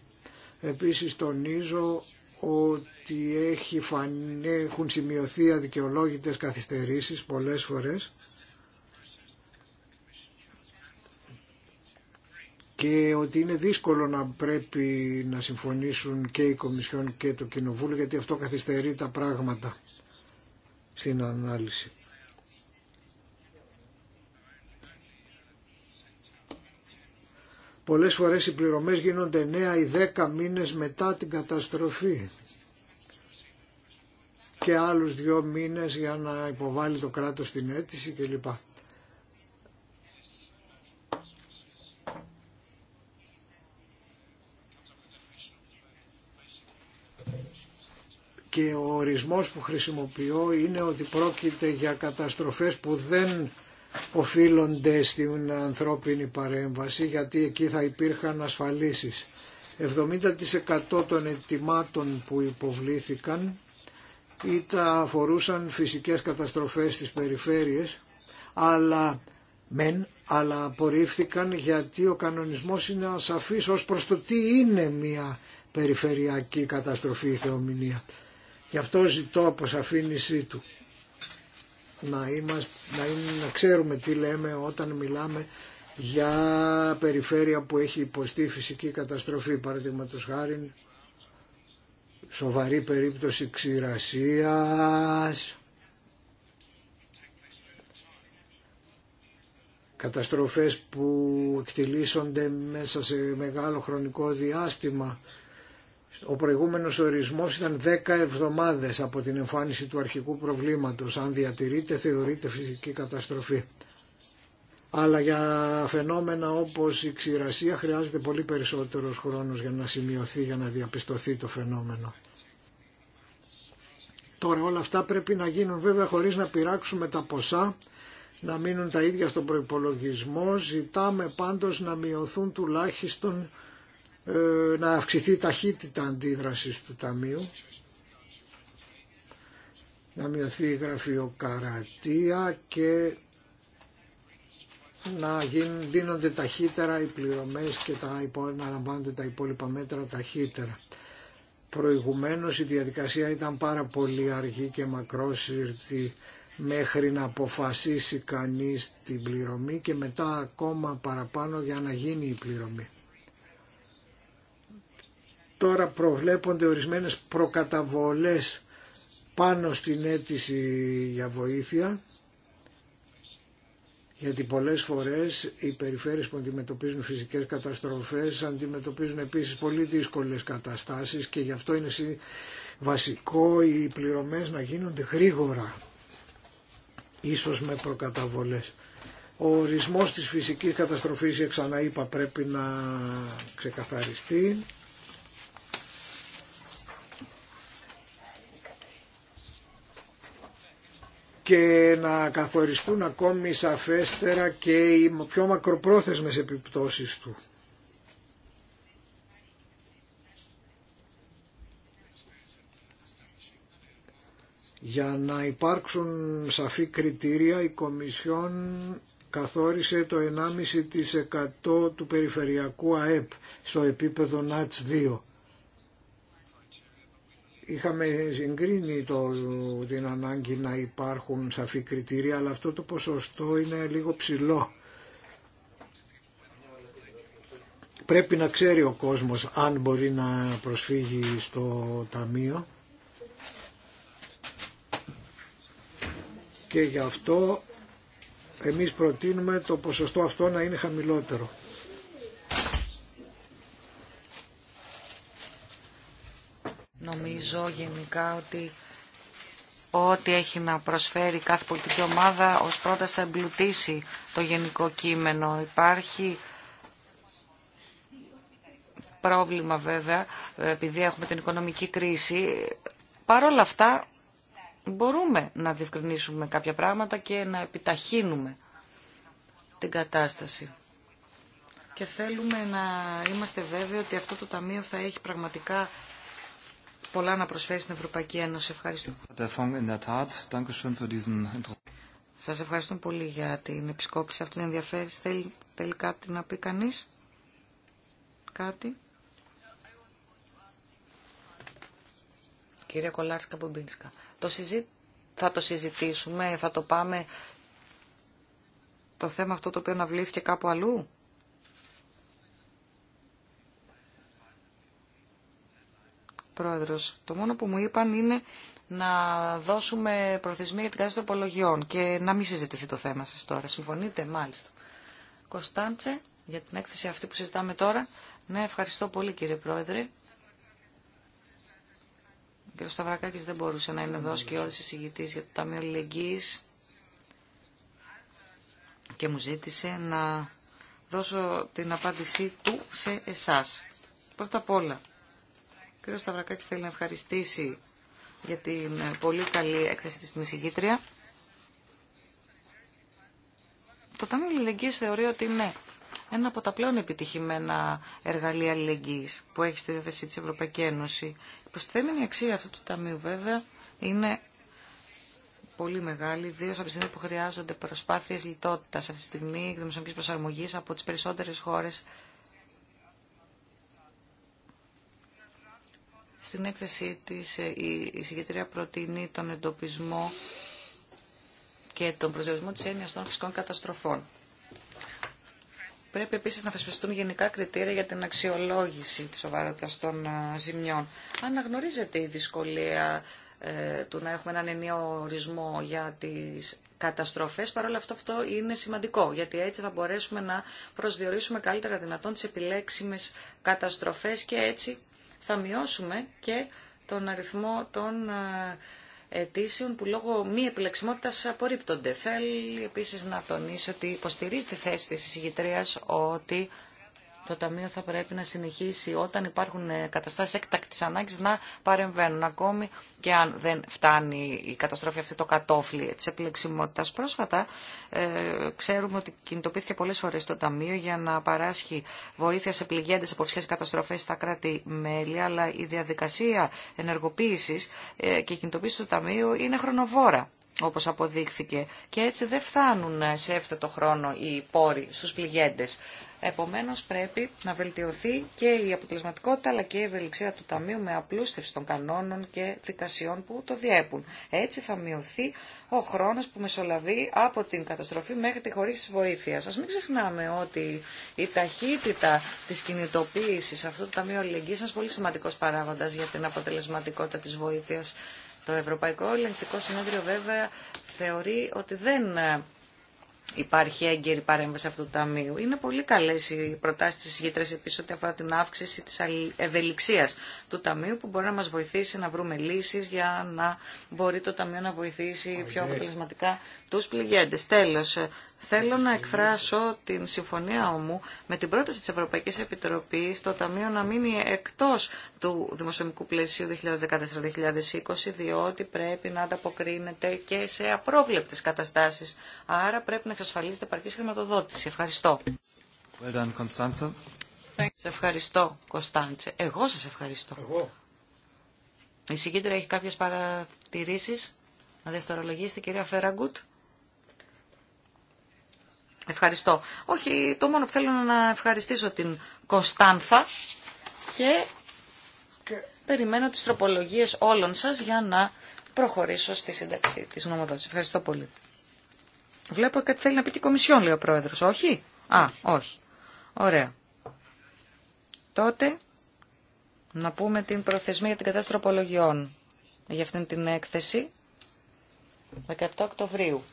Επίσης τονίζω ότι έχει φανεί, έχουν σημειωθεί αδικαιολόγητες καθυστερήσεις πολλές φορές και ότι είναι δύσκολο να πρέπει να συμφωνήσουν και οι Κομισιόν και το Κοινοβούλιο γιατί αυτό καθυστερεί τα πράγματα στην ανάλυση. Πολλές φορές οι πληρωμές γίνονται 9 ή 10 μήνες μετά την καταστροφή και άλλους δύο μήνες για να υποβάλει το κράτος την αίτηση κλπ. και ο ορισμός που χρησιμοποιώ είναι ότι πρόκειται για καταστροφές που δεν οφείλονται στην ανθρώπινη παρέμβαση γιατί εκεί θα υπήρχαν ασφαλίσεις. 70% των ετοιμάτων που υποβλήθηκαν ήταν αφορούσαν φυσικές καταστροφές στις περιφέρειες αλλά μεν αλλά απορρίφθηκαν γιατί ο κανονισμός είναι ασαφής ως προς το τι είναι μια περιφερειακή καταστροφή ή θεομηνία. Γι' αυτό ζητώ αποσαφήνισή του. Να, είμαστε, να, ξέρουμε τι λέμε όταν μιλάμε για περιφέρεια που έχει υποστεί φυσική καταστροφή, παραδείγματος χάρη σοβαρή περίπτωση ξηρασίας, καταστροφές που εκτιλήσονται μέσα σε μεγάλο χρονικό διάστημα ο προηγούμενος ορισμός ήταν 10 εβδομάδες από την εμφάνιση του αρχικού προβλήματος. Αν διατηρείται θεωρείται φυσική καταστροφή. Αλλά για φαινόμενα όπως η ξηρασία χρειάζεται πολύ περισσότερος χρόνος για να σημειωθεί, για να διαπιστωθεί το φαινόμενο. Τώρα όλα αυτά πρέπει να γίνουν βέβαια χωρίς να πειράξουμε τα ποσά, να μείνουν τα ίδια στον προϋπολογισμό. Ζητάμε πάντως να μειωθούν τουλάχιστον ε, να αυξηθεί η ταχύτητα αντίδρασης του Ταμείου, να μειωθεί η γραφειοκαρατία και να δίνονται ταχύτερα οι πληρωμές και τα, να λαμβάνονται τα υπόλοιπα μέτρα ταχύτερα. Προηγουμένως η διαδικασία ήταν πάρα πολύ αργή και μακρόσυρτη μέχρι να αποφασίσει κανείς την πληρωμή και μετά ακόμα παραπάνω για να γίνει η πληρωμή. Τώρα προβλέπονται ορισμένες προκαταβολές πάνω στην αίτηση για βοήθεια γιατί πολλές φορές οι περιφέρειες που αντιμετωπίζουν φυσικές καταστροφές αντιμετωπίζουν επίσης πολύ δύσκολες καταστάσεις και γι' αυτό είναι βασικό οι πληρωμές να γίνονται γρήγορα, ίσως με προκαταβολές. Ο ορισμός της φυσικής καταστροφής, ξαναείπα, πρέπει να ξεκαθαριστεί και να καθοριστούν ακόμη σαφέστερα και οι πιο μακροπρόθεσμες επιπτώσεις του. Για να υπάρξουν σαφή κριτήρια η Κομισιόν καθόρισε το 1,5% του περιφερειακού ΑΕΠ στο επίπεδο ΝΑΤΣ 2 Είχαμε συγκρίνει το, την ανάγκη να υπάρχουν σαφή κριτήρια, αλλά αυτό το ποσοστό είναι λίγο ψηλό. Πρέπει να ξέρει ο κόσμος αν μπορεί να προσφύγει στο ταμείο. Και γι' αυτό εμείς προτείνουμε το ποσοστό αυτό να είναι χαμηλότερο. Νομίζω γενικά ότι ό,τι έχει να προσφέρει κάθε πολιτική ομάδα ως πρώτα θα εμπλουτίσει το γενικό κείμενο. Υπάρχει πρόβλημα βέβαια, επειδή έχουμε την οικονομική κρίση. Παρ' όλα αυτά μπορούμε να διευκρινίσουμε κάποια πράγματα και να επιταχύνουμε την κατάσταση. Και θέλουμε να είμαστε βέβαιοι ότι αυτό το Ταμείο θα έχει πραγματικά πολλά να προσφέρει στην Ευρωπαϊκή Ένωση. Ευχαριστώ. Σα ευχαριστώ πολύ για την επισκόπηση αυτή την ενδιαφέρει. Θέλει, θέλει κάτι να πει κανεί, κάτι. Κυρία Κολάρσκα Μπομπίνσκα, το συζη... θα το συζητήσουμε, θα το πάμε το θέμα αυτό το οποίο αναβλήθηκε κάπου αλλού. Πρόεδρος. Το μόνο που μου είπαν είναι να δώσουμε προθεσμία για την κατάσταση τροπολογιών και να μην συζητηθεί το θέμα σας τώρα. Συμφωνείτε, μάλιστα. Κωνσταντσε, για την έκθεση αυτή που συζητάμε τώρα. Ναι, ευχαριστώ πολύ κύριε Πρόεδρε. Ο κύριος Σταυρακάκης δεν μπορούσε να είναι εδώ και όδηση εισηγητής για το Ταμείο Λεγγύης και μου ζήτησε να δώσω την απάντησή του σε εσάς. Πρώτα απ' όλα, κ. Σταυρακάκης θέλει να ευχαριστήσει για την ε, πολύ καλή έκθεση της στην εισηγήτρια. Το Ταμείο Αλληλεγγύης θεωρεί ότι είναι ένα από τα πλέον επιτυχημένα εργαλεία αλληλεγγύης που έχει στη διάθεσή της Ευρωπαϊκή Ένωση. Η προστιθέμενη αξία αυτού του Ταμείου βέβαια είναι πολύ μεγάλη, ιδίω από τη στιγμή που χρειάζονται προσπάθειε λιτότητα αυτή τη στιγμή, δημοσιονομική προσαρμογή από τι περισσότερε χώρε. Στην έκθεσή της ε, η συγκεκριά προτείνει τον εντοπισμό και τον προσδιορισμό της έννοιας των φυσικών καταστροφών. Πρέπει επίσης να θεσπιστούν γενικά κριτήρια για την αξιολόγηση της σοβαρότητας των ε, ζημιών. Αναγνωρίζεται η δυσκολία ε, του να έχουμε έναν ενίο ορισμό για τις καταστροφές, παρόλα αυτό αυτό είναι σημαντικό, γιατί έτσι θα μπορέσουμε να προσδιορίσουμε καλύτερα δυνατόν τις επιλέξιμες καταστροφές και έτσι θα μειώσουμε και τον αριθμό των ε, αιτήσεων που λόγω μη επιλεξιμότητας απορρίπτονται. Θέλει επίσης να τονίσω ότι υποστηρίζει τη θέση της εισηγητρίας ότι το Ταμείο θα πρέπει να συνεχίσει όταν υπάρχουν ε, καταστάσεις έκτακτης ανάγκης να παρεμβαίνουν ακόμη και αν δεν φτάνει η καταστροφή αυτή το κατόφλι της επιλεξιμότητας. Πρόσφατα ε, ξέρουμε ότι κινητοποιήθηκε πολλές φορές το Ταμείο για να παράσχει βοήθεια σε πληγέντες υποψίες καταστροφές στα κράτη-μέλη, αλλά η διαδικασία ενεργοποίησης ε, και κινητοποίηση του Ταμείου είναι χρονοβόρα όπως αποδείχθηκε. Και έτσι δεν φτάνουν σε έφθετο χρόνο οι πόροι στους πληγέντες. Επομένως πρέπει να βελτιωθεί και η αποτελεσματικότητα αλλά και η ευελιξία του Ταμείου με απλούστευση των κανόνων και δικασιών που το διέπουν. Έτσι θα μειωθεί ο χρόνος που μεσολαβεί από την καταστροφή μέχρι τη χωρίς βοήθεια. Ας μην ξεχνάμε ότι η ταχύτητα της κινητοποίησης αυτού του Ταμείου αλληλεγγύη, είναι πολύ σημαντικός παράγοντας για την αποτελεσματικότητα της βοήθειας. Το Ευρωπαϊκό Ελεγκτικό Συνέδριο βέβαια θεωρεί ότι δεν υπάρχει έγκαιρη παρέμβαση αυτού του ταμείου. Είναι πολύ καλέ οι προτάσει τη ηγήτρε επίση ό,τι αφορά την αύξηση τη ευελιξία του ταμείου που μπορεί να μα βοηθήσει να βρούμε λύσει για να μπορεί το ταμείο να βοηθήσει πιο αποτελεσματικά του πληγέντε. Τέλο, Θέλω να εκφράσω την συμφωνία μου με την πρόταση της Ευρωπαϊκής Επιτροπής το Ταμείο να μείνει εκτός του δημοσιομικου πλαισιου πλαισίου 2014-2020 διότι πρέπει να ανταποκρίνεται και σε απρόβλεπτες καταστάσεις. Άρα πρέπει να εξασφαλίσετε παρκή χρηματοδότηση. Ευχαριστώ. Well done, Σε ευχαριστώ, Κωνσταντσε. Εγώ σας ευχαριστώ. Εγώ. Η συγκίτρια έχει κάποιες παρατηρήσεις. Να δευτερολογήσει την κυρία Φέραγκουτ. Ευχαριστώ. Όχι, το μόνο που θέλω να ευχαριστήσω την Κωνστάνθα και περιμένω τις τροπολογίες όλων σας για να προχωρήσω στη σύνταξη της νομοδότησης. Ευχαριστώ πολύ. Βλέπω κάτι θέλει να πει και η Κομισιόν, λέει ο Πρόεδρος. Όχι. Α, όχι. Ωραία. Τότε να πούμε την προθεσμία για την κατάσταση τροπολογιών για αυτήν την έκθεση 17 Οκτωβρίου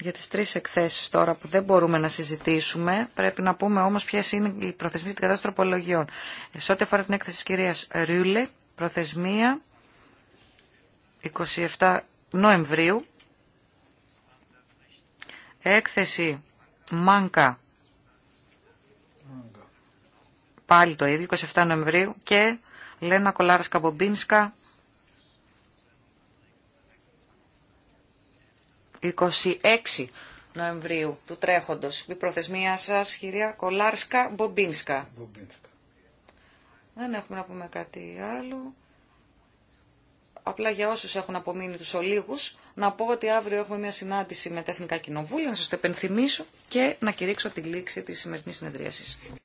για τις τρεις εκθέσεις τώρα που δεν μπορούμε να συζητήσουμε. Πρέπει να πούμε όμως ποιες είναι οι προθεσμοί της κατάστασης τροπολογιών. Σε ό,τι αφορά την έκθεση της κυρίας Ρούλε, προθεσμία 27 Νοεμβρίου. Έκθεση Μάνκα, πάλι το ίδιο, 27 Νοεμβρίου. Και Λένα Κολάρας Καμπομπίνσκα, 26 Νοεμβρίου του τρέχοντος. Η προθεσμία σας, κυρία Κολάρσκα Μπομπίνσκα. Δεν έχουμε να πούμε κάτι άλλο. Απλά για όσους έχουν απομείνει τους ολίγους, να πω ότι αύριο έχουμε μια συνάντηση με τα Εθνικά Κοινοβούλια, να σας το επενθυμίσω και να κηρύξω την λήξη της σημερινής συνεδρίασης.